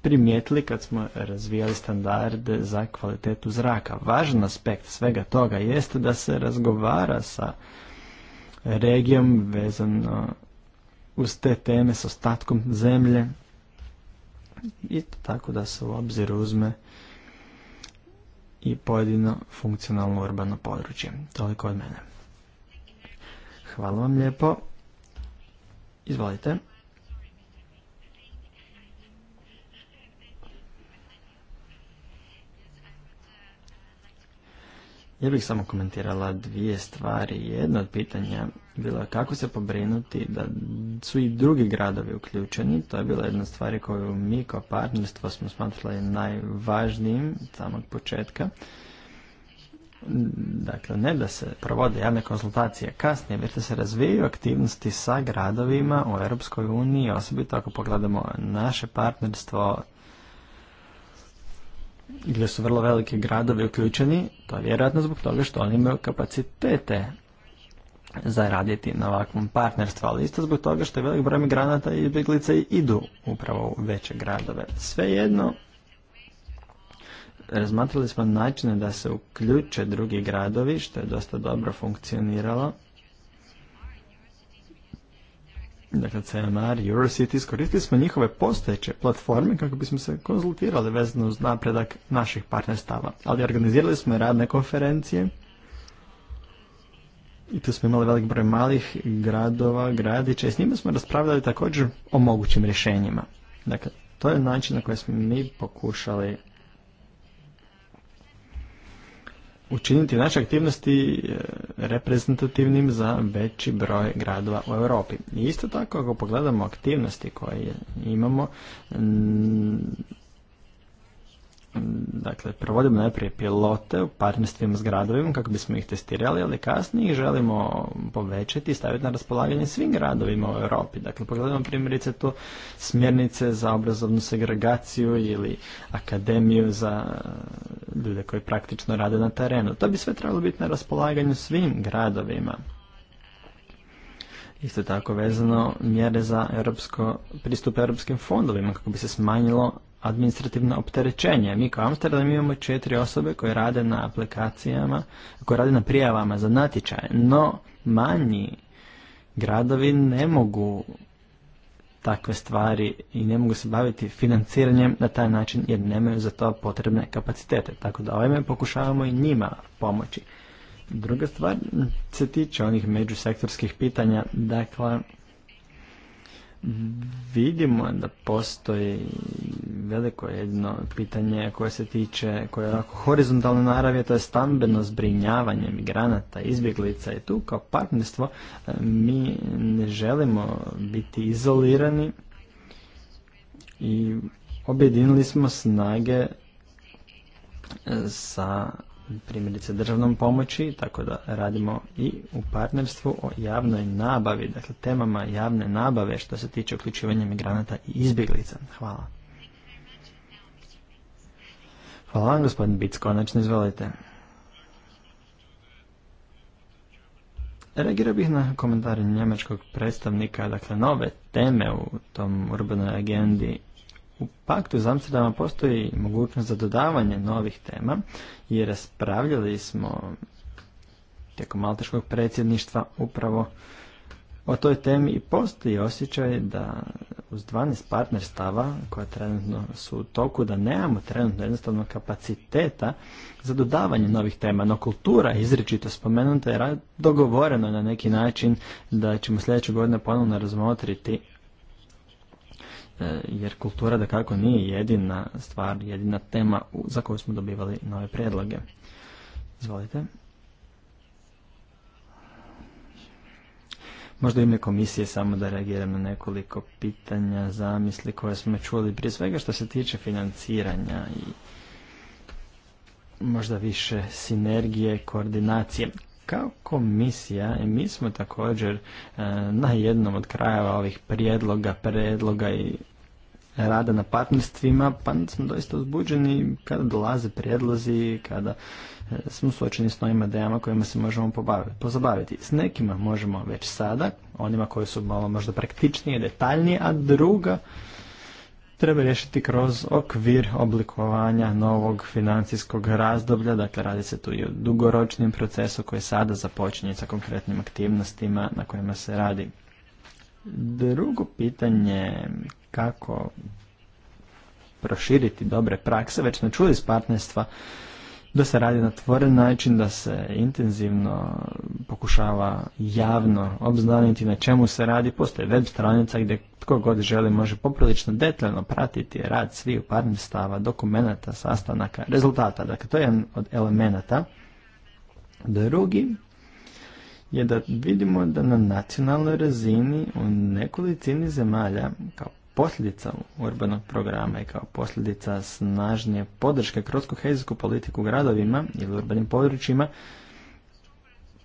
primijetili kad smo razvijali standarde za kvalitetu zraka. Važan aspekt svega toga jeste da se razgovara sa regijom vezano uz te teme s ostatkom zemlje i tako da se u obzir uzme i pojedino funkcionalno urbano područje. Toliko od mene. Hvala vam lijepo. Izvolite. Ja bih samo komentirala dvije stvari. Jedno od pitanja bilo je kako se pobrinuti da su i drugi gradovi uključeni. To je bila jedna stvar koju mi kao partnerstvo smo smatrali najvažnijim samog početka. Dakle, ne da se provode javne konsultacije kasnije, već da se razvijaju aktivnosti sa gradovima u Europskoj uniji, osobito ako pogledamo naše partnerstvo gdje su vrlo veliki gradovi uključeni, to je vjerojatno zbog toga što oni imaju kapacitete za raditi na ovakvom partnerstvu, ali isto zbog toga što je velik broj migranata i izbjeglica idu upravo u veće gradove. Svejedno, razmatrali smo načine da se uključe drugi gradovi, što je dosta dobro funkcioniralo dakle CMR i Eurocity, iskoristili smo njihove postojeće platforme kako bismo se konzultirali vezano uz napredak naših partnerstava. Ali organizirali smo i radne konferencije i tu smo imali velik broj malih gradova, gradića i s njima smo raspravljali također o mogućim rješenjima. Dakle, to je način na koji smo mi pokušali učiniti naše aktivnosti e, reprezentativnim za veći broj gradova u Europi. I isto tako ako pogledamo aktivnosti koje imamo, Mm, dakle, provodimo najprije pilote u partnerstvima s gradovima kako bismo ih testirali, ali kasnije ih želimo povećati i staviti na raspolaganje svim gradovima u Europi. Dakle, pogledamo primjerice tu smjernice za obrazovnu segregaciju ili akademiju za ljude koji praktično rade na terenu. To bi sve trebalo biti na raspolaganju svim gradovima. Isto tako vezano mjere za europsko, pristup europskim fondovima kako bi se smanjilo administrativno opterećenje. Mi kao Amsterdam imamo četiri osobe koje rade na aplikacijama, koje rade na prijavama za natječaje, no manji gradovi ne mogu takve stvari i ne mogu se baviti financiranjem na taj način jer nemaju za to potrebne kapacitete. Tako da ovime pokušavamo i njima pomoći. Druga stvar se tiče onih međusektorskih pitanja. Dakle, vidimo da postoji veliko jedno pitanje koje se tiče, koje je horizontalne naravi, to je stambeno zbrinjavanje migranata, izbjeglica i tu kao partnerstvo e, mi ne želimo biti izolirani i objedinili smo snage e, sa primjerice državnom pomoći, tako da radimo i u partnerstvu o javnoj nabavi, dakle temama javne nabave što se tiče uključivanja migranata i izbjeglica. Hvala. Hvala vam, gospodin Bic, konačno izvolite. Reagirao bih na komentare njemačkog predstavnika, dakle nove teme u tom urbanoj agendi u paktu iz Amsterdama postoji mogućnost za dodavanje novih tema i raspravljali smo tijekom malteškog predsjedništva upravo o toj temi i postoji osjećaj da uz 12 partnerstava koja trenutno su u toku, da nemamo trenutno jednostavno kapaciteta za dodavanje novih tema. No kultura izričito spomenuta je dogovoreno na neki način da ćemo sljedeće godine ponovno razmotriti E, jer kultura da kako nije jedina stvar, jedina tema za koju smo dobivali nove predloge. Izvolite. Možda ime komisije samo da reagiram na nekoliko pitanja, zamisli koje smo čuli prije svega što se tiče financiranja i možda više sinergije, koordinacije. Kao komisija e, mi smo također e, na jednom od krajeva ovih prijedloga, predloga i rada na partnerstvima, pa smo doista uzbuđeni kada dolaze prijedlozi, kada e, smo suočeni s novim idejama kojima se možemo pozabaviti. S nekima možemo već sada, onima koji su malo možda praktičnije, detaljnije, a druga treba rješiti kroz okvir oblikovanja novog financijskog razdoblja, dakle radi se tu i o dugoročnim procesu koji sada započinje sa konkretnim aktivnostima na kojima se radi. Drugo pitanje kako proširiti dobre prakse, već smo čuli iz partnerstva da se radi na tvoren način, da se intenzivno pokušava javno obznaniti na čemu se radi. Postoje web stranica gdje tko god želi može poprilično detaljno pratiti rad svih partnerstava, dokumenata, sastanaka, rezultata. Dakle, to je jedan od elemenata. Drugi je da vidimo da na nacionalnoj razini u nekolicini zemalja kao posljedica urbanog programa i kao posljedica snažnje podrške kroz kohezijsku politiku gradovima ili urbanim područjima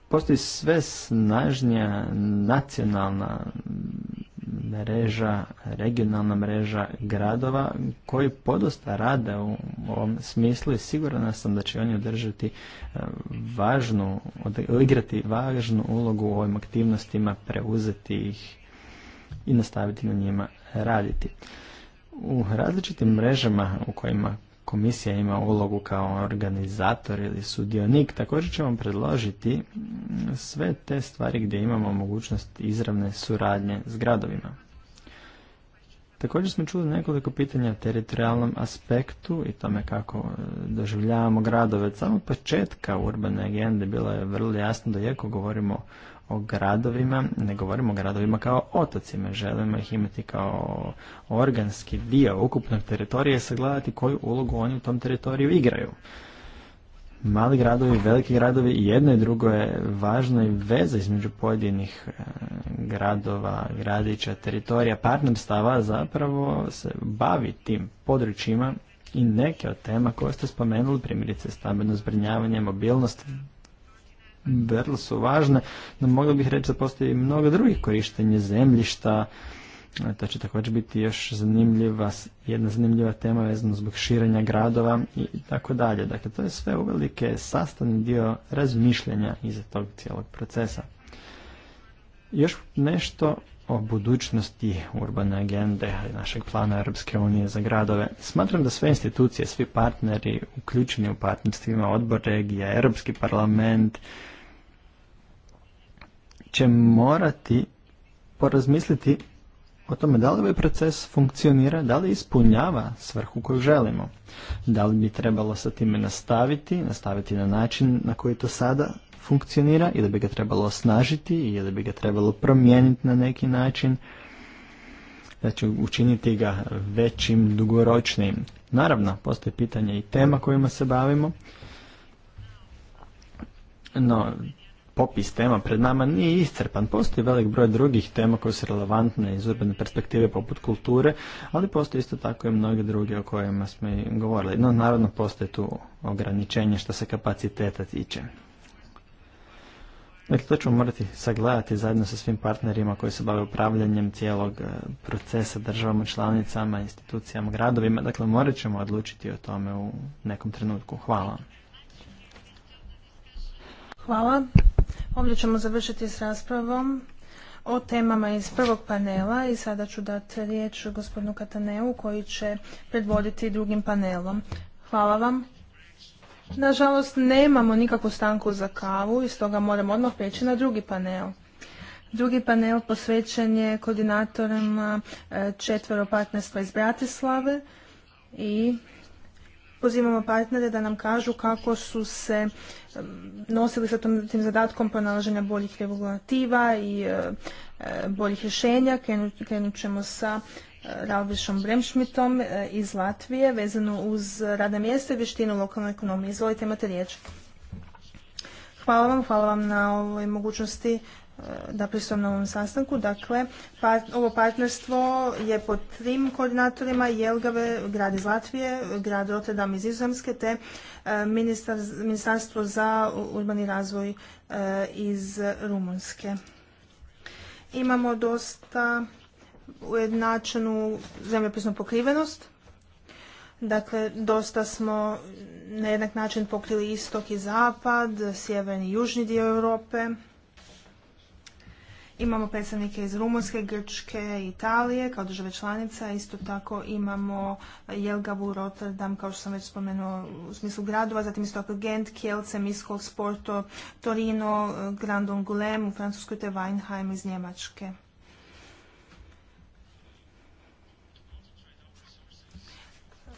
postoji sve snažnija nacionalna mreža, regionalna mreža gradova koji podosta rade u ovom smislu i siguran sam da će oni održati e, važnu, odigrati važnu ulogu u ovim aktivnostima, preuzeti ih i nastaviti na njima raditi. U različitim mrežama u kojima komisija ima ulogu kao organizator ili sudionik, također ćemo predložiti sve te stvari gdje imamo mogućnost izravne suradnje s gradovima. Također smo čuli nekoliko pitanja o teritorijalnom aspektu i tome kako doživljavamo gradove. Od samog početka urbane agende bilo je vrlo jasno da iako govorimo o gradovima, ne govorimo o gradovima kao otocima, želimo ih imati kao organski dio ukupnog teritorija i sagledati koju ulogu oni u tom teritoriju igraju. Mali gradovi, veliki gradovi i jedno i drugo je važno i veza između pojedinih e, gradova, gradića, teritorija, partnerstava zapravo se bavi tim područjima i neke od tema koje ste spomenuli, primjerice stambeno zbrinjavanje, mobilnost, vrlo su važne, no mogao bih reći da postoji mnogo drugih korištenja zemljišta, e, to će također biti još zanimljiva, jedna zanimljiva tema vezana zbog širenja gradova i tako dalje. Dakle, to je sve uvelike sastavni dio razmišljanja iza tog cijelog procesa. Još nešto o budućnosti urbane agende i našeg plana Europske unije za gradove. Smatram da sve institucije, svi partneri uključeni u partnerstvima, odbor regija, Europski parlament, će morati porazmisliti o tome da li ovaj proces funkcionira, da li ispunjava svrhu koju želimo. Da li bi trebalo sa time nastaviti, nastaviti na način na koji to sada funkcionira ili bi ga trebalo osnažiti ili bi ga trebalo promijeniti na neki način. Znači učiniti ga većim, dugoročnim. Naravno, postoje pitanje i tema kojima se bavimo. No, popis tema pred nama nije iscrpan. Postoji velik broj drugih tema koje su relevantne iz urbane perspektive poput kulture, ali postoji isto tako i mnoge druge o kojima smo i govorili. No, naravno, postoje tu ograničenje što se kapaciteta tiče. Dakle, to ćemo morati sagledati zajedno sa svim partnerima koji se bave upravljanjem cijelog e, procesa državama, članicama, institucijama, gradovima. Dakle, morat ćemo odlučiti o tome u nekom trenutku. Hvala. Hvala. Ovdje ćemo završiti s raspravom o temama iz prvog panela i sada ću dati riječ gospodinu Kataneu koji će predvoditi drugim panelom. Hvala vam. Nažalost, nemamo nikakvu stanku za kavu i stoga moramo odmah prijeći na drugi panel. Drugi panel posvećen je koordinatorima e, četvero partnerstva iz Bratislave i pozivamo partnere da nam kažu kako su se nosili sa tom, tim zadatkom pronalaženja boljih regulativa i e, e, boljih rješenja. Krenut, ćemo sa e, Raubišom Bremšmitom iz Latvije vezano uz rada mjesta i vještinu lokalne ekonomije. Izvolite, imate riječ. Hvala vam, hvala vam na ovoj mogućnosti da pristupim na ovom sastanku. Dakle, ovo partnerstvo je pod trim koordinatorima Jelgave, grad iz Latvije, grad Rotterdam iz Izramske te e, ministarstvo za urbani razvoj e, iz Rumunske. Imamo dosta ujednačenu zemljopisnu pokrivenost. Dakle, dosta smo na jednak način pokrili istok i zapad, sjeverni i južni dio Europe. Imamo predstavnike iz Rumunske, Grčke Italije kao države članica. Isto tako imamo eh, Jelgavu, Rotterdam, kao što sam već spomenuo u smislu gradova. Zatim isto tako Gent, Kielce, Miskol, Sporto, Torino, eh, Grand Angoulême u Francuskoj te Weinheim iz Njemačke.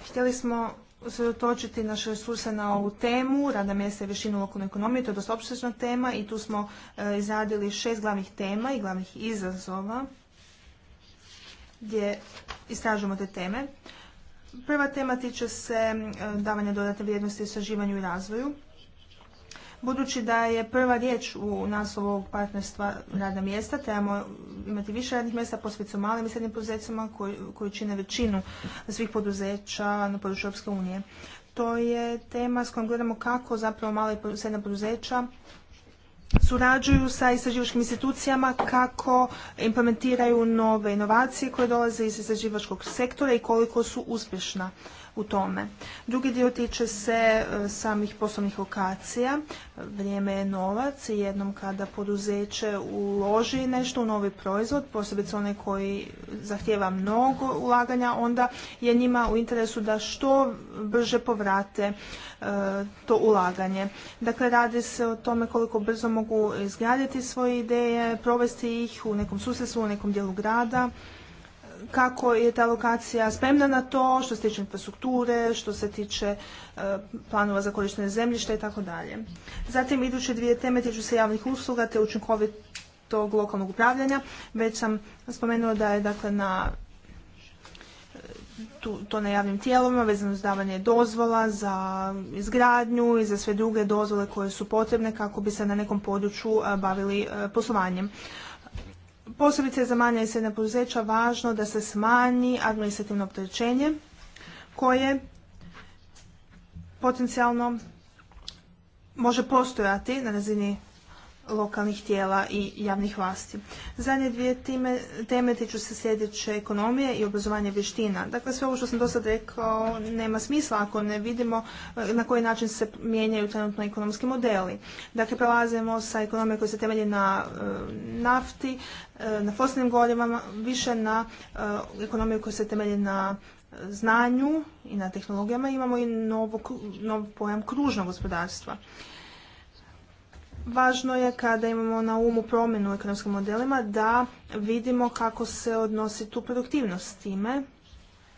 Htjeli smo usredotočiti naše resurse na ovu temu, radna mjesta i u lokalne ekonomije, to je dosta opsežna tema i tu smo e, izradili šest glavnih tema i glavnih izazova gdje istražujemo te teme. Prva tema tiče se e, davanja dodatne vrijednosti saživanju i razvoju. Budući da je prva riječ u naslovu ovog partnerstva radna mjesta, trebamo imati više radnih mjesta posveću malim i srednjim poduzećima koji, čine većinu svih poduzeća na području Europske unije. To je tema s kojom gledamo kako zapravo mala i srednja poduzeća surađuju sa istraživačkim institucijama kako implementiraju nove inovacije koje dolaze iz istraživačkog sektora i koliko su uspješna u tome. Drugi dio tiče se e, samih poslovnih lokacija. Vrijeme je novac i jednom kada poduzeće uloži nešto u novi proizvod, posebice onaj koji zahtjeva mnogo ulaganja, onda je njima u interesu da što brže povrate e, to ulaganje. Dakle, radi se o tome koliko brzo mogu izgraditi svoje ideje, provesti ih u nekom susjedstvu, u nekom dijelu grada kako je ta lokacija spremna na to, što se tiče infrastrukture, što se tiče e, planova za korištenje zemljišta i tako dalje. Zatim iduće dvije teme tiču se javnih usluga te učinkovitog lokalnog upravljanja. Već sam spomenula da je dakle na e, to na javnim tijelovima vezano uz davanje dozvola za izgradnju i za sve druge dozvole koje su potrebne kako bi se na nekom području e, bavili poslovanjem. Posebice za manja i srednja poduzeća važno da se smanji administrativno opterećenje koje potencijalno može postojati na razini lokalnih tijela i javnih vlasti. Zadnje dvije time, teme tiču se sljedeće ekonomije i obrazovanje vještina. Dakle, sve ovo što sam do sad rekao nema smisla ako ne vidimo eh, na koji način se mijenjaju trenutno ekonomski modeli. Dakle, prelazimo sa ekonomije koja se temelji na eh, nafti, eh, na fosilnim gorivama, više na ekonomiju koja se temelji na znanju i na tehnologijama. Imamo i nov pojam kružnog gospodarstva. Važno je kada imamo na umu promjenu u ekonomskim modelima da vidimo kako se odnosi tu produktivnost time,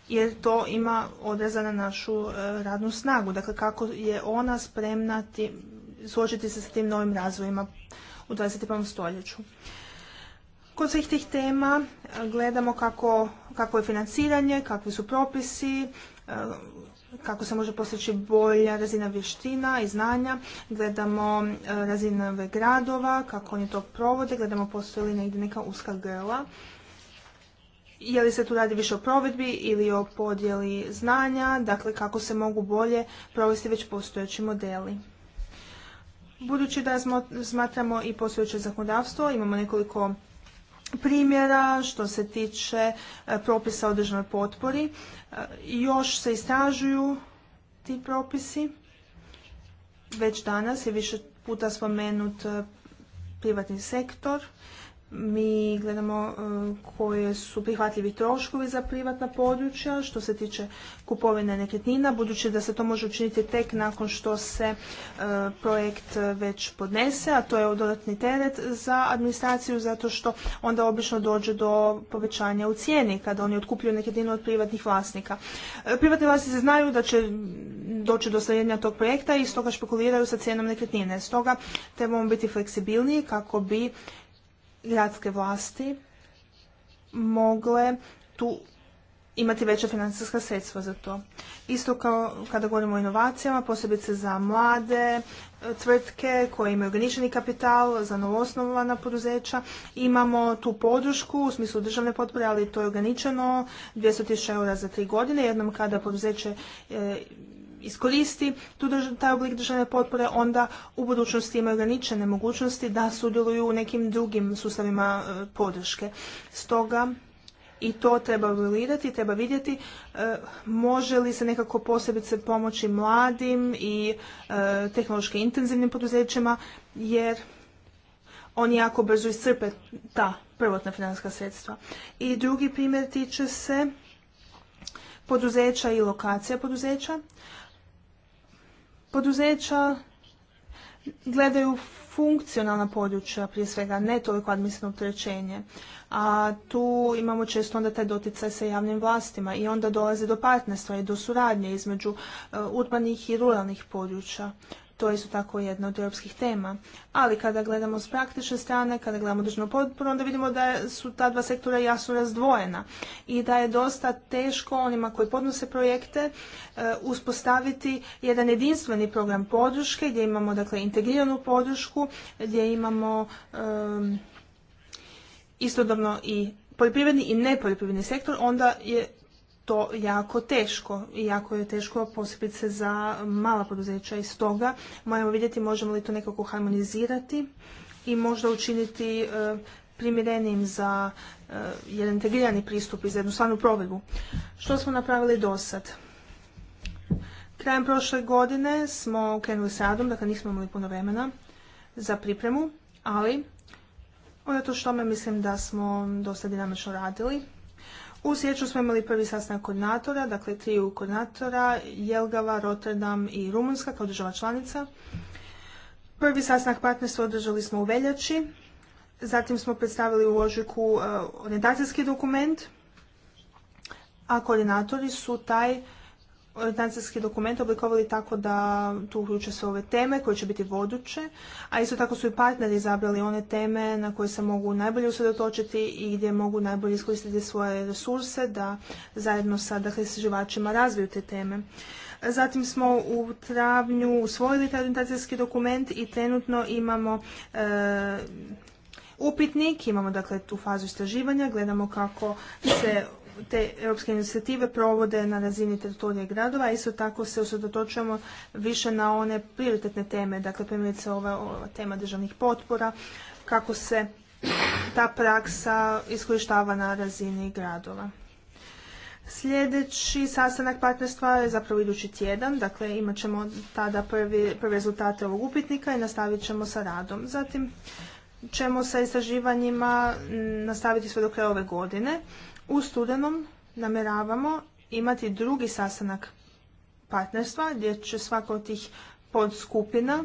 jer to ima odreza na našu e, radnu snagu. Dakle, kako je ona spremna suočiti se s tim novim razvojima u 21. stoljeću. Kod svih tih tema e, gledamo kako, kako je financiranje, kakvi su propisi, e, kako se može postići bolja razina vještina i znanja, gledamo e, razinove gradova, kako oni to provode, gledamo postoje li negdje neka uska grla, je li se tu radi više o provedbi ili o podjeli znanja, dakle kako se mogu bolje provesti već postojeći modeli. Budući da smatramo i postojeće zakonodavstvo, imamo nekoliko primjera što se tiče e, propisa o državnoj potpori. E, još se istražuju ti propisi. Već danas je više puta spomenut e, privatni sektor mi gledamo e, koje su prihvatljivi troškovi za privatna područja što se tiče kupovine nekretnina, budući da se to može učiniti tek nakon što se e, projekt već podnese, a to je dodatni teret za administraciju zato što onda obično dođe do povećanja u cijeni kada oni otkupljuju nekretninu od privatnih vlasnika. E, privatni vlasnici znaju da će doći do slavljenja tog projekta i stoga špekuliraju sa cijenom nekretnine. Stoga trebamo biti fleksibilniji kako bi gradske vlasti mogle tu imati veća financijska sredstva za to. Isto kao kada govorimo o inovacijama, posebice za mlade e, tvrtke koje imaju ograničeni kapital, za novoosnovana poduzeća, imamo tu podršku u smislu državne potpore, ali to je ograničeno 200.000 eura za tri godine. Jednom kada poduzeće e, iskoristi taj oblik državne potpore, onda u budućnosti imaju ograničene mogućnosti da sudjeluju u nekim drugim sustavima e, podrške. Stoga i to treba i treba vidjeti e, može li se nekako posebice pomoći mladim i e, tehnološki intenzivnim poduzećima, jer oni jako brzo iscrpe ta prvotna financijska sredstva. I drugi primjer tiče se poduzeća i lokacija poduzeća. Poduzeća gledaju funkcionalna područja, prije svega ne toliko administrativno opterećenje. A tu imamo često onda taj doticaj sa javnim vlastima i onda dolazi do partnerstva i do suradnje između e, urbanih i ruralnih područja to je isto tako jedna od europskih tema. Ali kada gledamo s praktične strane, kada gledamo državnu potporu, onda vidimo da su ta dva sektora jasno razdvojena i da je dosta teško onima koji podnose projekte e, uspostaviti jedan jedinstveni program podrške gdje imamo dakle integriranu podršku, gdje imamo istodobno i poljoprivredni i nepoljoprivredni sektor, onda je to jako teško i jako je teško se za mala poduzeća i stoga moramo vidjeti možemo li to nekako harmonizirati i možda učiniti e, primjerenim za e, jedan integrirani pristup i za jednu stvarnu provedbu. Što smo napravili do sad? Krajem prošle godine smo krenuli s radom, dakle nismo imali puno vremena za pripremu, ali što tome mislim da smo dosta dinamično radili u sjeću smo imali prvi sastanak koordinatora, dakle triju koordinatora, Jelgava, Rotterdam i Rumunska kao država članica. Prvi sastanak partnerstva održali smo u veljači, zatim smo predstavili u ožujku eh, orientacijski dokument, a koordinatori su taj organizacijski dokument oblikovali tako da tu uključe se ove teme koje će biti voduće, a isto tako su i partneri izabrali one teme na koje se mogu najbolje usredotočiti i gdje mogu najbolje iskoristiti svoje resurse da zajedno sa dakle, istraživačima razviju te teme. Zatim smo u travnju usvojili taj orientacijski dokument i trenutno imamo e, upitnik, imamo dakle tu fazu istraživanja, gledamo kako se te europske inicijative provode na razini teritorija gradova, a isto tako se usredotočujemo više na one prioritetne teme, dakle primjerice ova, tema državnih potpora, kako se ta praksa iskorištava na razini gradova. Sljedeći sastanak partnerstva je zapravo idući tjedan, dakle imat ćemo tada prvi, prve rezultate ovog upitnika i nastavit ćemo sa radom. Zatim ćemo sa istraživanjima nastaviti sve do kraja ove godine. U studenom namjeravamo imati drugi sastanak partnerstva gdje će svaka od tih podskupina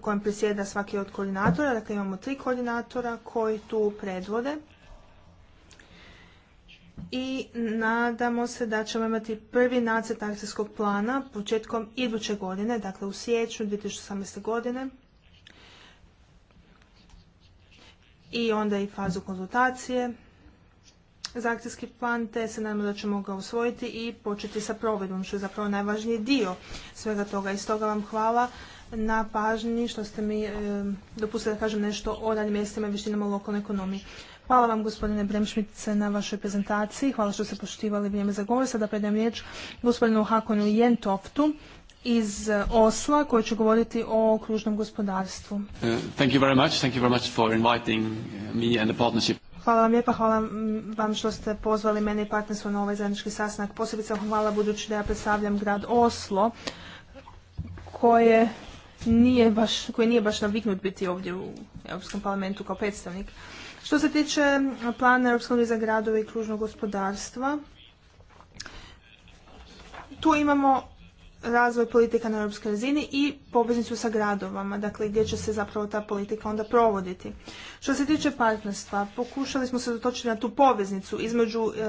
kojem prisjeda svaki od koordinatora, dakle imamo tri koordinatora koji tu predvode i nadamo se da ćemo imati prvi nacrt akcijskog plana početkom iduće godine, dakle u siječnju 2018. godine i onda i fazu konzultacije za akcijski plan, te se nadamo da ćemo ga usvojiti i početi sa provedbom, što je zapravo najvažniji dio svega toga. I stoga vam hvala na pažnji što ste mi e, dopustili da kažem nešto o radnim mjestima i vještinama u lokalnoj ekonomiji. Hvala vam gospodine Bremšmice na vašoj prezentaciji. Hvala što ste poštivali vrijeme za govor. Sada predam riječ gospodinu Hakonu Jentoftu iz e, Osla koji će govoriti o kružnom gospodarstvu. Hvala vam lijepa, hvala vam što ste pozvali mene i partnerstvo na ovaj zajednički sastanak. Posebice hvala budući da ja predstavljam grad Oslo koje nije baš, koji nije baš naviknut biti ovdje u Europskom parlamentu kao predstavnik. Što se tiče plana Europskog za gradove i kružnog gospodarstva, tu imamo razvoj politika na europskoj razini i poveznicu sa gradovama, dakle gdje će se zapravo ta politika onda provoditi. Što se tiče partnerstva, pokušali smo se dotočiti na tu poveznicu između e,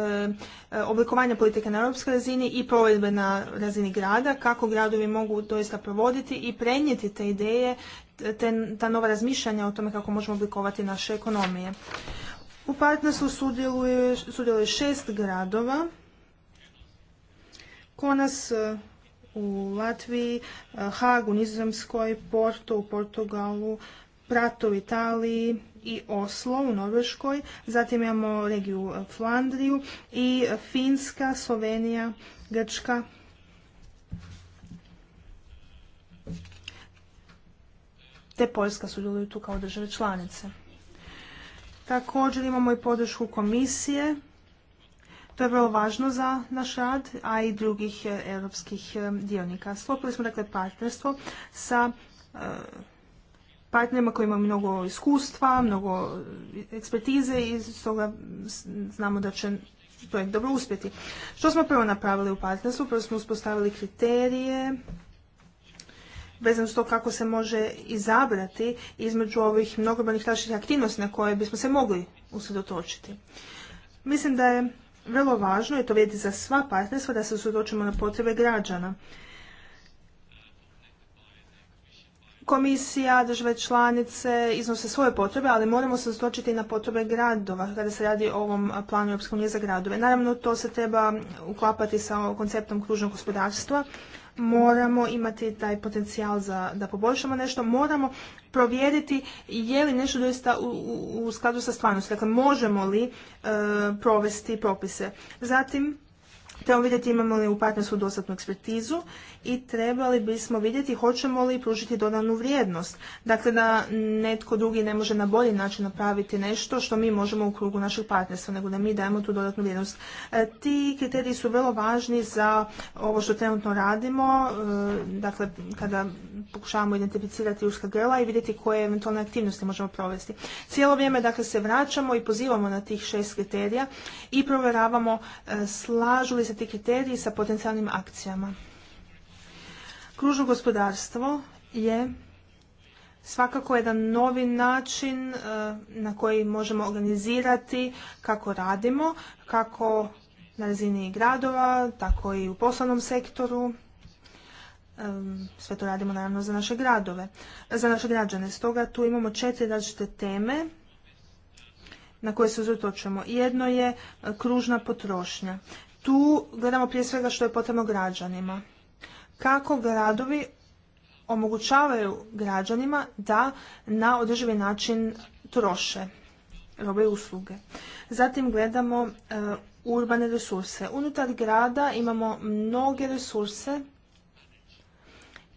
e, oblikovanja politike na europskoj razini i provedbe na razini grada, kako gradovi mogu doista provoditi i prenijeti te ideje, te, ta nova razmišljanja o tome kako možemo oblikovati naše ekonomije. U partnerstvu sudjeluje, šest gradova ko nas e, u Latviji, e, Hag u Nizozemskoj, Porto u Portugalu, Prato u Italiji i Oslo u Norveškoj. Zatim imamo regiju Flandriju i Finska, Slovenija, Grčka. Te Poljska sudjeluju tu kao države članice. Također imamo i podršku komisije to je vrlo važno za naš rad, a i drugih e, europskih e, dionika. Slopili smo dakle partnerstvo sa e, partnerima koji imaju mnogo iskustva, mnogo ekspertize i stoga znamo da će projekt dobro uspjeti. Što smo prvo napravili u partnerstvu? Prvo smo uspostavili kriterije vezano s to kako se može izabrati između ovih mnogobranih različitih aktivnosti na koje bismo se mogli usredotočiti. Mislim da je vrlo važno, je, to vrijedi za sva partnerstva, da se usredočimo na potrebe građana. Komisija, države članice iznose svoje potrebe, ali moramo se usredočiti na potrebe gradova kada se radi o ovom planu Europske unije za gradove. Naravno, to se treba uklapati sa konceptom kružnog gospodarstva moramo imati taj potencijal za, da poboljšamo nešto, moramo provjeriti je li nešto doista u, skladu sa stvarnosti. Dakle, možemo li e, provesti propise. Zatim, trebamo vidjeti imamo li u partnerstvu dostatnu ekspertizu i trebali bismo vidjeti hoćemo li pružiti dodanu vrijednost. Dakle, da netko drugi ne može na bolji način napraviti nešto što mi možemo u krugu našeg partnerstva, nego da mi dajemo tu dodatnu vrijednost. E, ti kriteriji su vrlo važni za ovo što trenutno radimo, e, dakle, kada pokušavamo identificirati uska grla i vidjeti koje eventualne aktivnosti možemo provesti. Cijelo vrijeme, dakle, se vraćamo i pozivamo na tih šest kriterija i provjeravamo e, slažu li se ti kriteriji sa potencijalnim akcijama. Kružno gospodarstvo je svakako jedan novi način e, na koji možemo organizirati kako radimo, kako na razini gradova, tako i u poslovnom sektoru. E, sve to radimo naravno za naše gradove, za naše građane. Stoga tu imamo četiri različite teme na koje se uzrotočujemo. Jedno je e, kružna potrošnja. Tu gledamo prije svega što je potrebno građanima kako gradovi omogućavaju građanima da na održivi način troše robe i usluge. Zatim gledamo e, urbane resurse. Unutar grada imamo mnoge resurse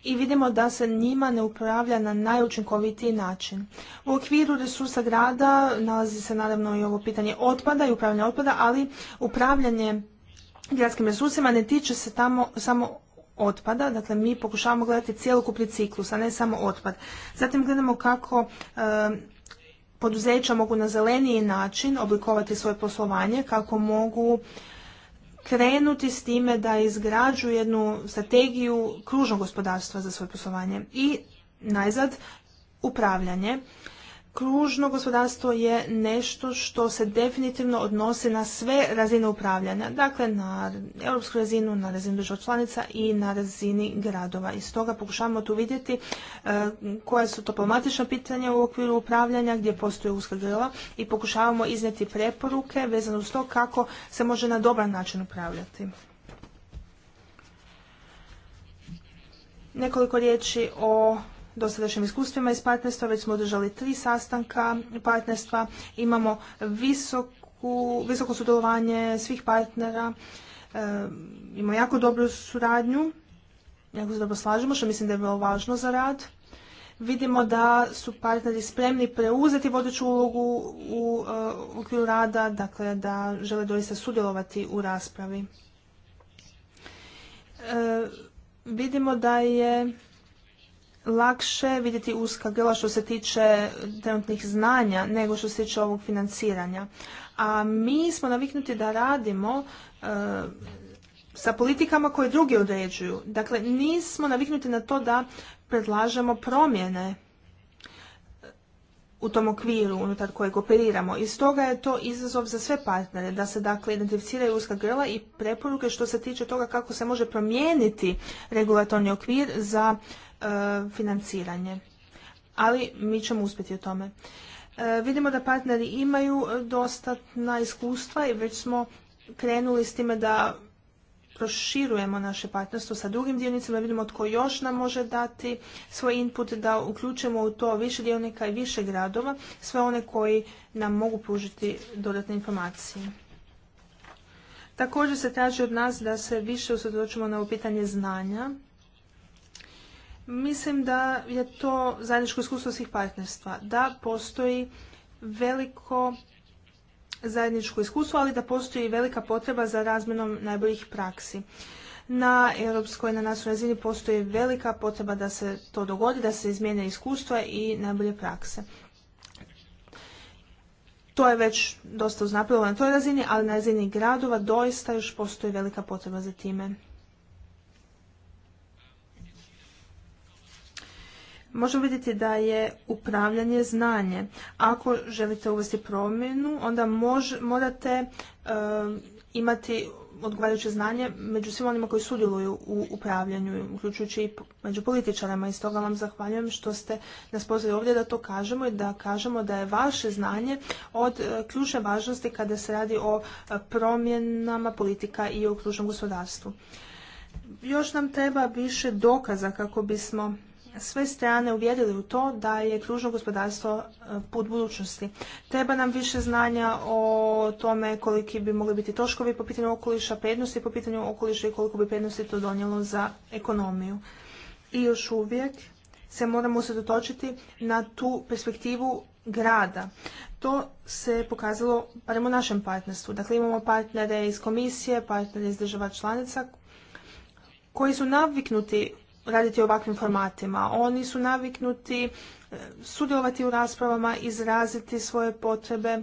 i vidimo da se njima ne upravlja na najučinkovitiji način. U okviru resursa grada nalazi se naravno i ovo pitanje otpada i upravljanje otpada, ali upravljanje gradskim resursima ne tiče se tamo samo otpada, dakle mi pokušavamo gledati cijelokupni ciklus, a ne samo otpad. Zatim gledamo kako poduzeća mogu na zeleniji način oblikovati svoje poslovanje, kako mogu krenuti s time da izgrađuju jednu strategiju kružnog gospodarstva za svoje poslovanje. I najzad upravljanje kružno gospodarstvo je nešto što se definitivno odnosi na sve razine upravljanja, dakle na europsku razinu, na razinu država članica i na razini gradova. I stoga pokušavamo tu vidjeti e, koja su to problematična pitanja u okviru upravljanja gdje postoje uska grla i pokušavamo iznijeti preporuke vezano uz to kako se može na dobar način upravljati. Nekoliko riječi o dosadašnjim iskustvima iz partnerstva, već smo održali tri sastanka partnerstva, imamo visoku, visoko sudjelovanje svih partnera, e, imamo jako dobru suradnju, jako se dobro slažemo, što mislim da je vrlo važno za rad. Vidimo da su partneri spremni preuzeti vodeću ulogu u e, okviru rada, dakle da žele doista sudjelovati u raspravi. E, vidimo da je lakše vidjeti uska grla što se tiče trenutnih znanja nego što se tiče ovog financiranja. A mi smo naviknuti da radimo eh, sa politikama koje drugi određuju. Dakle, nismo naviknuti na to da predlažemo promjene eh, u tom okviru unutar kojeg operiramo. I stoga je to izazov za sve partnere, da se dakle identificiraju uska grla i preporuke što se tiče toga kako se može promijeniti regulatorni okvir za E, financiranje. Ali mi ćemo uspjeti u tome. E, vidimo da partneri imaju e, dostatna iskustva i već smo krenuli s time da proširujemo naše partnerstvo sa drugim dionicama, vidimo tko još nam može dati svoj input, da uključimo u to više dionika i više gradova, sve one koji nam mogu pružiti dodatne informacije. Također se traži od nas da se više usredočimo na ovo pitanje znanja Mislim da je to zajedničko iskustvo svih partnerstva, da postoji veliko zajedničko iskustvo, ali da postoji velika potreba za razmenom najboljih praksi. Na europskoj na nacionalnoj razini postoji velika potreba da se to dogodi, da se izmijene iskustva i najbolje prakse. To je već dosta uznapilo na toj razini, ali na razini gradova doista još postoji velika potreba za time. možemo vidjeti da je upravljanje znanje. Ako želite uvesti promjenu, onda morate um, imati odgovarajuće znanje među svima onima koji sudjeluju u upravljanju, uključujući i među političarima. I stoga vam zahvaljujem što ste nas pozvali ovdje da to kažemo i da kažemo da je vaše znanje od uh, ključne važnosti kada se radi o uh, promjenama politika i o kružnom gospodarstvu. Još nam treba više dokaza kako bismo sve strane uvjerili u to da je kružno gospodarstvo e, put budućnosti. Treba nam više znanja o tome koliki bi mogli biti troškovi po pitanju okoliša, prednosti po pitanju okoliša i koliko bi prednosti to donijelo za ekonomiju. I još uvijek se moramo usredotočiti na tu perspektivu grada. To se pokazalo barem u našem partnerstvu. Dakle, imamo partnere iz komisije, partnere iz država članica koji su naviknuti raditi u ovakvim formatima. Oni su naviknuti e, sudjelovati u raspravama, izraziti svoje potrebe,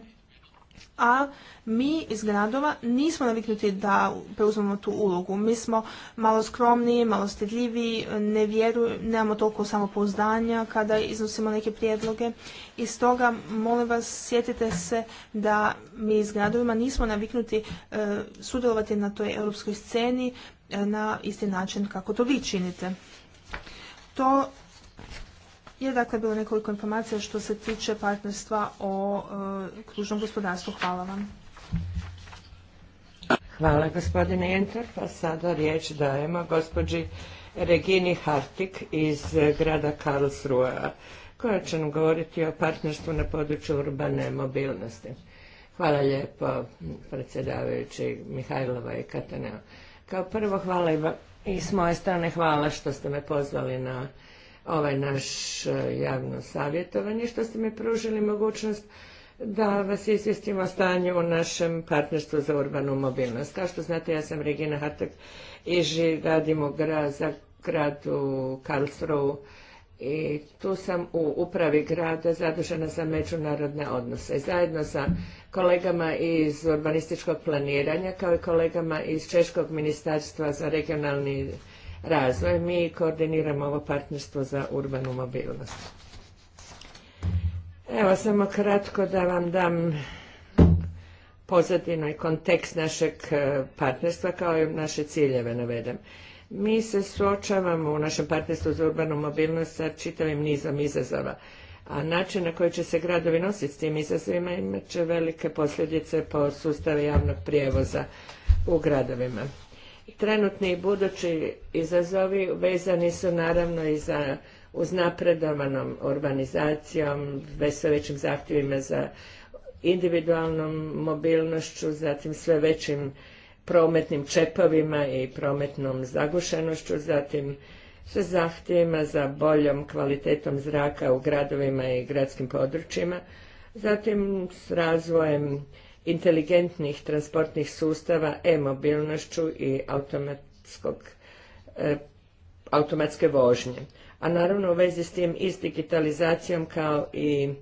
a mi iz gradova nismo naviknuti da preuzmemo tu ulogu. Mi smo malo skromniji, malo stidljiviji, ne vjeruj, nemamo toliko samopouzdanja kada iznosimo neke prijedloge. I stoga, molim vas, sjetite se da mi iz gradovima nismo naviknuti e, sudjelovati na toj europskoj sceni e, na isti način kako to vi činite. To je dakle bilo nekoliko informacija što se tiče partnerstva o e, kružnom gospodarstvu. Hvala vam. Hvala gospodine Jentar, pa sada riječ dajemo gospođi Regini Hartik iz grada Karlsruhe, koja će nam govoriti o partnerstvu na području urbane mobilnosti. Hvala lijepo predsjedavajući Mihajlova i Kao prvo hvala i i s moje strane hvala što ste me pozvali na ovaj naš e, javno savjetovanje, što ste mi pružili mogućnost da vas izvijestimo o stanju u našem partnerstvu za urbanu mobilnost. Kao što znate, ja sam Regina Hatak i radim u za grad u Karlsruhu i tu sam u upravi grada zadužena za međunarodne odnose. Zajedno sa kolegama iz urbanističkog planiranja kao i kolegama iz Češkog ministarstva za regionalni razvoj. Mi koordiniramo ovo partnerstvo za urbanu mobilnost. Evo, samo kratko da vam dam pozadinu i kontekst našeg e, partnerstva kao i naše ciljeve navedem. Mi se suočavamo u našem partnerstvu za urbanu mobilnost sa čitavim nizom izazova a način na koji će se gradovi nositi s tim izazovima imat će velike posljedice po sustave javnog prijevoza u gradovima. Trenutni i budući izazovi vezani su naravno i za uz napredovanom urbanizacijom, sve većim zahtjevima za individualnom mobilnošću, zatim sve većim prometnim čepovima i prometnom zagušenošću, zatim sa zahtjevima za boljom kvalitetom zraka u gradovima i gradskim područjima, zatim s razvojem inteligentnih transportnih sustava, e-mobilnošću i automatskog e, automatske vožnje. A naravno u vezi s tim i s digitalizacijom kao i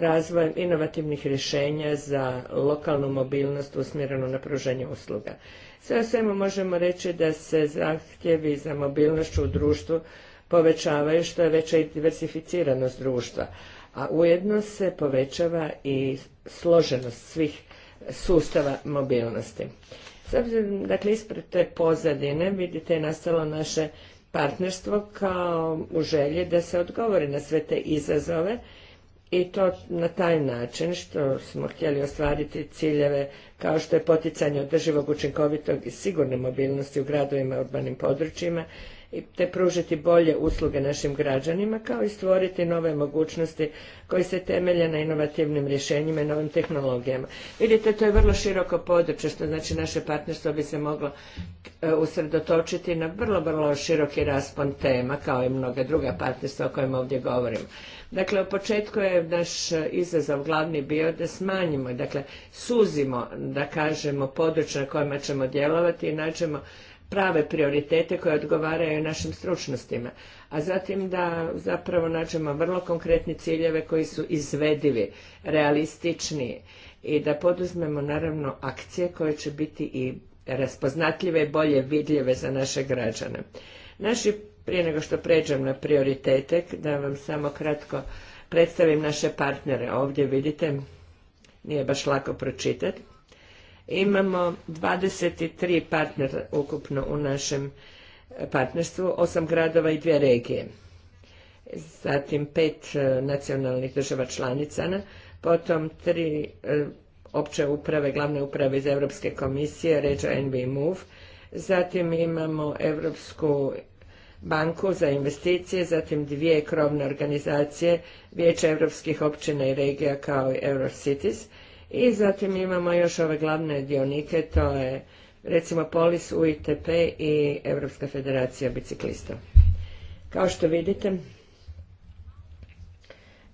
razvojem inovativnih rješenja za lokalnu mobilnost usmjerenu na pružanje usluga. Sve o svemu možemo reći da se zahtjevi za mobilnošću u društvu povećavaju što je veća i diversificiranost društva, a ujedno se povećava i složenost svih sustava mobilnosti. S obzirom, dakle, ispred te pozadine vidite je nastalo naše partnerstvo kao u želji da se odgovori na sve te izazove i to na taj način što smo htjeli ostvariti ciljeve kao što je poticanje održivog, učinkovitog i sigurne mobilnosti u gradovima i urbanim područjima te pružiti bolje usluge našim građanima, kao i stvoriti nove mogućnosti koje se temelje na inovativnim rješenjima i novim tehnologijama. Vidite, to je vrlo široko područje, što znači naše partnerstvo bi se moglo e, usredotočiti na vrlo, vrlo široki raspon tema, kao i mnoga druga partnerstva o kojima ovdje govorimo. Dakle, u početku je naš izazov glavni bio da smanjimo, dakle, suzimo, da kažemo, područje na kojima ćemo djelovati i nađemo prave prioritete koje odgovaraju našim stručnostima, a zatim da zapravo nađemo vrlo konkretni ciljeve koji su izvedivi, realistični i da poduzmemo naravno akcije koje će biti i raspoznatljive i bolje vidljive za naše građane. Naši, prije nego što pređem na prioritete, da vam samo kratko predstavim naše partnere. Ovdje vidite, nije baš lako pročitati, Imamo 23 partnera ukupno u našem eh, partnerstvu, osam gradova i dvije regije. Zatim pet eh, nacionalnih država članica, potom tri eh, opće uprave, glavne uprave iz Europske komisije, Ređa NB Move, zatim imamo Europsku banku za investicije, zatim dvije krovne organizacije, Vijeće europskih općina i regija kao i Eurocities, i zatim imamo još ove glavne dionike, to je recimo Polis, UITP i Europska federacija biciklista. Kao što vidite,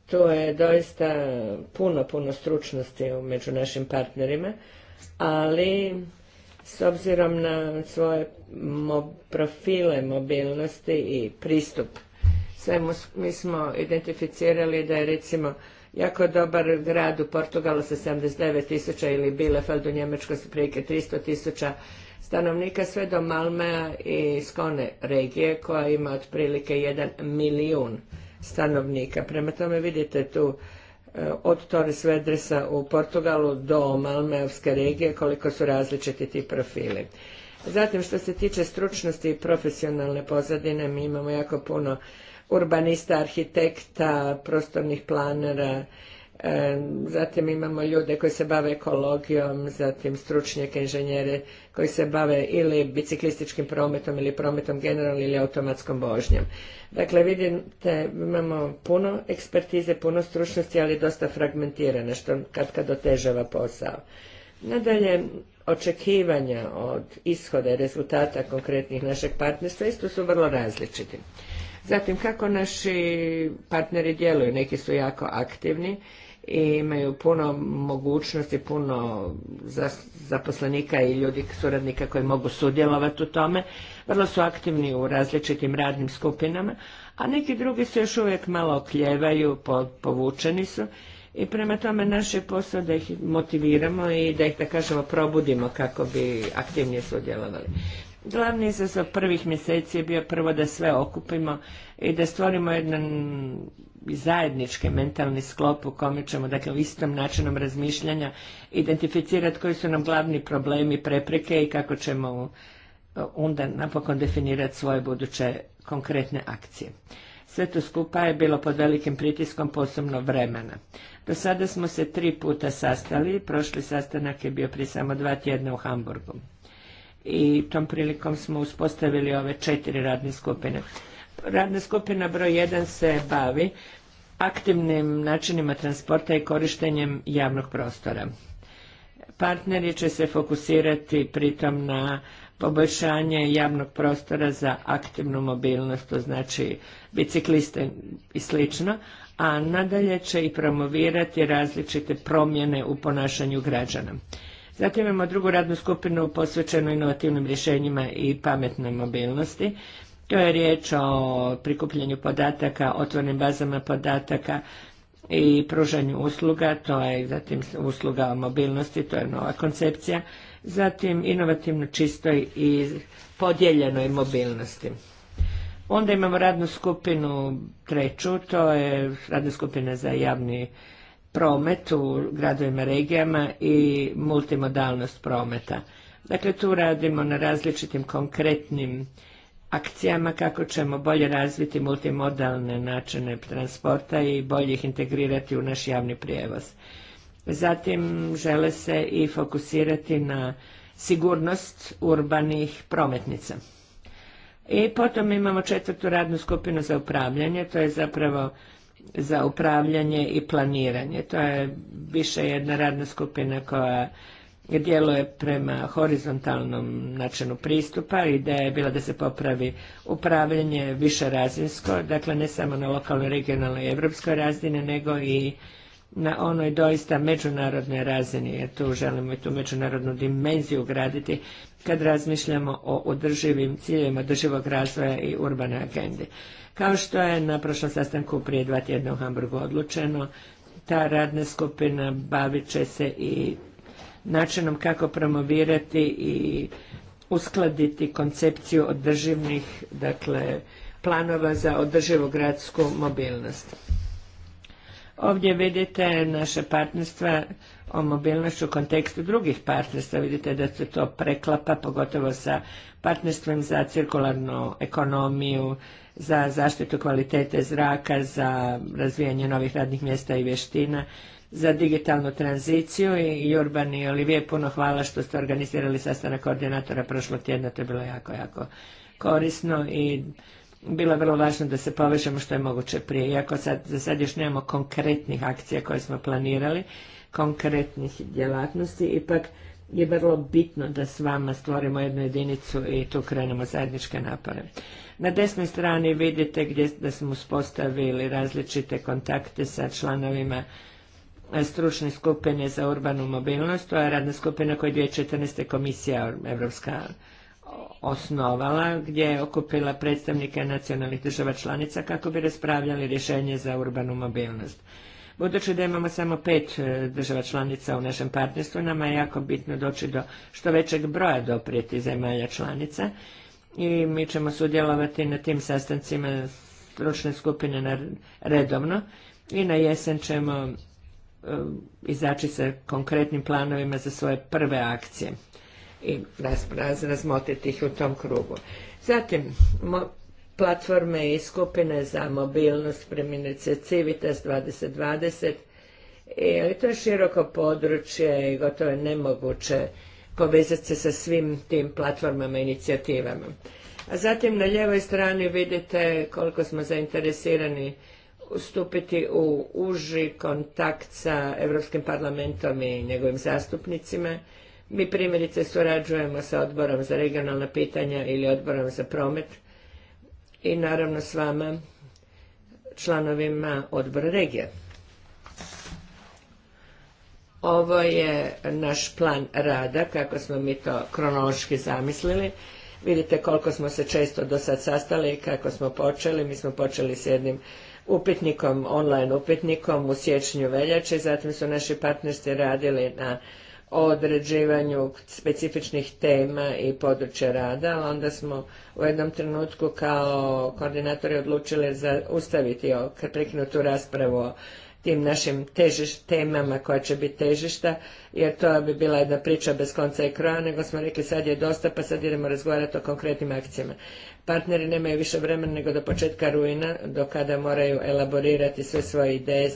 tu je doista puno, puno stručnosti među našim partnerima, ali s obzirom na svoje profile mobilnosti i pristup svemu mi smo identificirali da je recimo jako dobar grad u Portugalu sa 79 tisuća ili Bielefeld u Njemačkoj su prilike 300 tisuća stanovnika sve do Malmea i Skone regije koja ima otprilike 1 milijun stanovnika. Prema tome vidite tu e, od Torres Vedresa u Portugalu do Malmeovske regije koliko su različiti ti profili. Zatim što se tiče stručnosti i profesionalne pozadine mi imamo jako puno urbanista, arhitekta, prostornih planera, zatim imamo ljude koji se bave ekologijom, zatim stručnjake, inženjere koji se bave ili biciklističkim prometom ili prometom generalno ili automatskom vožnjom. Dakle, vidite, imamo puno ekspertize, puno stručnosti, ali dosta fragmentirane, što kad kad otežava posao. Nadalje, očekivanja od ishoda i rezultata konkretnih našeg partnerstva isto su vrlo različiti. Zatim, kako naši partneri djeluju? Neki su jako aktivni i imaju puno mogućnosti, puno zaposlenika i ljudi, suradnika koji mogu sudjelovati u tome. Vrlo su aktivni u različitim radnim skupinama, a neki drugi se još uvijek malo okljevaju, povučeni su i prema tome naš je posao da ih motiviramo i da ih, da kažemo, probudimo kako bi aktivnije sudjelovali. Glavni izazov prvih mjeseci je bio prvo da sve okupimo i da stvorimo jedan zajednički mentalni sklop u kome ćemo, dakle, u istom načinom razmišljanja identificirati koji su nam glavni problemi, prepreke i kako ćemo uh, onda napokon definirati svoje buduće konkretne akcije. Sve to skupa je bilo pod velikim pritiskom posebno vremena. Do sada smo se tri puta sastali, prošli sastanak je bio prije samo dva tjedna u Hamburgu i tom prilikom smo uspostavili ove četiri radne skupine. Radna skupina broj 1 se bavi aktivnim načinima transporta i korištenjem javnog prostora. Partneri će se fokusirati pritom na poboljšanje javnog prostora za aktivnu mobilnost, to znači bicikliste i slično, a nadalje će i promovirati različite promjene u ponašanju građana. Zatim imamo drugu radnu skupinu posvećenu inovativnim rješenjima i pametnoj mobilnosti. To je riječ o prikupljanju podataka, otvornim bazama podataka i pružanju usluga, to je zatim usluga o mobilnosti, to je nova koncepcija. Zatim inovativno čistoj i podijeljenoj mobilnosti. Onda imamo radnu skupinu treću, to je radna skupina za javni promet u gradovima, regijama i multimodalnost prometa. Dakle, tu radimo na različitim konkretnim akcijama kako ćemo bolje razviti multimodalne načine transporta i bolje ih integrirati u naš javni prijevoz. Zatim žele se i fokusirati na sigurnost urbanih prometnica. I potom imamo četvrtu radnu skupinu za upravljanje, to je zapravo za upravljanje i planiranje. To je više jedna radna skupina koja djeluje prema horizontalnom načinu pristupa. Ideja je bila da se popravi upravljanje više razinsko, dakle ne samo na lokalnoj, regionalnoj i evropskoj razini, nego i na onoj doista međunarodnoj razini, jer tu želimo i tu međunarodnu dimenziju graditi kad razmišljamo o održivim ciljevima održivog razvoja i urbane agende. Kao što je na prošlom sastanku prije dva tjedna u Hamburgu odlučeno, ta radna skupina bavit će se i načinom kako promovirati i uskladiti koncepciju održivnih, dakle, planova za održivu gradsku mobilnost. Ovdje vidite naše partnerstva o mobilnošću u kontekstu drugih partnerstva. Vidite da se to preklapa, pogotovo sa partnerstvom za cirkularnu ekonomiju, za zaštitu kvalitete zraka, za razvijanje novih radnih mjesta i vještina, za digitalnu tranziciju i Urban i Olivije, puno hvala što ste organizirali sastanak koordinatora prošlog tjedna, to je bilo jako, jako korisno i bilo je vrlo važno da se povežemo što je moguće prije. Iako sad, za sad još nemamo konkretnih akcija koje smo planirali, konkretnih djelatnosti, ipak je vrlo bitno da s vama stvorimo jednu jedinicu i tu krenemo zajedničke napore. Na desnoj strani vidite gdje da smo uspostavili različite kontakte sa članovima stručne skupine za urbanu mobilnost, to je radna skupina koja je 2014. komisija Evropska osnovala gdje je okupila predstavnike nacionalnih država članica kako bi raspravljali rješenje za urbanu mobilnost. Budući da imamo samo pet e, država članica u našem partnerstvu, nama je jako bitno doći do što većeg broja doprijeti zemalja članica i mi ćemo sudjelovati na tim sastancima stručne skupine redovno i na jesen ćemo e, izaći sa konkretnim planovima za svoje prve akcije i razmotriti ih u tom krugu. Zatim, platforme i skupine za mobilnost, primjenice Civitas 2020, i, ali to je široko područje i gotovo je nemoguće povezati se sa svim tim platformama i inicijativama. A zatim na ljevoj strani vidite koliko smo zainteresirani ustupiti u uži kontakt sa Europskim parlamentom i njegovim zastupnicima mi primjerice surađujemo sa odborom za regionalna pitanja ili odborom za promet i naravno s vama članovima odbora regije. Ovo je naš plan rada, kako smo mi to kronološki zamislili. Vidite koliko smo se često do sad sastali i kako smo počeli. Mi smo počeli s jednim upitnikom, online upitnikom u siječnju veljače, zatim su naši partnersti radili na o određivanju specifičnih tema i područja rada, onda smo u jednom trenutku kao koordinatori odlučili zaustaviti prekinutu raspravu o tim našim temama koja će biti težišta, jer to bi bila jedna priča bez konca i kroja, nego smo rekli sad je dosta, pa sad idemo razgovarati o konkretnim akcijama. Partneri nemaju više vremena nego do početka rujna, do kada moraju elaborirati sve svoje ideje,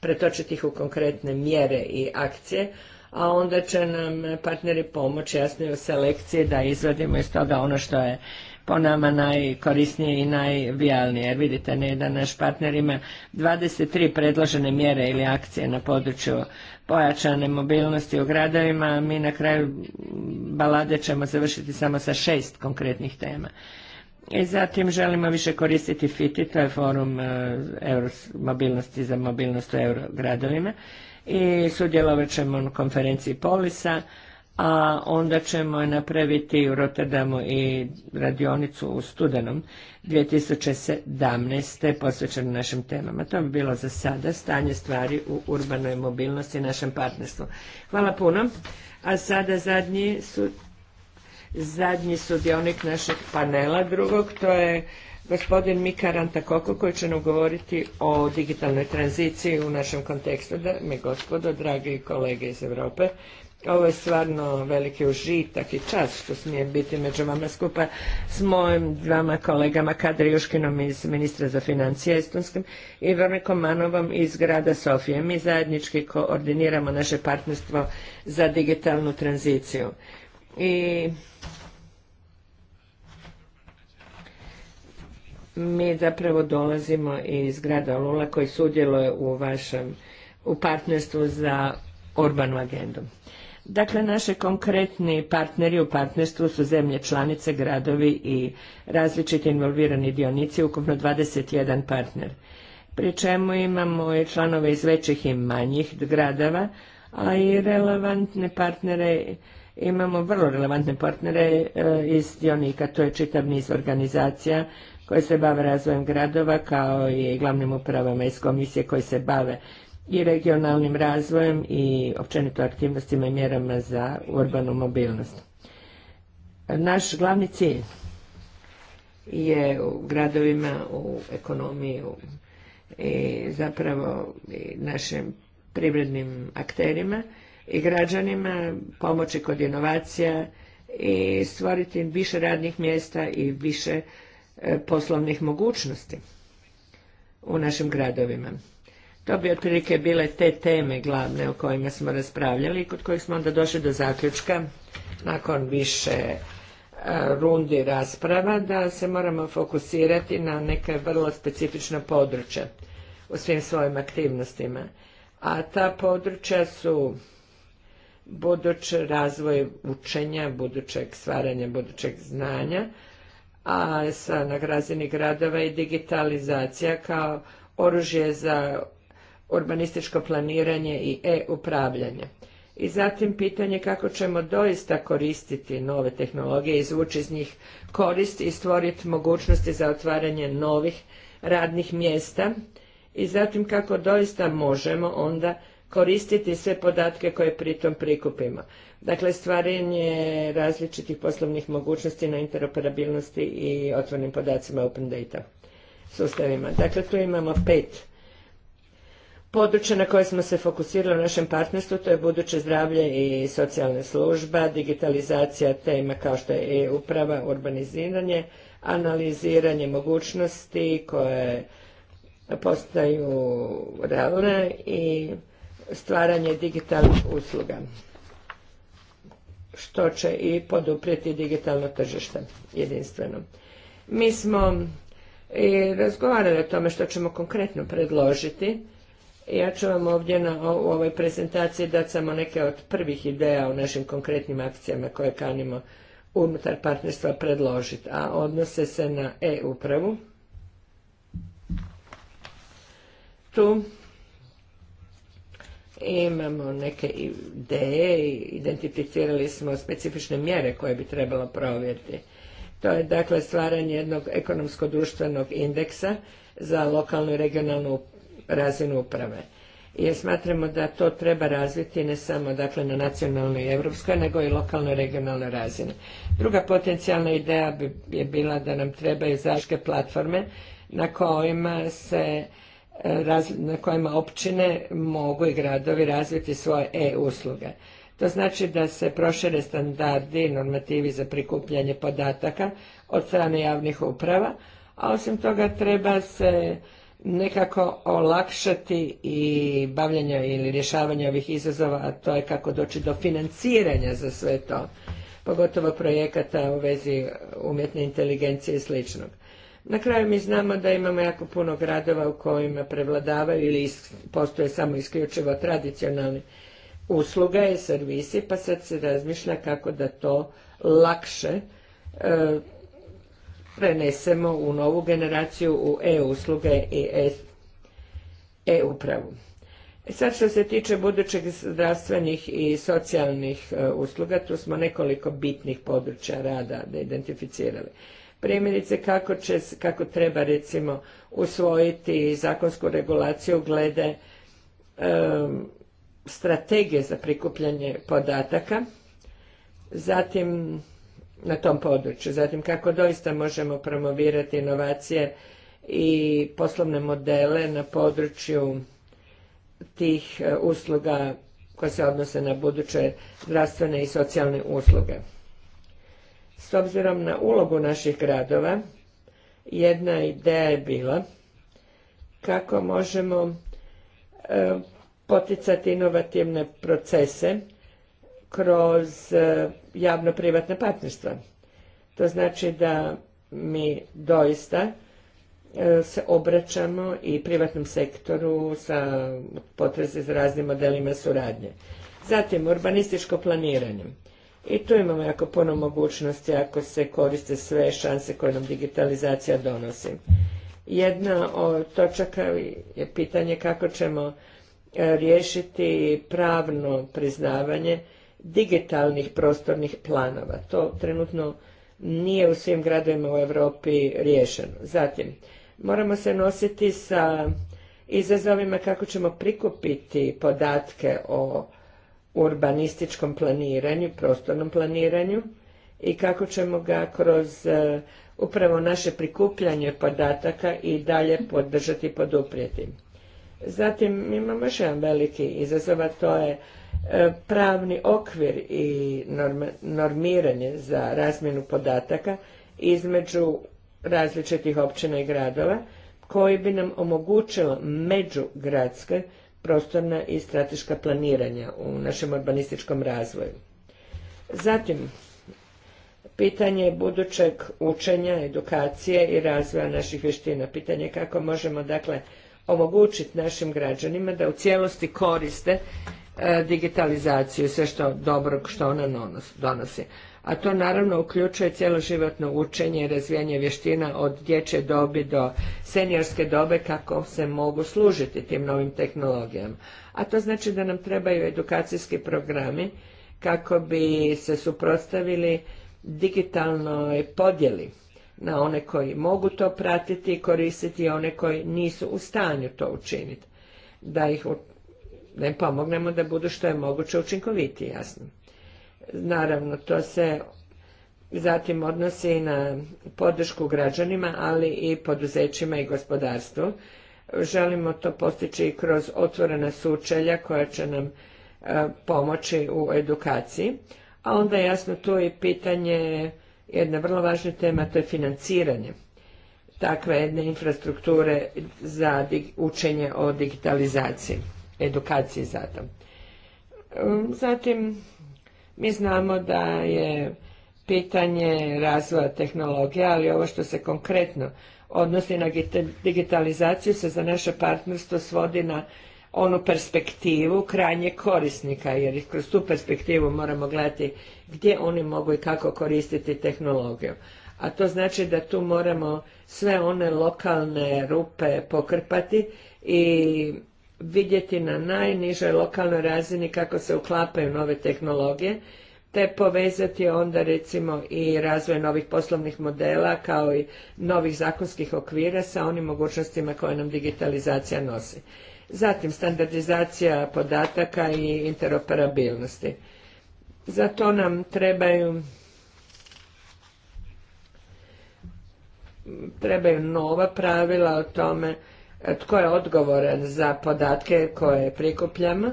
pretočiti ih u konkretne mjere i akcije, a onda će nam partneri pomoći jasnije u selekciji da izvadimo iz toga ono što je po nama najkorisnije i najvijalnije. Jer vidite ne da naš partner ima 23 predložene mjere ili akcije na području pojačane mobilnosti u gradovima, mi na kraju balade ćemo završiti samo sa šest konkretnih tema. I zatim želimo više koristiti FITI, to je forum eh, mobilnosti za mobilnost u Eurogradovima. gradovima i sudjelovat ćemo na konferenciji Polisa, a onda ćemo napraviti u Rotterdamu i radionicu u Studenom 2017. posvećeno našim temama. To bi bilo za sada stanje stvari u urbanoj mobilnosti i našem partnerstvu. Hvala puno. A sada zadnji su zadnji sudionik našeg panela drugog, to je gospodin Mika Rantakoko koji će nam govoriti o digitalnoj tranziciji u našem kontekstu. mi gospodo, dragi kolege iz Europe, ovo je stvarno veliki užitak i čast što smijem biti među vama skupa s mojim dvama kolegama Kadri Juškinom iz Ministra za financije Estonskim i Vrnikom Manovom iz grada Sofije. Mi zajednički koordiniramo naše partnerstvo za digitalnu tranziciju. I mi zapravo dolazimo iz grada Lula koji sudjeluje u vašem u partnerstvu za urbanu agendu. Dakle, naši konkretni partneri u partnerstvu su zemlje članice, gradovi i različiti involvirani dionici, ukupno 21 partner. Pri čemu imamo i članove iz većih i manjih gradova, a i relevantne partnere, imamo vrlo relevantne partnere e, iz dionika, to je čitav niz organizacija koje se bave razvojem gradova kao i glavnim upravama iz komisije koje se bave i regionalnim razvojem i općenito aktivnostima i mjerama za urbanu mobilnost. Naš glavni cilj je u gradovima, u ekonomiji u, i zapravo i našim privrednim akterima i građanima pomoći kod inovacija i stvoriti više radnih mjesta i više E, poslovnih mogućnosti u našim gradovima. To bi otprilike bile te teme glavne o kojima smo raspravljali i kod kojih smo onda došli do zaključka nakon više e, rundi rasprava da se moramo fokusirati na neke vrlo specifična područja u svim svojim aktivnostima. A ta područja su budući razvoj učenja, budućeg stvaranja, budućeg znanja, a na razini gradova i digitalizacija kao oružje za urbanističko planiranje i e-upravljanje. I zatim pitanje kako ćemo doista koristiti nove tehnologije, izvući iz njih korist i stvoriti mogućnosti za otvaranje novih radnih mjesta i zatim kako doista možemo onda koristiti sve podatke koje pritom prikupimo. Dakle, stvaranje različitih poslovnih mogućnosti na interoperabilnosti i otvornim podacima Open Data sustavima. Dakle, tu imamo pet područja na koje smo se fokusirali u našem partnerstvu, to je buduće zdravlje i socijalna služba, digitalizacija tema kao što je e-uprava, urbaniziranje, analiziranje mogućnosti koje postaju realne i stvaranje digitalnih usluga što će i poduprijeti digitalno tržište jedinstveno. Mi smo i razgovarali o tome što ćemo konkretno predložiti. Ja ću vam ovdje na, u ovoj prezentaciji dati samo neke od prvih ideja o našim konkretnim akcijama koje kanimo unutar partnerstva predložiti, a odnose se na e-upravu. Tu imamo neke ideje i identificirali smo specifične mjere koje bi trebalo provjeriti. To je dakle stvaranje jednog ekonomsko-društvenog indeksa za lokalnu i regionalnu razinu uprave. Jer smatramo da to treba razviti ne samo dakle na nacionalnoj i europskoj, nego i lokalnoj i regionalnoj razini. Druga potencijalna ideja bi, je bila da nam trebaju zaške platforme na kojima se na kojima općine mogu i gradovi razviti svoje e-usluge. To znači da se prošire standardi i normativi za prikupljanje podataka od strane javnih uprava, a osim toga treba se nekako olakšati i bavljanje ili rješavanje ovih izazova, a to je kako doći do financiranja za sve to, pogotovo projekata u vezi umjetne inteligencije i sličnog. Na kraju mi znamo da imamo jako puno gradova u kojima prevladavaju ili postoje samo isključivo tradicionalne usluge i servisi, pa sad se razmišlja kako da to lakše e, prenesemo u novu generaciju u e-usluge i e-upravu. E sad što se tiče budućeg zdravstvenih i socijalnih e, usluga, tu smo nekoliko bitnih područja rada da identificirali primjerice kako, će, kako treba recimo usvojiti zakonsku regulaciju glede strategije za prikupljanje podataka, zatim na tom području, zatim kako doista možemo promovirati inovacije i poslovne modele na području tih e, usluga koje se odnose na buduće zdravstvene i socijalne usluge. S obzirom na ulogu naših gradova, jedna ideja je bila kako možemo e, poticati inovativne procese kroz e, javno-privatne partnerstva. To znači da mi doista e, se obraćamo i privatnom sektoru sa potrezi za raznim modelima suradnje. Zatim, urbanističko planiranje. I tu imamo jako puno mogućnosti ako se koriste sve šanse koje nam digitalizacija donosi. Jedna od točaka je pitanje kako ćemo e, riješiti pravno priznavanje digitalnih prostornih planova. To trenutno nije u svim gradovima u Europi riješeno. Zatim, moramo se nositi sa izazovima kako ćemo prikupiti podatke o urbanističkom planiranju, prostornom planiranju i kako ćemo ga kroz e, upravo naše prikupljanje podataka i dalje podržati i poduprijeti. Zatim imamo još jedan veliki izazov, a to je e, pravni okvir i normiranje za razmjenu podataka između različitih općina i gradova koji bi nam omogućilo međugradske prostorna i strateška planiranja u našem urbanističkom razvoju. Zatim, pitanje budućeg učenja, edukacije i razvoja naših vještina. Pitanje kako možemo dakle omogućiti našim građanima da u cijelosti koriste e, digitalizaciju i sve što dobro što ona donosi a to naravno uključuje cjeloživotno učenje i razvijanje vještina od dječje dobi do seniorske dobe kako se mogu služiti tim novim tehnologijama. A to znači da nam trebaju edukacijski programi kako bi se suprotstavili digitalnoj podjeli na one koji mogu to pratiti i koristiti i one koji nisu u stanju to učiniti. Da ih ne pomognemo da budu što je moguće učinkoviti, jasno. Naravno, to se zatim odnosi i na podršku građanima, ali i poduzećima i gospodarstvu. Želimo to postići i kroz otvorena sučelja koja će nam e, pomoći u edukaciji. A onda jasno tu je pitanje jedna vrlo važna tema, to je financiranje takve jedne infrastrukture za učenje o digitalizaciji, edukaciji zato. Zatim, mi znamo da je pitanje razvoja tehnologije, ali ovo što se konkretno odnosi na digitalizaciju se za naše partnerstvo svodi na onu perspektivu krajnjeg korisnika, jer ih kroz tu perspektivu moramo gledati gdje oni mogu i kako koristiti tehnologiju. A to znači da tu moramo sve one lokalne rupe pokrpati i vidjeti na najnižoj lokalnoj razini kako se uklapaju nove tehnologije, te povezati onda recimo i razvoj novih poslovnih modela kao i novih zakonskih okvira sa onim mogućnostima koje nam digitalizacija nosi. Zatim standardizacija podataka i interoperabilnosti. Za to nam trebaju trebaju nova pravila o tome E, tko je odgovoran za podatke koje prikupljamo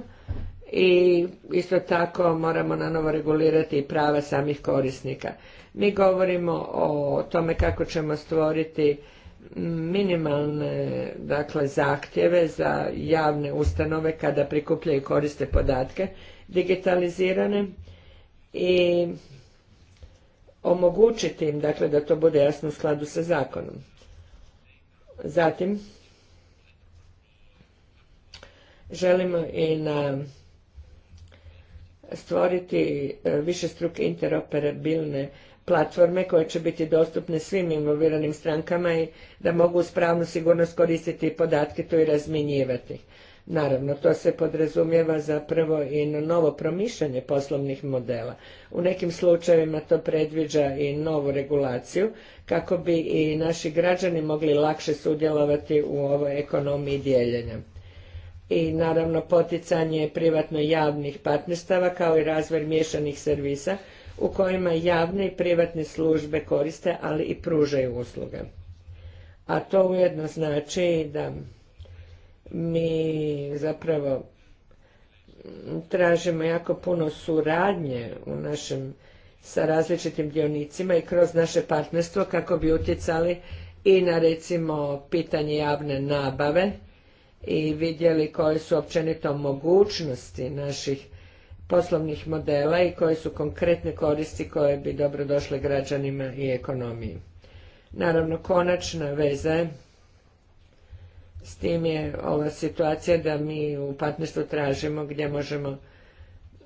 i isto tako moramo na novo regulirati i prava samih korisnika. Mi govorimo o tome kako ćemo stvoriti minimalne dakle, zahtjeve za javne ustanove kada prikupljaju i koriste podatke digitalizirane i omogućiti im dakle, da to bude jasno u skladu sa zakonom. Zatim, želimo i na stvoriti e, više struke interoperabilne platforme koje će biti dostupne svim involviranim strankama i da mogu uz pravnu sigurnost koristiti podatke tu i razminjivati. Naravno, to se podrazumijeva zapravo i na novo promišljanje poslovnih modela. U nekim slučajevima to predviđa i novu regulaciju kako bi i naši građani mogli lakše sudjelovati u ovoj ekonomiji dijeljenja i naravno poticanje privatno javnih partnerstava kao i razvoj miješanih servisa u kojima javne i privatne službe koriste, ali i pružaju usluge. A to ujedno znači da mi zapravo tražimo jako puno suradnje u našem sa različitim dionicima i kroz naše partnerstvo kako bi utjecali i na recimo pitanje javne nabave i vidjeli koje su općenito mogućnosti naših poslovnih modela i koje su konkretne koristi koje bi dobro došle građanima i ekonomiji. Naravno, konačna veza s tim je ova situacija da mi u partnerstvu tražimo gdje možemo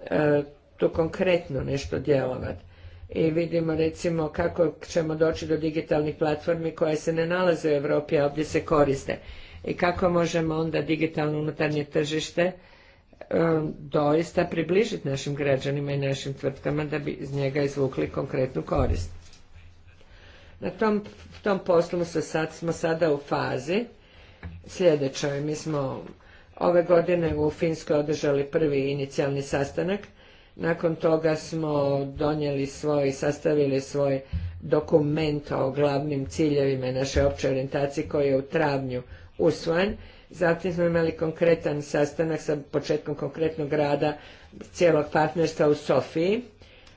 e, tu konkretno nešto djelovati. I vidimo recimo kako ćemo doći do digitalnih platformi koje se ne nalaze u Europi, a ovdje se koriste i kako možemo onda digitalno unutarnje tržište e, doista približiti našim građanima i našim tvrtkama da bi iz njega izvukli konkretnu korist. Na tom, tom poslu se sad, smo sada u fazi sljedećoj. Mi smo ove godine u Finskoj održali prvi inicijalni sastanak. Nakon toga smo donijeli svoj, sastavili svoj dokument o glavnim ciljevima naše opće orijentacije koji je u travnju usvojen. Zatim smo imali konkretan sastanak sa početkom konkretnog rada cijelog partnerstva u Sofiji,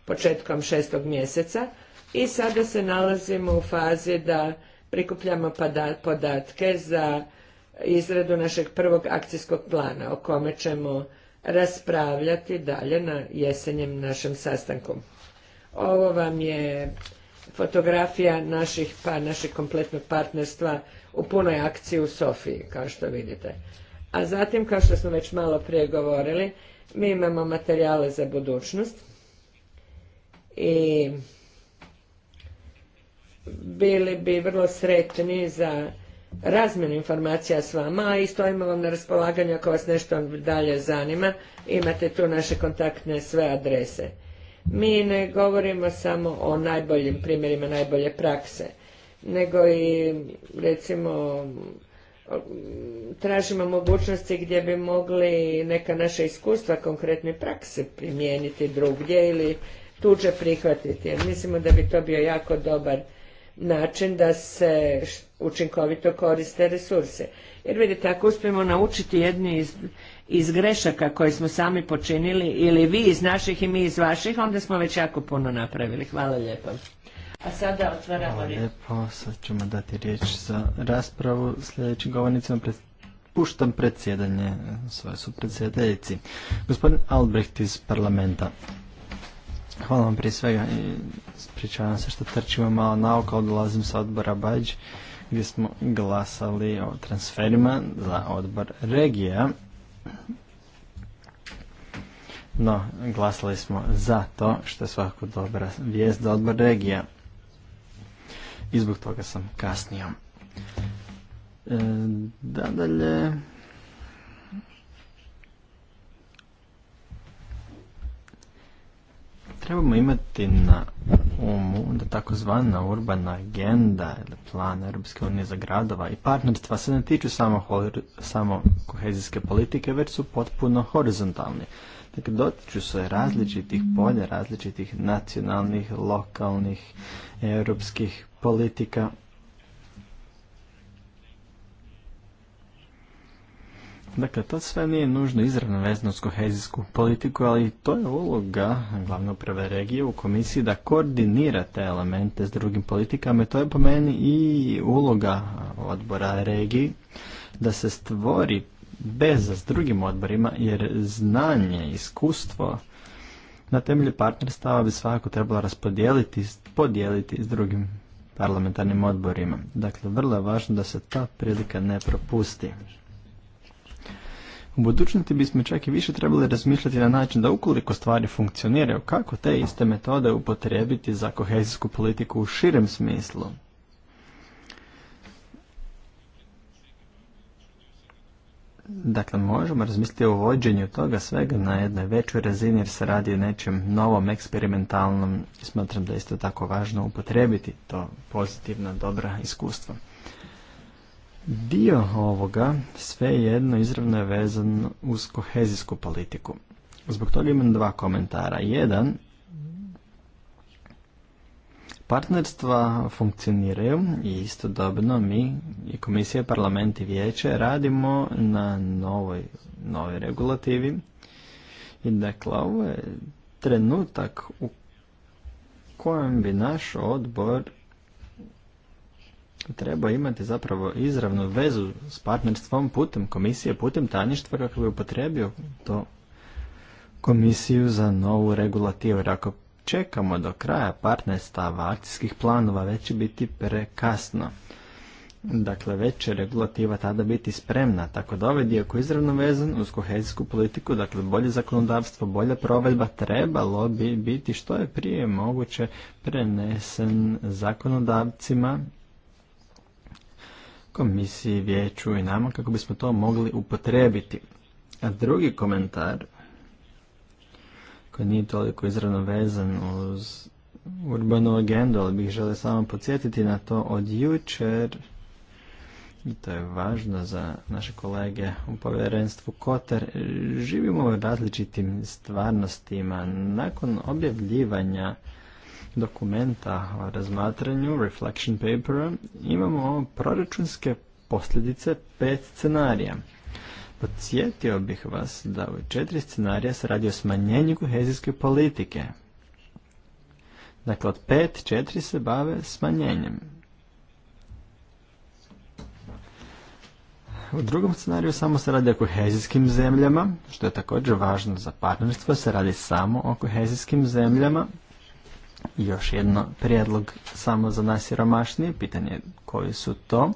početkom šestog mjeseca. I sada se nalazimo u fazi da prikupljamo podatke za izradu našeg prvog akcijskog plana o kome ćemo raspravljati dalje na jesenjem našem sastanku. Ovo vam je fotografija naših, pa, našeg kompletnog partnerstva u punoj akciji u Sofiji, kao što vidite. A zatim, kao što smo već malo prije govorili, mi imamo materijale za budućnost i bili bi vrlo sretni za razmjenu informacija s vama, i stojimo vam na raspolaganju ako vas nešto dalje zanima. Imate tu naše kontaktne sve adrese. Mi ne govorimo samo o najboljim primjerima najbolje prakse, nego i recimo tražimo mogućnosti gdje bi mogli neka naša iskustva, konkretne prakse primijeniti drugdje ili tuđe prihvatiti. Jer mislimo da bi to bio jako dobar način da se učinkovito koriste resurse. Jer vidite, ako uspijemo naučiti jedni iz, iz grešaka koje smo sami počinili ili vi iz naših i mi iz vaših, onda smo već jako puno napravili. Hvala lijepa. A sada otvaramo Hvala lijepo, sad ćemo dati riječ za raspravu sljedećim govornicima. Puštam predsjedanje, svoje su Gospodin Albrecht iz parlamenta. Hvala vam prije svega i spričavam se što trčimo malo nauka, odlazim sa odbora Bađ, gdje smo glasali o transferima za odbor regija. No, glasali smo za to, što je svakako dobra vijest za odbor regija i zbog toga sam kasnio. E, dadalje... Trebamo imati na umu da takozvana urbana agenda ili plan Europske unije za gradova i partnerstva se ne tiču samo, samo kohezijske politike, već su potpuno horizontalni. Dakle, dotiču se različitih polja, različitih nacionalnih, lokalnih, europskih politika. Dakle, to sve nije nužno izravno vezano s kohezijsku politiku, ali to je uloga glavno prve regije u komisiji da koordinira te elemente s drugim politikama. To je po meni i uloga odbora regiji da se stvori beza s drugim odborima, jer znanje, iskustvo na temelju partnerstava bi svakako trebalo raspodijeliti, podijeliti s drugim parlamentarnim odborima. Dakle, vrlo je važno da se ta prilika ne propusti. U budućnosti bismo čak i više trebali razmišljati na način da ukoliko stvari funkcioniraju, kako te iste metode upotrijebiti za kohezijsku politiku u širem smislu. Dakle, možemo razmisliti o vođenju toga svega na jednoj većoj razini jer se radi o nečem novom, eksperimentalnom i smatram da je isto tako važno upotrebiti to pozitivna, dobra iskustva. Dio ovoga svejedno izravno je vezan uz kohezijsku politiku. Zbog toga imam dva komentara. Jedan Partnerstva funkcioniraju i istodobno mi i Komisija, Parlament i Vijeće radimo na novoj, novoj regulativi. I dakle, ovo je trenutak u kojem bi naš odbor treba imati zapravo izravnu vezu s partnerstvom putem komisije, putem tajništva kako bi upotrebio to komisiju za novu regulativu. Jer ako čekamo do kraja partnerstava akcijskih planova već će biti prekasno. Dakle, već će regulativa tada biti spremna, tako da ovaj dio koji je izravno vezan uz kohezijsku politiku, dakle bolje zakonodavstvo, bolja provedba, trebalo bi biti što je prije moguće prenesen zakonodavcima, komisiji, vijeću i nama kako bismo to mogli upotrebiti. A drugi komentar koji nije toliko izravno vezan uz urbanu agendu, ali bih želio samo podsjetiti na to od jučer i to je važno za naše kolege u povjerenstvu Kotar, živimo u različitim stvarnostima. Nakon objavljivanja dokumenta o razmatranju, reflection papera, imamo proračunske posljedice pet scenarija. Podsjetio bih vas da u četiri scenarija se radi o smanjenju kohezijske politike. Dakle, od pet, četiri se bave smanjenjem. U drugom scenariju samo se radi o kohezijskim zemljama, što je također važno za partnerstvo, se radi samo o kohezijskim zemljama. i Još jedno prijedlog samo za nas siromašnije, pitanje je koji su to.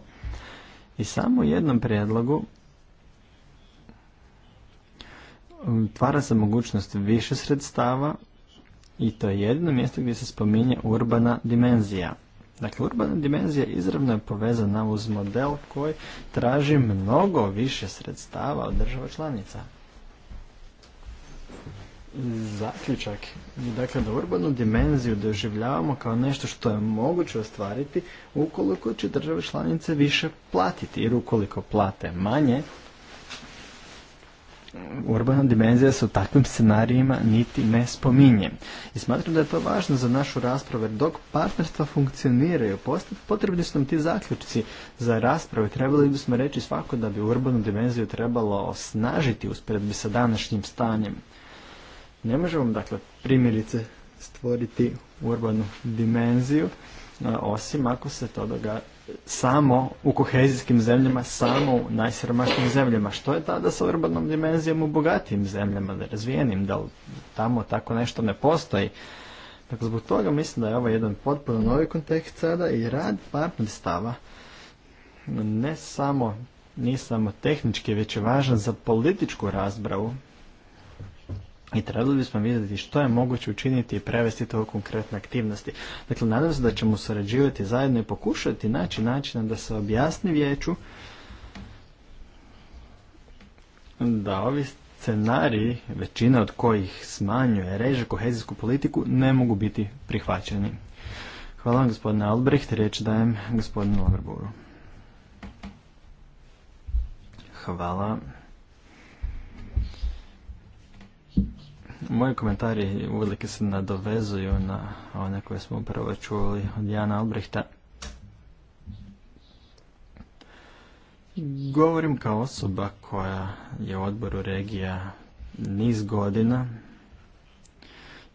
I samo u jednom prijedlogu Tvara se mogućnost više sredstava i to je jedino mjesto gdje se spominje urbana dimenzija. Dakle, urbana dimenzija izravno je povezana uz model koji traži mnogo više sredstava od država članica. Zaključak je dakle da urbanu dimenziju doživljavamo kao nešto što je moguće ostvariti ukoliko će države članice više platiti jer ukoliko plate manje, urbana dimenzija se u takvim scenarijima niti ne spominje. I smatram da je to važno za našu raspravu, jer dok partnerstva funkcioniraju, potrebni su nam ti zaključci za raspravu. Trebali bismo reći svako da bi urbanu dimenziju trebalo osnažiti usporedbi sa današnjim stanjem. Ne možemo, dakle, primjerice stvoriti urbanu dimenziju, osim ako se to samo u kohezijskim zemljama, samo u najsiromašnijim zemljama. Što je tada sa urbanom dimenzijom u bogatijim zemljama, da razvijenim, da li tamo tako nešto ne postoji? Dakle, zbog toga mislim da je ovo jedan potpuno novi kontekst sada i rad partnerstava ne samo, nije samo tehnički, već je važan za političku razbravu i trebali bismo vidjeti što je moguće učiniti i prevesti to u konkretne aktivnosti. Dakle, nadam se da ćemo surađivati zajedno i pokušati naći način da se objasni vijeću da ovi scenariji, većina od kojih smanjuje reže kohezijsku politiku, ne mogu biti prihvaćeni. Hvala vam gospodine Albrecht, riječ dajem gospodinu Lagerburu. Hvala. Moji komentari uvelike se nadovezuju na one koje smo upravo čuli od Jana Albrehta. Govorim kao osoba koja je u odboru regija niz godina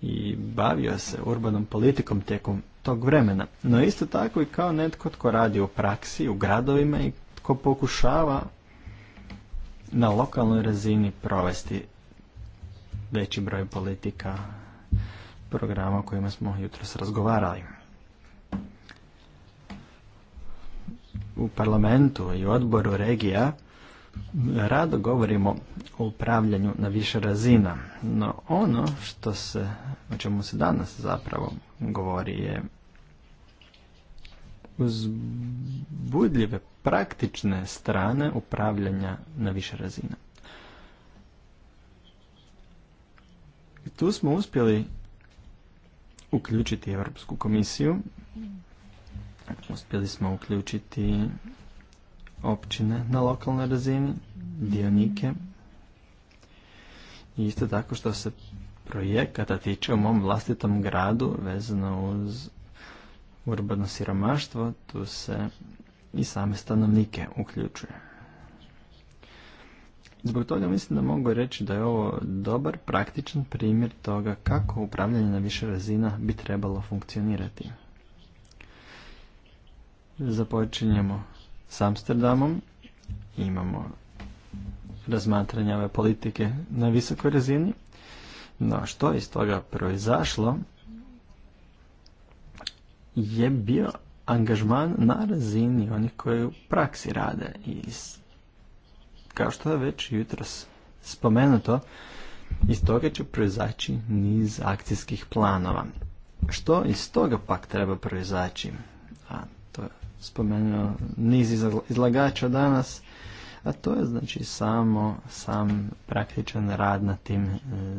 i bavio se urbanom politikom tijekom tog vremena. No isto tako i kao netko tko radi u praksi, u gradovima i tko pokušava na lokalnoj razini provesti veći broj politika programa o kojima smo jutros razgovarali. U parlamentu i u odboru regija rado govorimo o upravljanju na više razina, no ono što se, o čemu se danas zapravo govori je uzbudljive praktične strane upravljanja na više razina. I tu smo uspjeli uključiti Europsku komisiju, uspjeli smo uključiti općine na lokalnoj razini, dionike. I isto tako što se projekata tiče u mom vlastitom gradu vezano uz urbano siromaštvo, tu se i same stanovnike uključuje. Zbog toga mislim da mogu reći da je ovo dobar praktičan primjer toga kako upravljanje na više razina bi trebalo funkcionirati. Započinjemo s Amsterdamom, imamo razmatranje ove politike na visokoj razini, no što iz toga proizašlo je bio angažman na razini onih koji u praksi rade i kao što je već jutros spomenuto, iz toga će proizaći niz akcijskih planova. Što iz toga pak treba proizaći? A to je spomenuo niz izlagača danas, a to je znači samo sam praktičan rad na tim e,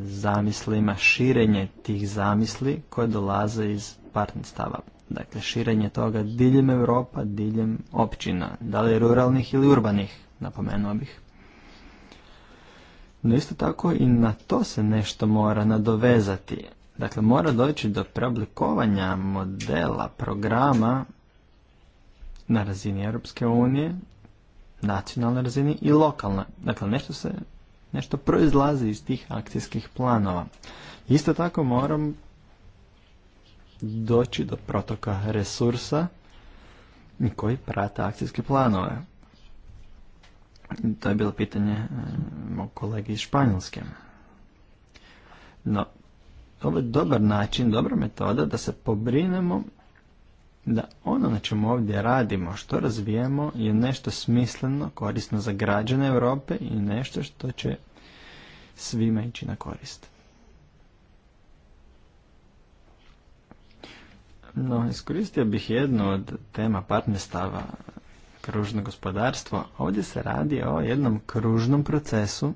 zamislima, širenje tih zamisli koje dolaze iz partnerstava. Dakle, širenje toga diljem Europa, diljem općina, da li ruralnih ili urbanih, napomenuo bih no isto tako i na to se nešto mora nadovezati. Dakle, mora doći do preoblikovanja modela, programa na razini Europske unije, nacionalnoj razini i lokalne. Dakle, nešto se nešto proizlazi iz tih akcijskih planova. Isto tako moram doći do protoka resursa koji prate akcijske planove. To je bilo pitanje e, mog kolegi iz Španjolske. No, ovo je dobar način, dobra metoda da se pobrinemo da ono na čemu ovdje radimo, što razvijemo, je nešto smisleno, korisno za građane Europe i nešto što će svima ići na korist. No, iskoristio bih jednu od tema partnerstava kružno gospodarstvo, ovdje se radi o jednom kružnom procesu,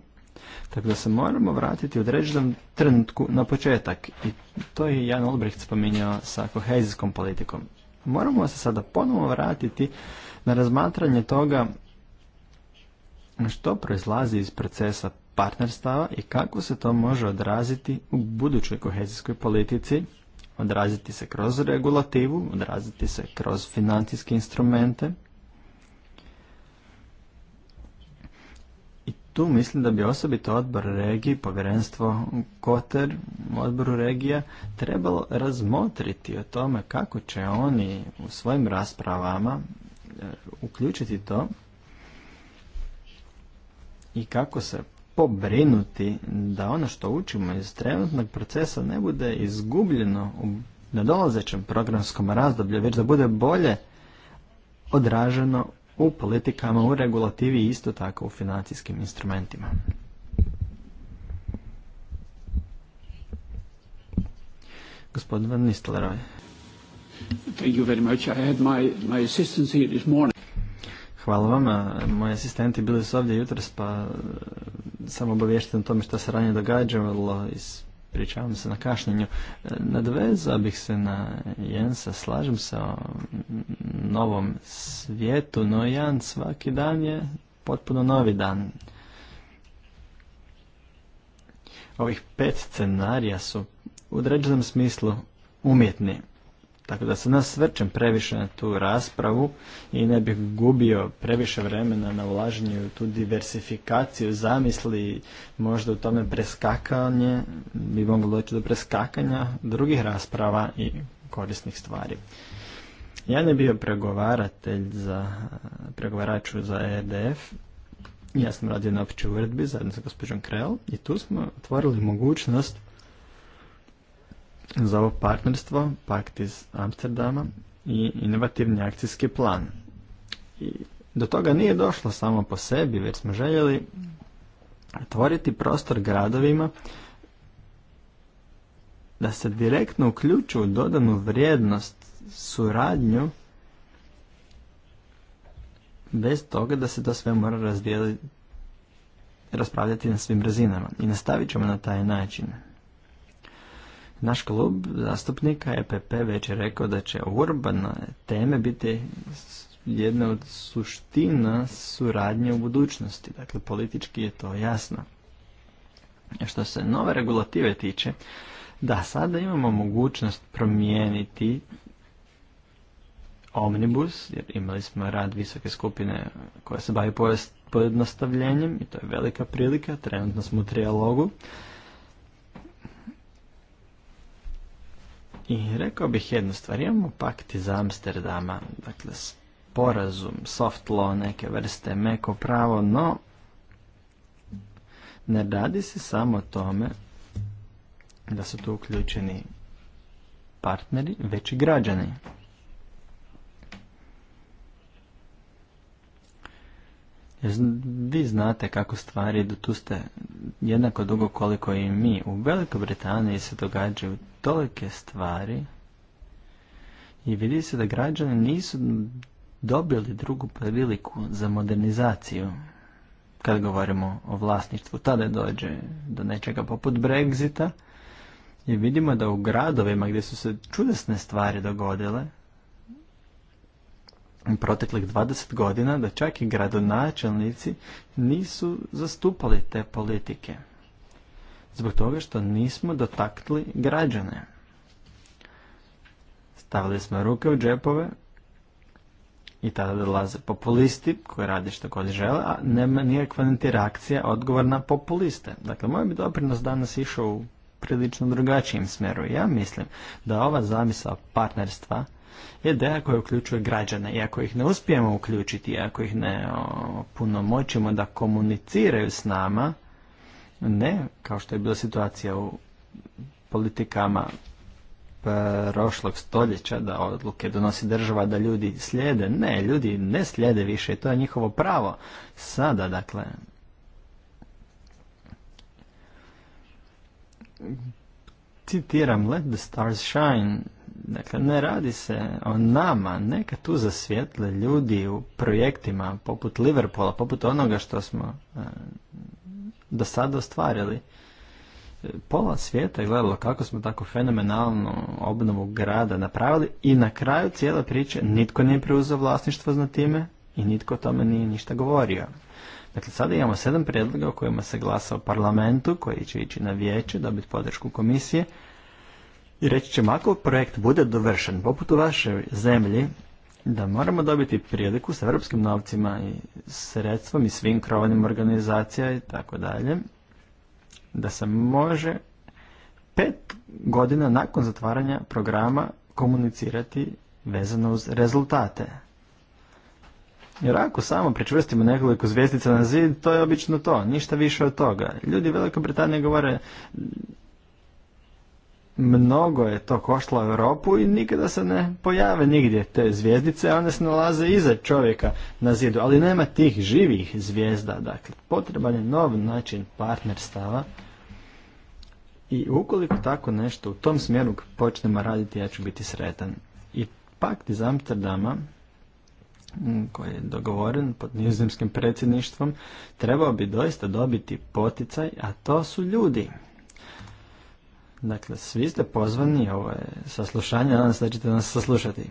tako da se moramo vratiti u određenom trenutku na početak. I to je Jan Olbricht spominjao sa kohezijskom politikom. Moramo se sada ponovno vratiti na razmatranje toga što proizlazi iz procesa partnerstava i kako se to može odraziti u budućoj kohezijskoj politici, odraziti se kroz regulativu, odraziti se kroz financijske instrumente, tu mislim da bi osobito odbor regiji, povjerenstvo Koter, odboru regija, trebalo razmotriti o tome kako će oni u svojim raspravama e, uključiti to i kako se pobrinuti da ono što učimo iz trenutnog procesa ne bude izgubljeno u nadolazećem programskom razdoblju, već da bude bolje odraženo u politikama, u regulativi i isto tako u financijskim instrumentima. Gospodin Van Hvala vam. Moji asistenti bili su ovdje jutros, pa e, sam obavješten o tome što se ranije događalo iz Pričavam se na kašnjenju. E, Nadvezao bih se na Jensa, slažem se o novom svijetu, no jedan svaki dan je potpuno novi dan. Ovih pet scenarija su u određenom smislu umjetni. Tako da se nasvrćem previše na tu raspravu i ne bih gubio previše vremena na ulaženju u tu diversifikaciju zamisli možda u tome preskakanje bi moglo doći do preskakanja drugih rasprava i korisnih stvari. Ja ne bio pregovaratelj za pregovaraču za EDF. Ja sam radio na općoj uredbi zajedno sa gospođom Krell i tu smo otvorili mogućnost za ovo partnerstvo, pakt iz Amsterdama i inovativni akcijski plan. I do toga nije došlo samo po sebi, već smo željeli otvoriti prostor gradovima da se direktno uključu u dodanu vrijednost, suradnju, bez toga da se to sve mora razdijeliti, raspravljati na svim razinama. I nastavit ćemo na taj način. Naš klub zastupnika EPP već je rekao da će urbane teme biti jedna od suština suradnje u budućnosti. Dakle, politički je to jasno. Što se nove regulative tiče, da sada imamo mogućnost promijeniti omnibus, jer imali smo rad visoke skupine koja se bavi pojednostavljenjem i to je velika prilika, trenutno smo u trijalogu. I rekao bih jednu stvar, imamo pakt iz Amsterdama, dakle sporazum, soft law, neke vrste, meko pravo, no ne radi se samo o tome da su tu uključeni partneri, već i građani. Vi znate kako stvari idu, tu ste jednako dugo koliko i mi. U Velikoj Britaniji se događaju tolike stvari i vidi se da građani nisu dobili drugu priliku za modernizaciju kad govorimo o vlasništvu. Tada dođe do nečega poput Brexita i vidimo da u gradovima gdje su se čudesne stvari dogodile, proteklih 20 godina da čak i gradonačelnici nisu zastupali te politike. Zbog toga što nismo dotakli građane. Stavili smo ruke u džepove i tada dolaze populisti koji radi što god žele, a nema nikakva interakcija odgovor na populiste. Dakle, moj bi doprinos danas išao u prilično drugačijem smjeru. Ja mislim da ova zamisao partnerstva je ideja koja uključuje građane. I ako ih ne uspijemo uključiti, ako ih ne punomoćimo da komuniciraju s nama, ne, kao što je bila situacija u politikama prošlog stoljeća da odluke donosi država da ljudi slijede. Ne, ljudi ne slijede više i to je njihovo pravo. Sada, dakle, citiram Let the stars shine Dakle, ne radi se o nama, neka tu zasvijetle ljudi u projektima poput Liverpoola, poput onoga što smo e, do sada ostvarili. E, pola svijeta je gledalo kako smo tako fenomenalnu obnovu grada napravili i na kraju cijele priče nitko nije preuzeo vlasništvo za time i nitko o tome nije ništa govorio. Dakle, sada imamo sedam prijedloga o kojima se glasa u parlamentu, koji će ići na vijeće, dobiti podršku komisije, i reći ćemo, ako projekt bude dovršen, poput u vašoj zemlji, da moramo dobiti priliku sa europskim novcima i sredstvom i svim krovanim organizacija i tako dalje, da se može pet godina nakon zatvaranja programa komunicirati vezano uz rezultate. Jer ako samo pričvrstimo nekoliko zvijezdica na zid, to je obično to, ništa više od toga. Ljudi u Velikoj Britaniji govore, mnogo je to u Europu i nikada se ne pojave nigdje te zvijezdice, one se nalaze iza čovjeka na zidu, ali nema tih živih zvijezda, dakle potreban je nov način partnerstava i ukoliko tako nešto u tom smjeru počnemo raditi ja ću biti sretan. I pakt iz Amsterdama koji je dogovoren pod nizozemskim predsjedništvom trebao bi doista dobiti poticaj, a to su ljudi. Dakle, svi ste pozvani, ovo je saslušanje, nadam se da ćete nas saslušati.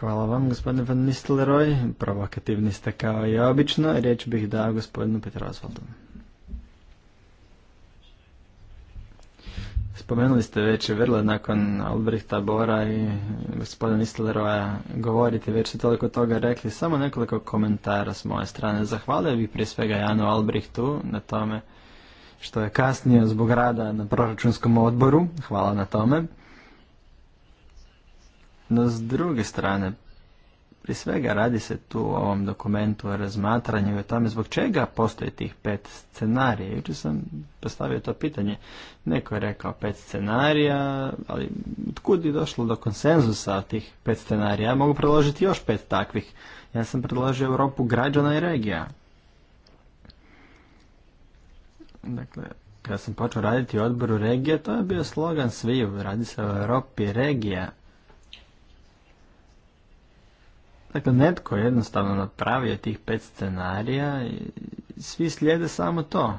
Hvala vam, gospodine Van Nistleroj. Provokativni ste kao i obično. Riječ bih dao gospodinu Petrozvaldu. Spomenuli ste već vrlo nakon Albrehta Bora i gospodina Nistleroja govoriti, već ste toliko toga rekli, samo nekoliko komentara s moje strane. Zahvalio bih prije svega Janu Albrehtu na tome što je kasnio zbog rada na proračunskom odboru, hvala na tome. No s druge strane, prije svega radi se tu o ovom dokumentu o razmatranju i o tome zbog čega postoje tih pet scenarija. Jučer sam postavio to pitanje. Neko je rekao pet scenarija, ali kud je došlo do konsenzusa tih pet scenarija? Ja mogu predložiti još pet takvih. Ja sam predložio Europu građana i regija. Dakle, kada sam počeo raditi u odboru regija to je bio slogan sviju. Radi se o Europi regija Dakle, netko je jednostavno napravio tih pet scenarija i svi slijede samo to.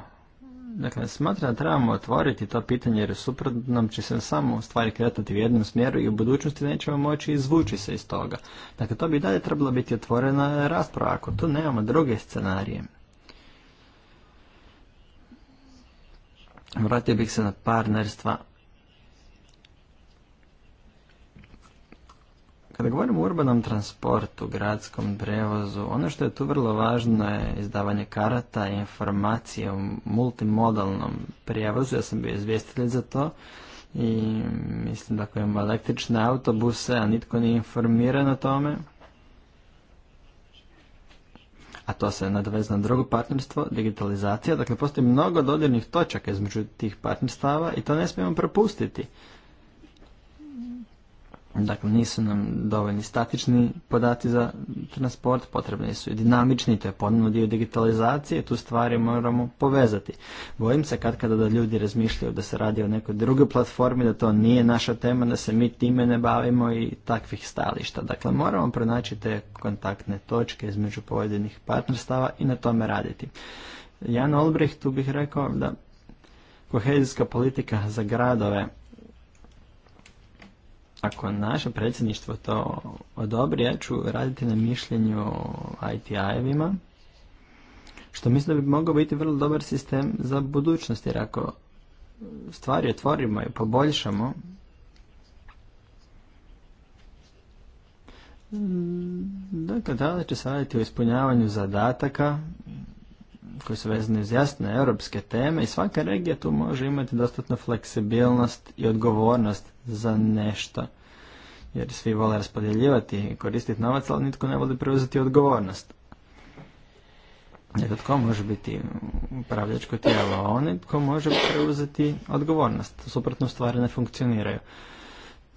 Dakle, smatram da trebamo otvoriti to pitanje jer suprotno nam će se samo stvari kretati u jednom smjeru i u budućnosti nećemo moći izvući se iz toga. Dakle, to bi i dalje trebala biti otvorena rasprava ako tu nemamo druge scenarije. Vratio bih se na partnerstva Kada govorimo o urbanom transportu, gradskom prevozu, ono što je tu vrlo važno je izdavanje karata i informacije o multimodalnom prijevozu. Ja sam bio izvjestitelj za to i mislim da ako imamo električne autobuse, a nitko nije informiran o tome, a to se nadoveza na drugo partnerstvo, digitalizacija. Dakle, postoji mnogo dodirnih točaka između tih partnerstava i to ne smijemo propustiti. Dakle, nisu nam dovoljni statični podati za transport, potrebni su i dinamični, to je ponovno dio digitalizacije, tu stvari moramo povezati. Bojim se kad kada da ljudi razmišljaju da se radi o nekoj drugoj platformi, da to nije naša tema, da se mi time ne bavimo i takvih stališta. Dakle, moramo pronaći te kontaktne točke između pojedinih partnerstava i na tome raditi. Jan Olbrich, tu bih rekao da kohezijska politika za gradove ako naše predsjedništvo to odobri, ja ću raditi na mišljenju ITI-evima, što mislim da bi mogao biti vrlo dobar sistem za budućnost, jer ako stvari otvorimo i poboljšamo, mm, Dakle, tada će se raditi o ispunjavanju zadataka koji su vezani uz jasne europske teme i svaka regija tu može imati dostatno fleksibilnost i odgovornost za nešto. Jer svi vole raspodjeljivati i koristiti novac, ali nitko ne voli preuzeti odgovornost. Eto tko može biti upravljačko tijelo, a oni tko može preuzeti odgovornost. Suprotno stvari ne funkcioniraju.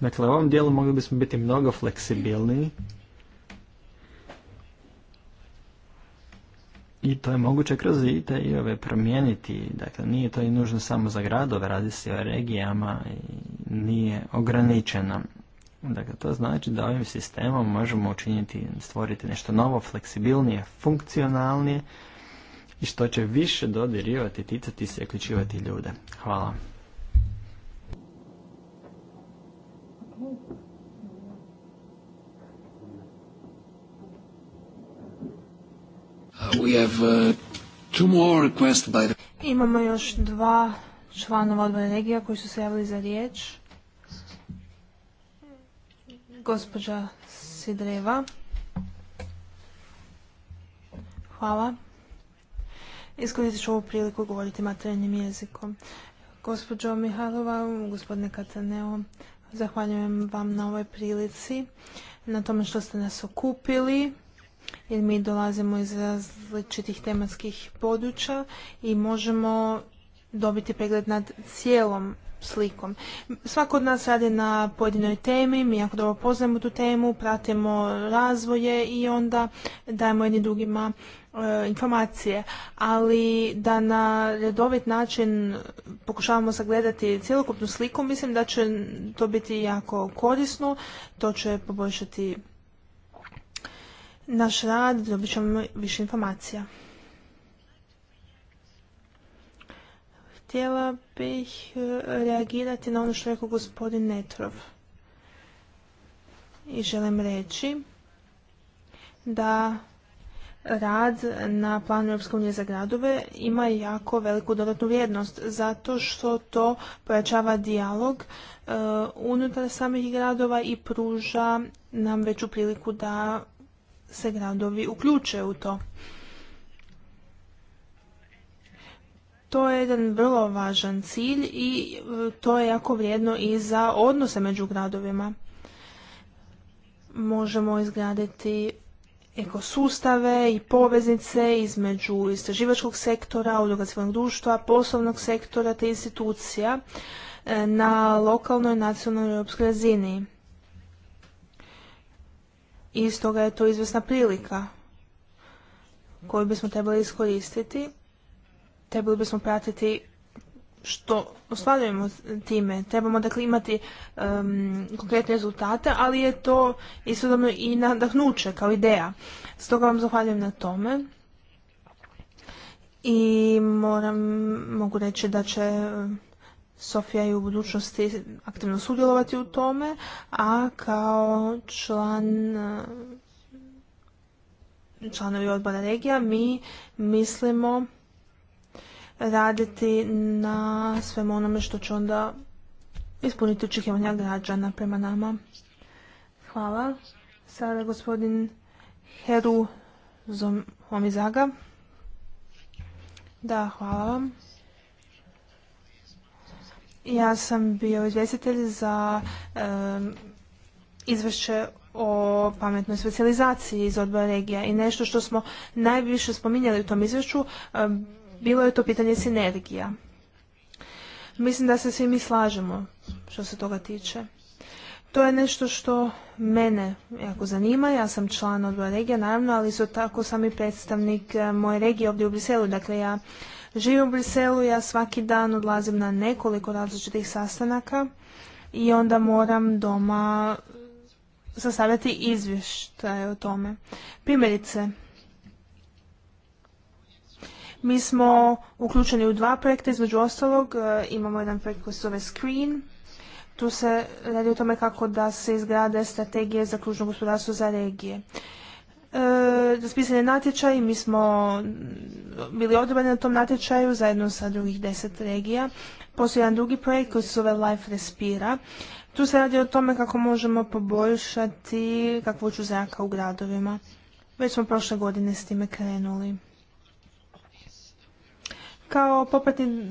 Dakle, u ovom dijelu mogli bismo biti mnogo fleksibilniji I to je moguće kroz i te i ove promijeniti. Dakle, nije to i nužno samo za gradove, radi se o regijama i nije ograničeno. Dakle, to znači da ovim sistemom možemo učiniti, stvoriti nešto novo, fleksibilnije, funkcionalnije i što će više dodirivati, ticati se i uključivati ljude. Hvala. Uh, Imamo još dva članova odbora regija koji su se javili za riječ. Gospođa Sidreva. Hvala. Iskoristit ću ovu priliku govoriti maternim jezikom. Gospođo Mihajlova, gospodine Kataneo, zahvaljujem vam na ovoj prilici, na tome što ste nas okupili jer mi dolazimo iz različitih tematskih područja i možemo dobiti pregled nad cijelom slikom. Svako od nas radi na pojedinoj temi, mi jako dobro poznajemo tu temu, pratimo razvoje i onda dajemo jedni drugima e, informacije. Ali da na redovit način pokušavamo sagledati cjelokupnu sliku, mislim da će to biti jako korisno, to će poboljšati naš rad, dobit ćemo više informacija. Htjela bih e, reagirati na ono što rekao gospodin Netrov. I želim reći da rad na planu Europske unije za gradove ima jako veliku dodatnu vrijednost zato što to pojačava dijalog e, unutar samih gradova i pruža nam veću priliku da se gradovi uključe u to. To je jedan vrlo važan cilj i e, to je jako vrijedno i za odnose među gradovima. Možemo izgraditi ekosustave i poveznice između istraživačkog sektora, udruga civilnog društva, poslovnog sektora te institucija e, na lokalnoj, nacionalnoj i europskoj razini i stoga je to izvjesna prilika koju bismo trebali iskoristiti. Trebali bismo pratiti što ostvarujemo time. Trebamo dakle imati konkretne rezultate, ali je to istodobno i nadahnuće kao ideja. Stoga vam zahvaljujem na tome. I moram, mogu reći da će Sofija je u budućnosti aktivno sudjelovati u tome, a kao član eh, članovi odbora regija mi mislimo raditi na svemu onome što će onda ispuniti očekivanja građana prema nama. Hvala. Sada gospodin Heru Zomizaga. Da, hvala vam. Ja sam bio izvjestitelj za izvešće izvješće o pametnoj specijalizaciji iz odbora regija i nešto što smo najviše spominjali u tom izvješću bilo je to pitanje sinergija. Mislim da se svi mi slažemo što se toga tiče. To je nešto što mene jako zanima. Ja sam član odbora regija, naravno, ali isto tako sam i predstavnik moje regije ovdje u Briselu. Dakle, ja živim u Briselu, ja svaki dan odlazim na nekoliko različitih sastanaka i onda moram doma sastavljati izvještaje o tome. Primjerice, mi smo uključeni u dva projekta, između ostalog e, imamo jedan projekt koji se zove Screen. Tu se radi o tome kako da se izgrade strategije za kružno gospodarstvo za regije je natječaj, mi smo bili odobrani na tom natječaju zajedno sa drugih deset regija. Postoji jedan drugi projekt koji se zove Life Respira. Tu se radi o tome kako možemo poboljšati kakvoću zraka u gradovima. Već smo prošle godine s time krenuli. Kao popratni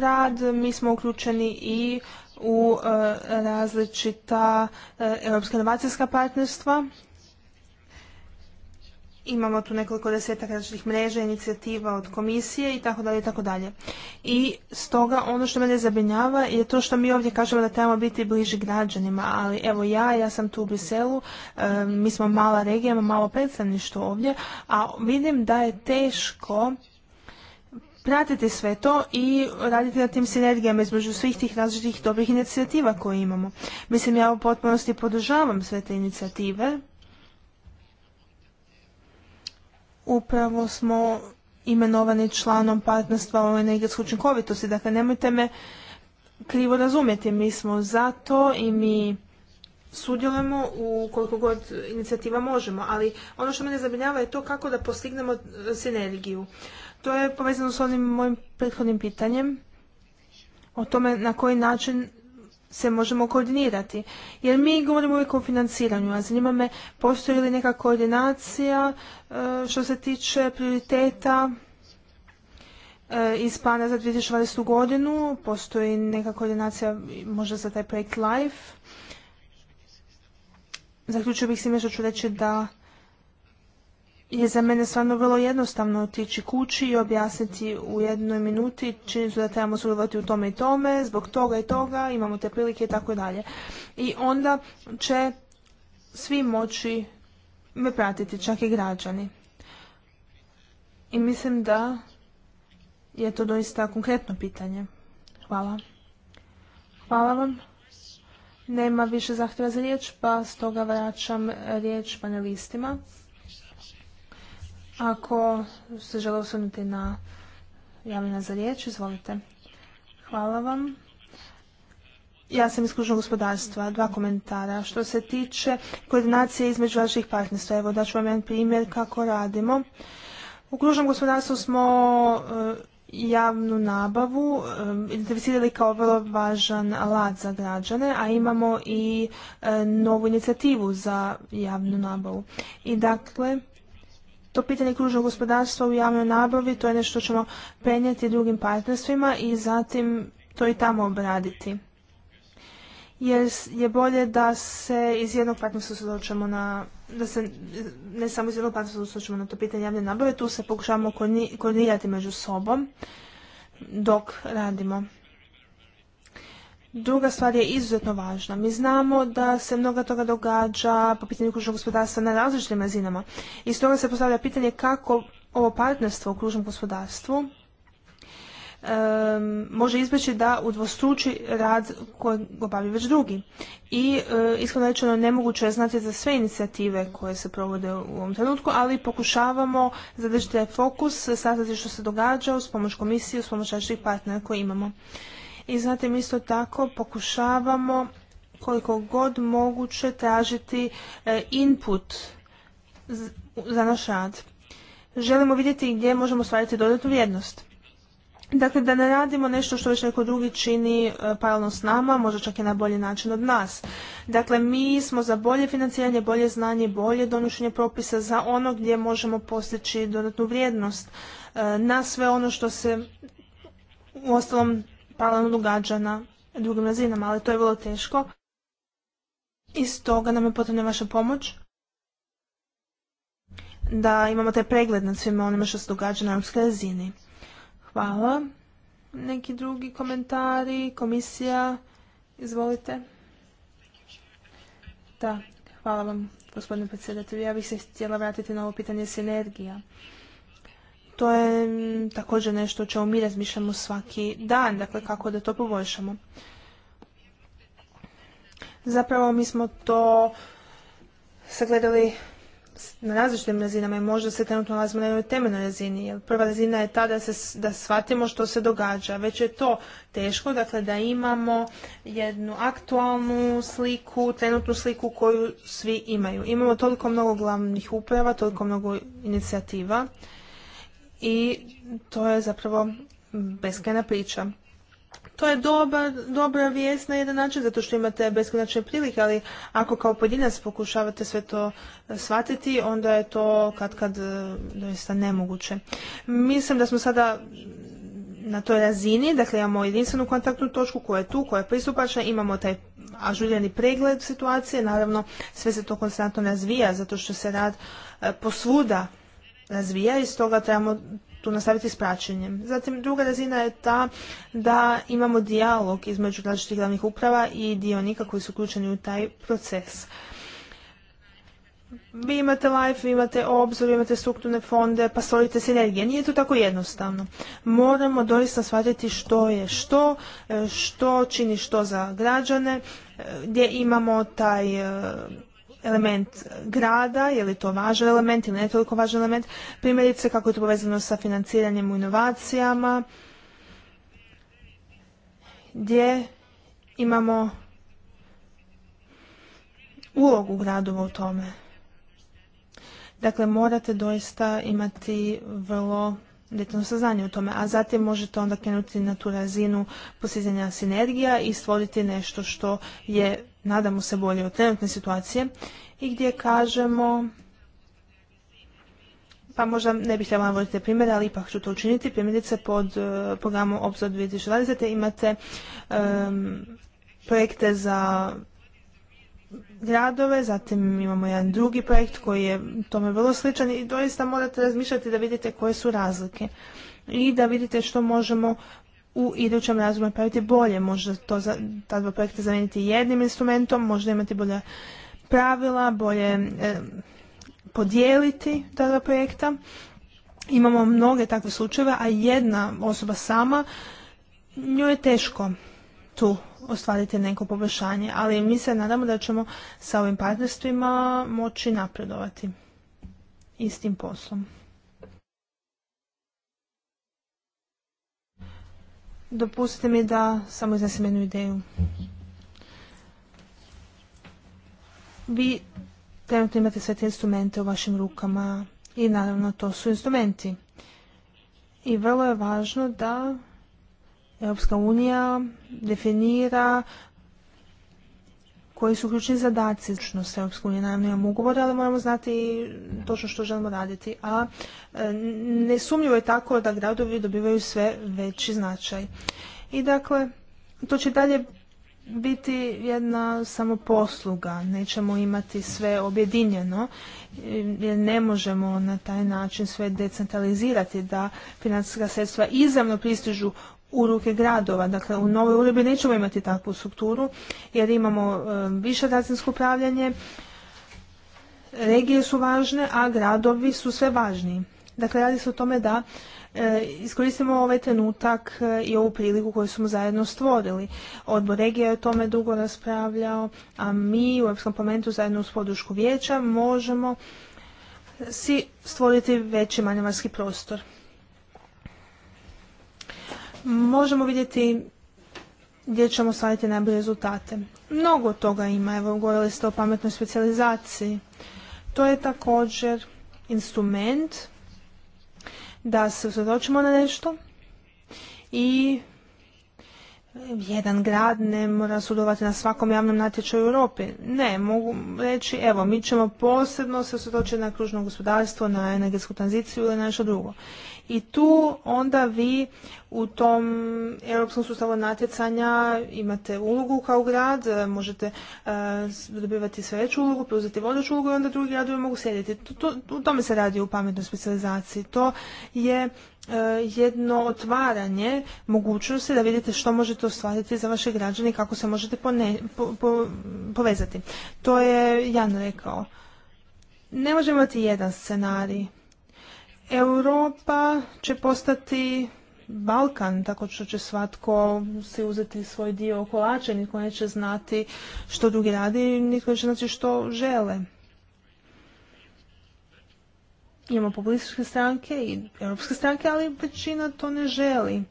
rad mi smo uključeni i u e, različita e, europska inovacijska partnerstva Imamo tu nekoliko desetak različitih mreža, inicijativa od komisije i tako dalje i tako dalje. I stoga ono što mene zabrinjava je to što mi ovdje kažemo da trebamo biti bliži građanima, ali evo ja, ja sam tu u Briselu, mi smo mala regija, imamo malo predstavništvo ovdje, a vidim da je teško pratiti sve to i raditi na tim sinergijama između svih tih različitih dobrih inicijativa koje imamo. Mislim, ja u potpunosti podržavam sve te inicijative, upravo smo imenovani članom partnerstva o energetskoj učinkovitosti. Dakle, nemojte me krivo razumjeti. Mi smo za to i mi sudjelujemo u koliko god inicijativa možemo, ali ono što mene zabrinjava je to kako da postignemo sinergiju. To je povezano s onim mojim prethodnim pitanjem o tome na koji način se možemo koordinirati. Jer mi govorimo uvijek o financiranju, a zanima me postoji li neka koordinacija e, što se tiče prioriteta e, iz plana za 2020. godinu, postoji neka koordinacija možda za taj projekt LIFE. Zaključio bih s time što ću reći da je za mene stvarno vrlo jednostavno otići kući i objasniti u jednoj minuti činjenicu da trebamo sudjelovati u tome i tome, zbog toga i toga, imamo te prilike i tako dalje. I onda će svi moći me pratiti, čak i građani. I mislim da je to doista konkretno pitanje. Hvala. Hvala vam. Nema više zahtjeva za riječ, pa stoga vraćam riječ panelistima. Ako se žele osvrnuti na javljena za riječ, izvolite. Hvala vam. Ja sam iz kružnog gospodarstva. Dva komentara. Što se tiče koordinacije između vaših partnerstva, evo daću vam jedan primjer kako radimo. U kružnom gospodarstvu smo e, javnu nabavu e, identificirali kao vrlo važan alat za građane, a imamo i e, novu inicijativu za javnu nabavu. I dakle, to pitanje kružnog gospodarstva u javnoj nabavi, to je nešto što ćemo prenijeti drugim partnerstvima i zatim to i tamo obraditi. Jer je bolje da se iz jednog partnerstva sredočemo na da se ne samo iz jednog partnerstva na to pitanje javne nabave, tu se pokušavamo koordinirati među sobom dok radimo. Druga stvar je izuzetno važna. Mi znamo da se mnoga toga događa po pitanju kružnog gospodarstva na različitim razinama. I stoga se postavlja pitanje kako ovo partnerstvo u kružnom gospodarstvu može izbjeći da udvostruči rad koji obavi već drugi. I e, iskreno rečeno nemoguće je znati za sve inicijative koje se provode u ovom trenutku, ali pokušavamo zadržati fokus, saznati što se događa s pomoć komisije, s pomoć različitih partnera koje imamo i zatim isto tako pokušavamo koliko god moguće tražiti e, input za naš rad. Želimo vidjeti gdje možemo stvariti dodatnu vrijednost. Dakle, da ne radimo nešto što već neko drugi čini e, paralelno s nama, možda čak i na bolji način od nas. Dakle, mi smo za bolje financiranje, bolje znanje, bolje donošenje propisa za ono gdje možemo postići dodatnu vrijednost e, na sve ono što se u ostalom paralelno događa na drugim razinama, ali to je vrlo teško. I stoga nam je potrebna vaša pomoć da imamo taj pregled nad svima onima što se događa na europskoj razini. Hvala. Neki drugi komentari, komisija, izvolite. Da, hvala vam, gospodine predsjedatelju. Ja bih se htjela vratiti na ovo pitanje sinergija. To je mm, također nešto o čemu mi razmišljamo svaki dan, dakle kako da to poboljšamo. Zapravo mi smo to sagledali na različitim razinama i možda se trenutno nalazimo na jednoj temeljnoj razini. Jer prva razina je ta da, se, da shvatimo što se događa. Već je to teško, dakle da imamo jednu aktualnu sliku, trenutnu sliku koju svi imaju. Imamo toliko mnogo glavnih uprava, toliko mnogo inicijativa i to je zapravo beskrajna priča. To je dobar, dobra vijest na jedan način, zato što imate beskonačne prilike, ali ako kao pojedinac pokušavate sve to e, shvatiti, onda je to kad kad e, doista nemoguće. Mislim da smo sada na toj razini, dakle imamo jedinstvenu kontaktnu točku koja je tu, koja je pristupačna, imamo taj ažurirani pregled situacije, naravno sve se to konstantno razvija zato što se rad e, posvuda razvija i stoga trebamo tu nastaviti s praćenjem. Zatim druga razina je ta da imamo dijalog između različitih glavnih uprava i dionika koji su uključeni u taj proces. Vi imate life, vi imate obzor, vi imate strukturne fonde, pa stvorite sinergije. Nije to tako jednostavno. Moramo doista shvatiti što je što, e, što čini što za građane, e, gdje imamo taj e, element grada, je li to važan element ili ne toliko važan element, primjerice kako je to povezano sa financiranjem u inovacijama, gdje imamo ulogu gradova u tome. Dakle, morate doista imati vrlo detaljno saznanje u tome, a zatim možete onda krenuti na tu razinu postizanja sinergija i stvoriti nešto što je nadamo se bolje od trenutne situacije i gdje kažemo pa možda ne bih trebala navoditi primjere, ali ipak ću to učiniti. Primjerice pod eh, programom Obzor 2020. imate projekte za gradove, zatim imamo jedan drugi projekt koji je tome vrlo sličan i doista morate razmišljati da vidite koje su razlike i da vidite što možemo u idućem razvoju napraviti bolje. Možda to za, ta dva projekta zamijeniti jednim instrumentom, možda imati bolje pravila, bolje e, podijeliti ta dva projekta. Imamo mnoge takve slučajeve, a jedna osoba sama, njoj je teško tu ostvariti neko poboljšanje, ali mi se nadamo da ćemo sa ovim partnerstvima moći napredovati istim poslom. Dopustite mi da samo iznesem jednu ideju. Vi trenutno imate sve te instrumente u vašim rukama i naravno to su instrumenti. I vrlo je važno da Europska unija definira koji su ključni zadaci. što se unijom naravno imamo ali moramo znati točno što želimo raditi. A e, nesumljivo je tako da gradovi dobivaju sve veći značaj. I dakle, to će dalje biti jedna samo posluga. Nećemo imati sve objedinjeno e, jer ne možemo na taj način sve decentralizirati da financijska sredstva izravno pristižu u ruke gradova. Dakle, u novoj uredbi nećemo imati takvu strukturu jer imamo e, više razinsko upravljanje, regije su važne, a gradovi su sve važniji. Dakle, radi se o tome da e, iskoristimo ovaj trenutak e, i ovu priliku koju smo zajedno stvorili. Odbor regija je o tome dugo raspravljao, a mi u Europskom parlamentu zajedno uz podušku vijeća možemo si stvoriti veći manevarski prostor možemo vidjeti gdje ćemo ostvariti najbolje rezultate. Mnogo toga ima, evo govorili ste o pametnoj specijalizaciji. To je također instrument da se usredočimo na nešto i jedan grad ne mora sudovati na svakom javnom natječaju u Europi. Ne, mogu reći, evo, mi ćemo posebno se usredočiti na kružno gospodarstvo, na energetsku tranziciju ili na nešto drugo i tu onda vi u tom europskom sustavu natjecanja imate ulogu kao grad, e, možete e, dobivati sve veću ulogu, preuzeti vodeću ulogu i onda drugi gradovi mogu sjediti. u tome se radi u pametnoj specijalizaciji. To je e, jedno otvaranje mogućnosti da vidite što možete ostvariti za vaše građane i kako se možete povezati. To je Jan rekao. Ne možemo imati jedan scenarij. Europa će postati Balkan, tako što će svatko si uzeti svoj dio kolača, nitko neće znati što drugi radi, nitko neće znati što žele. Imamo populističke stranke i europske stranke, ali većina to ne želi.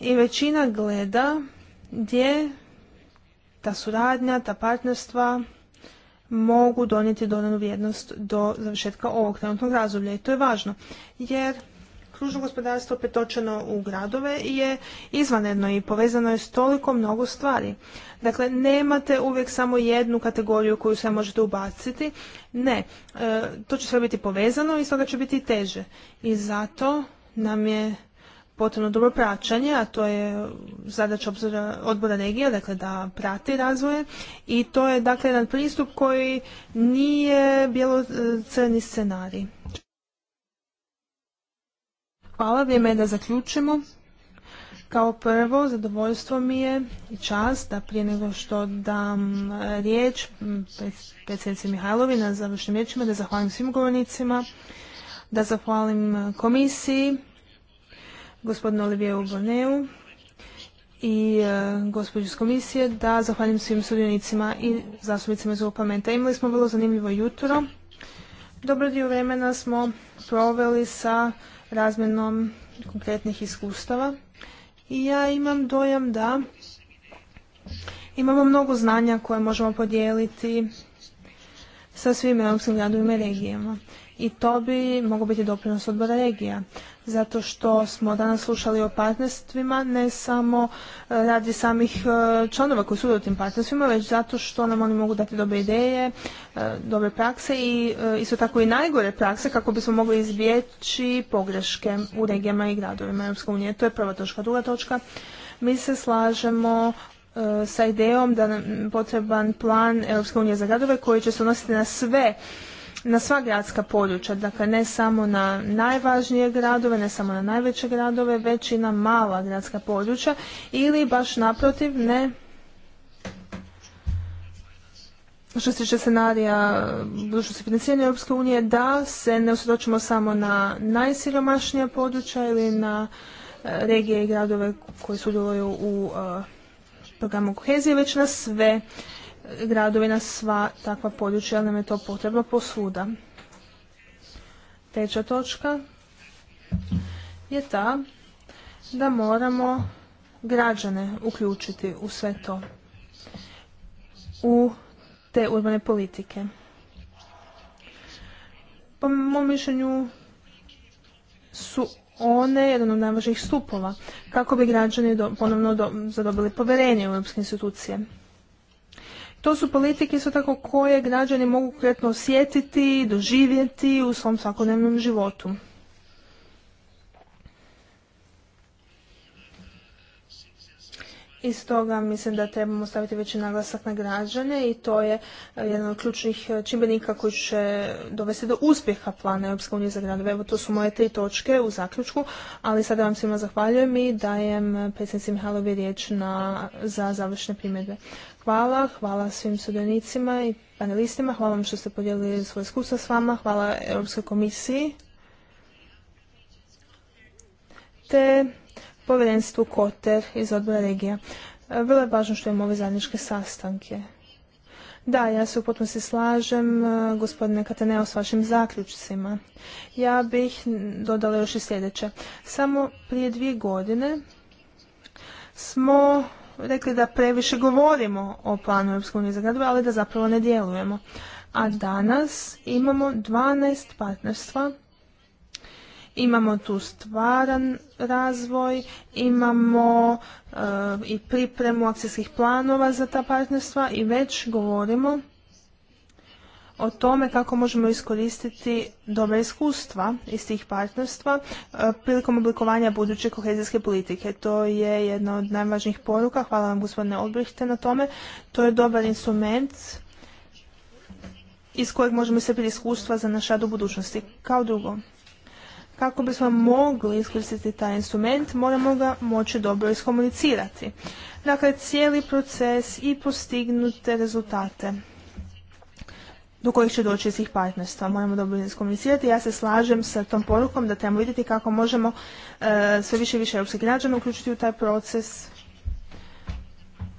I većina gleda gdje ta suradnja, ta partnerstva mogu donijeti dodanu vrijednost do završetka ovog trenutnog razdoblja i to je važno jer kružno gospodarstvo pretočeno u gradove je izvanredno i povezano je s toliko mnogo stvari. Dakle, nemate uvijek samo jednu kategoriju koju sve možete ubaciti. Ne, e, to će sve biti povezano i stoga će biti teže. I zato nam je potrebno dobro praćanje, a to je zadaća obzora, odbora regija, dakle da prati razvoje i to je dakle jedan pristup koji nije bjelocrni crni scenarij. Hvala, vrijeme je da zaključimo. Kao prvo, zadovoljstvo mi je i čast da prije nego što dam riječ predsjednici Mihajlovi na završnim riječima, da zahvalim svim govornicima, da zahvalim komisiji, gospodinu Olivieru Boneu i e, gospođu iz komisije da zahvaljujem svim sudionicima i zastupnicima iz ovog parlamenta. Imali smo vrlo zanimljivo jutro. Dobro dio vremena smo proveli sa razmjenom konkretnih iskustava i ja imam dojam da imamo mnogo znanja koje možemo podijeliti sa svim europskim gradovima i regijama. I to bi mogo biti doprinos odbora regija zato što smo danas slušali o partnerstvima, ne samo e, radi samih e, članova koji su u tim partnerstvima, već zato što nam oni mogu dati dobre ideje, e, dobre prakse i isto tako i najgore prakse kako bismo mogli izbjeći pogreške u regijama i gradovima Europske unije. To je prva točka. Druga točka, mi se slažemo sa idejom da nam potreban plan Europske unije za gradove koji će se odnositi na sve na sva gradska područja, dakle ne samo na najvažnije gradove, ne samo na najveće gradove, već i na mala gradska područja ili baš naprotiv ne što se tiče scenarija budućnosti financiranja Europske unije, da se ne usredočimo samo na najsiromašnija područja ili na e, regije i gradove koji sudjeluju u e, programu kohezije, već na sve gradovi na sva takva područja, jer nam je to potrebno posvuda. Treća točka je ta da moramo građane uključiti u sve to, u te urbane politike. Po mom mišljenju su one jedan od najvažnijih stupova kako bi građani ponovno zadobili povjerenje u europske institucije. To su politike isto tako koje građani mogu konkretno osjetiti, doživjeti u svom svakodnevnom životu. I stoga mislim da trebamo staviti veći naglasak na građane i to je eh, jedan od ključnih eh, čimbenika koji će dovesti do uspjeha plana Europske unije za gradove. Evo to su moje tri točke u zaključku, ali sada vam svima zahvaljujem i dajem eh, predsjednici Mihalovi riječ za završne primjedbe. Hvala, hvala svim sudionicima i panelistima, hvala vam što ste podijelili svoje iskustva s vama, hvala Europskoj komisiji te povjerenstvu Koter iz odbora regija. E, vrlo je važno što imamo ove zajedničke sastanke. Da, ja se u potpunosti slažem, e, gospodine Kataneo, s vašim zaključcima. Ja bih dodala još i sljedeće. Samo prije dvije godine smo rekli da previše govorimo o planu Europske unije za gradove, ali da zapravo ne djelujemo. A danas imamo 12 partnerstva, imamo tu stvaran razvoj, imamo e, i pripremu akcijskih planova za ta partnerstva i već govorimo o tome kako možemo iskoristiti dobra iskustva iz tih partnerstva e, prilikom oblikovanja buduće kohezijske politike. To je jedna od najvažnijih poruka. Hvala vam gospodine Obrihte na tome. To je dobar instrument iz kojeg možemo iskoristiti iskustva za naš rad u budućnosti. Kao drugo, kako bismo mogli iskoristiti taj instrument, moramo ga moći dobro iskomunicirati. Dakle, cijeli proces i postignute rezultate do kojih će doći iz tih partnerstva. Moramo dobro iskomunicirati. Ja se slažem sa tom porukom da trebamo vidjeti kako možemo e, sve više i više europskih građana uključiti u taj proces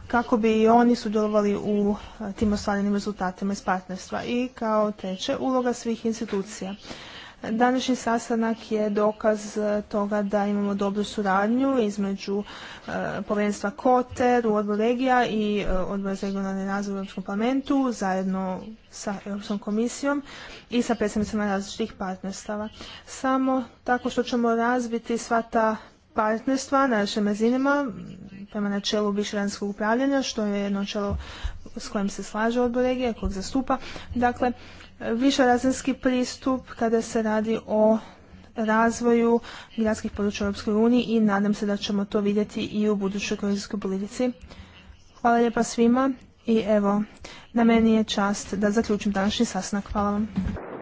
kako bi i oni sudjelovali u e, tim ostvarenim rezultatima iz partnerstva. I kao treće, uloga svih institucija. Današnji sastanak je dokaz e, toga da imamo dobru suradnju između e, povjerenstva Koter u odboru regija i e, odbora za regionalni razvoj u Europskom parlamentu zajedno sa Europskom komisijom i sa predstavnicama različitih partnerstava. Samo tako što ćemo razbiti sva ta partnerstva na našim razinama prema načelu višeranskog upravljanja, što je načelo s kojim se slaže odbor regija, kojeg zastupa. Dakle, višerazinski pristup kada se radi o razvoju gradskih područja u Europskoj i nadam se da ćemo to vidjeti i u budućoj kohezijskoj politici. Hvala lijepa svima i evo, na meni je čast da zaključim današnji sastanak. Hvala vam.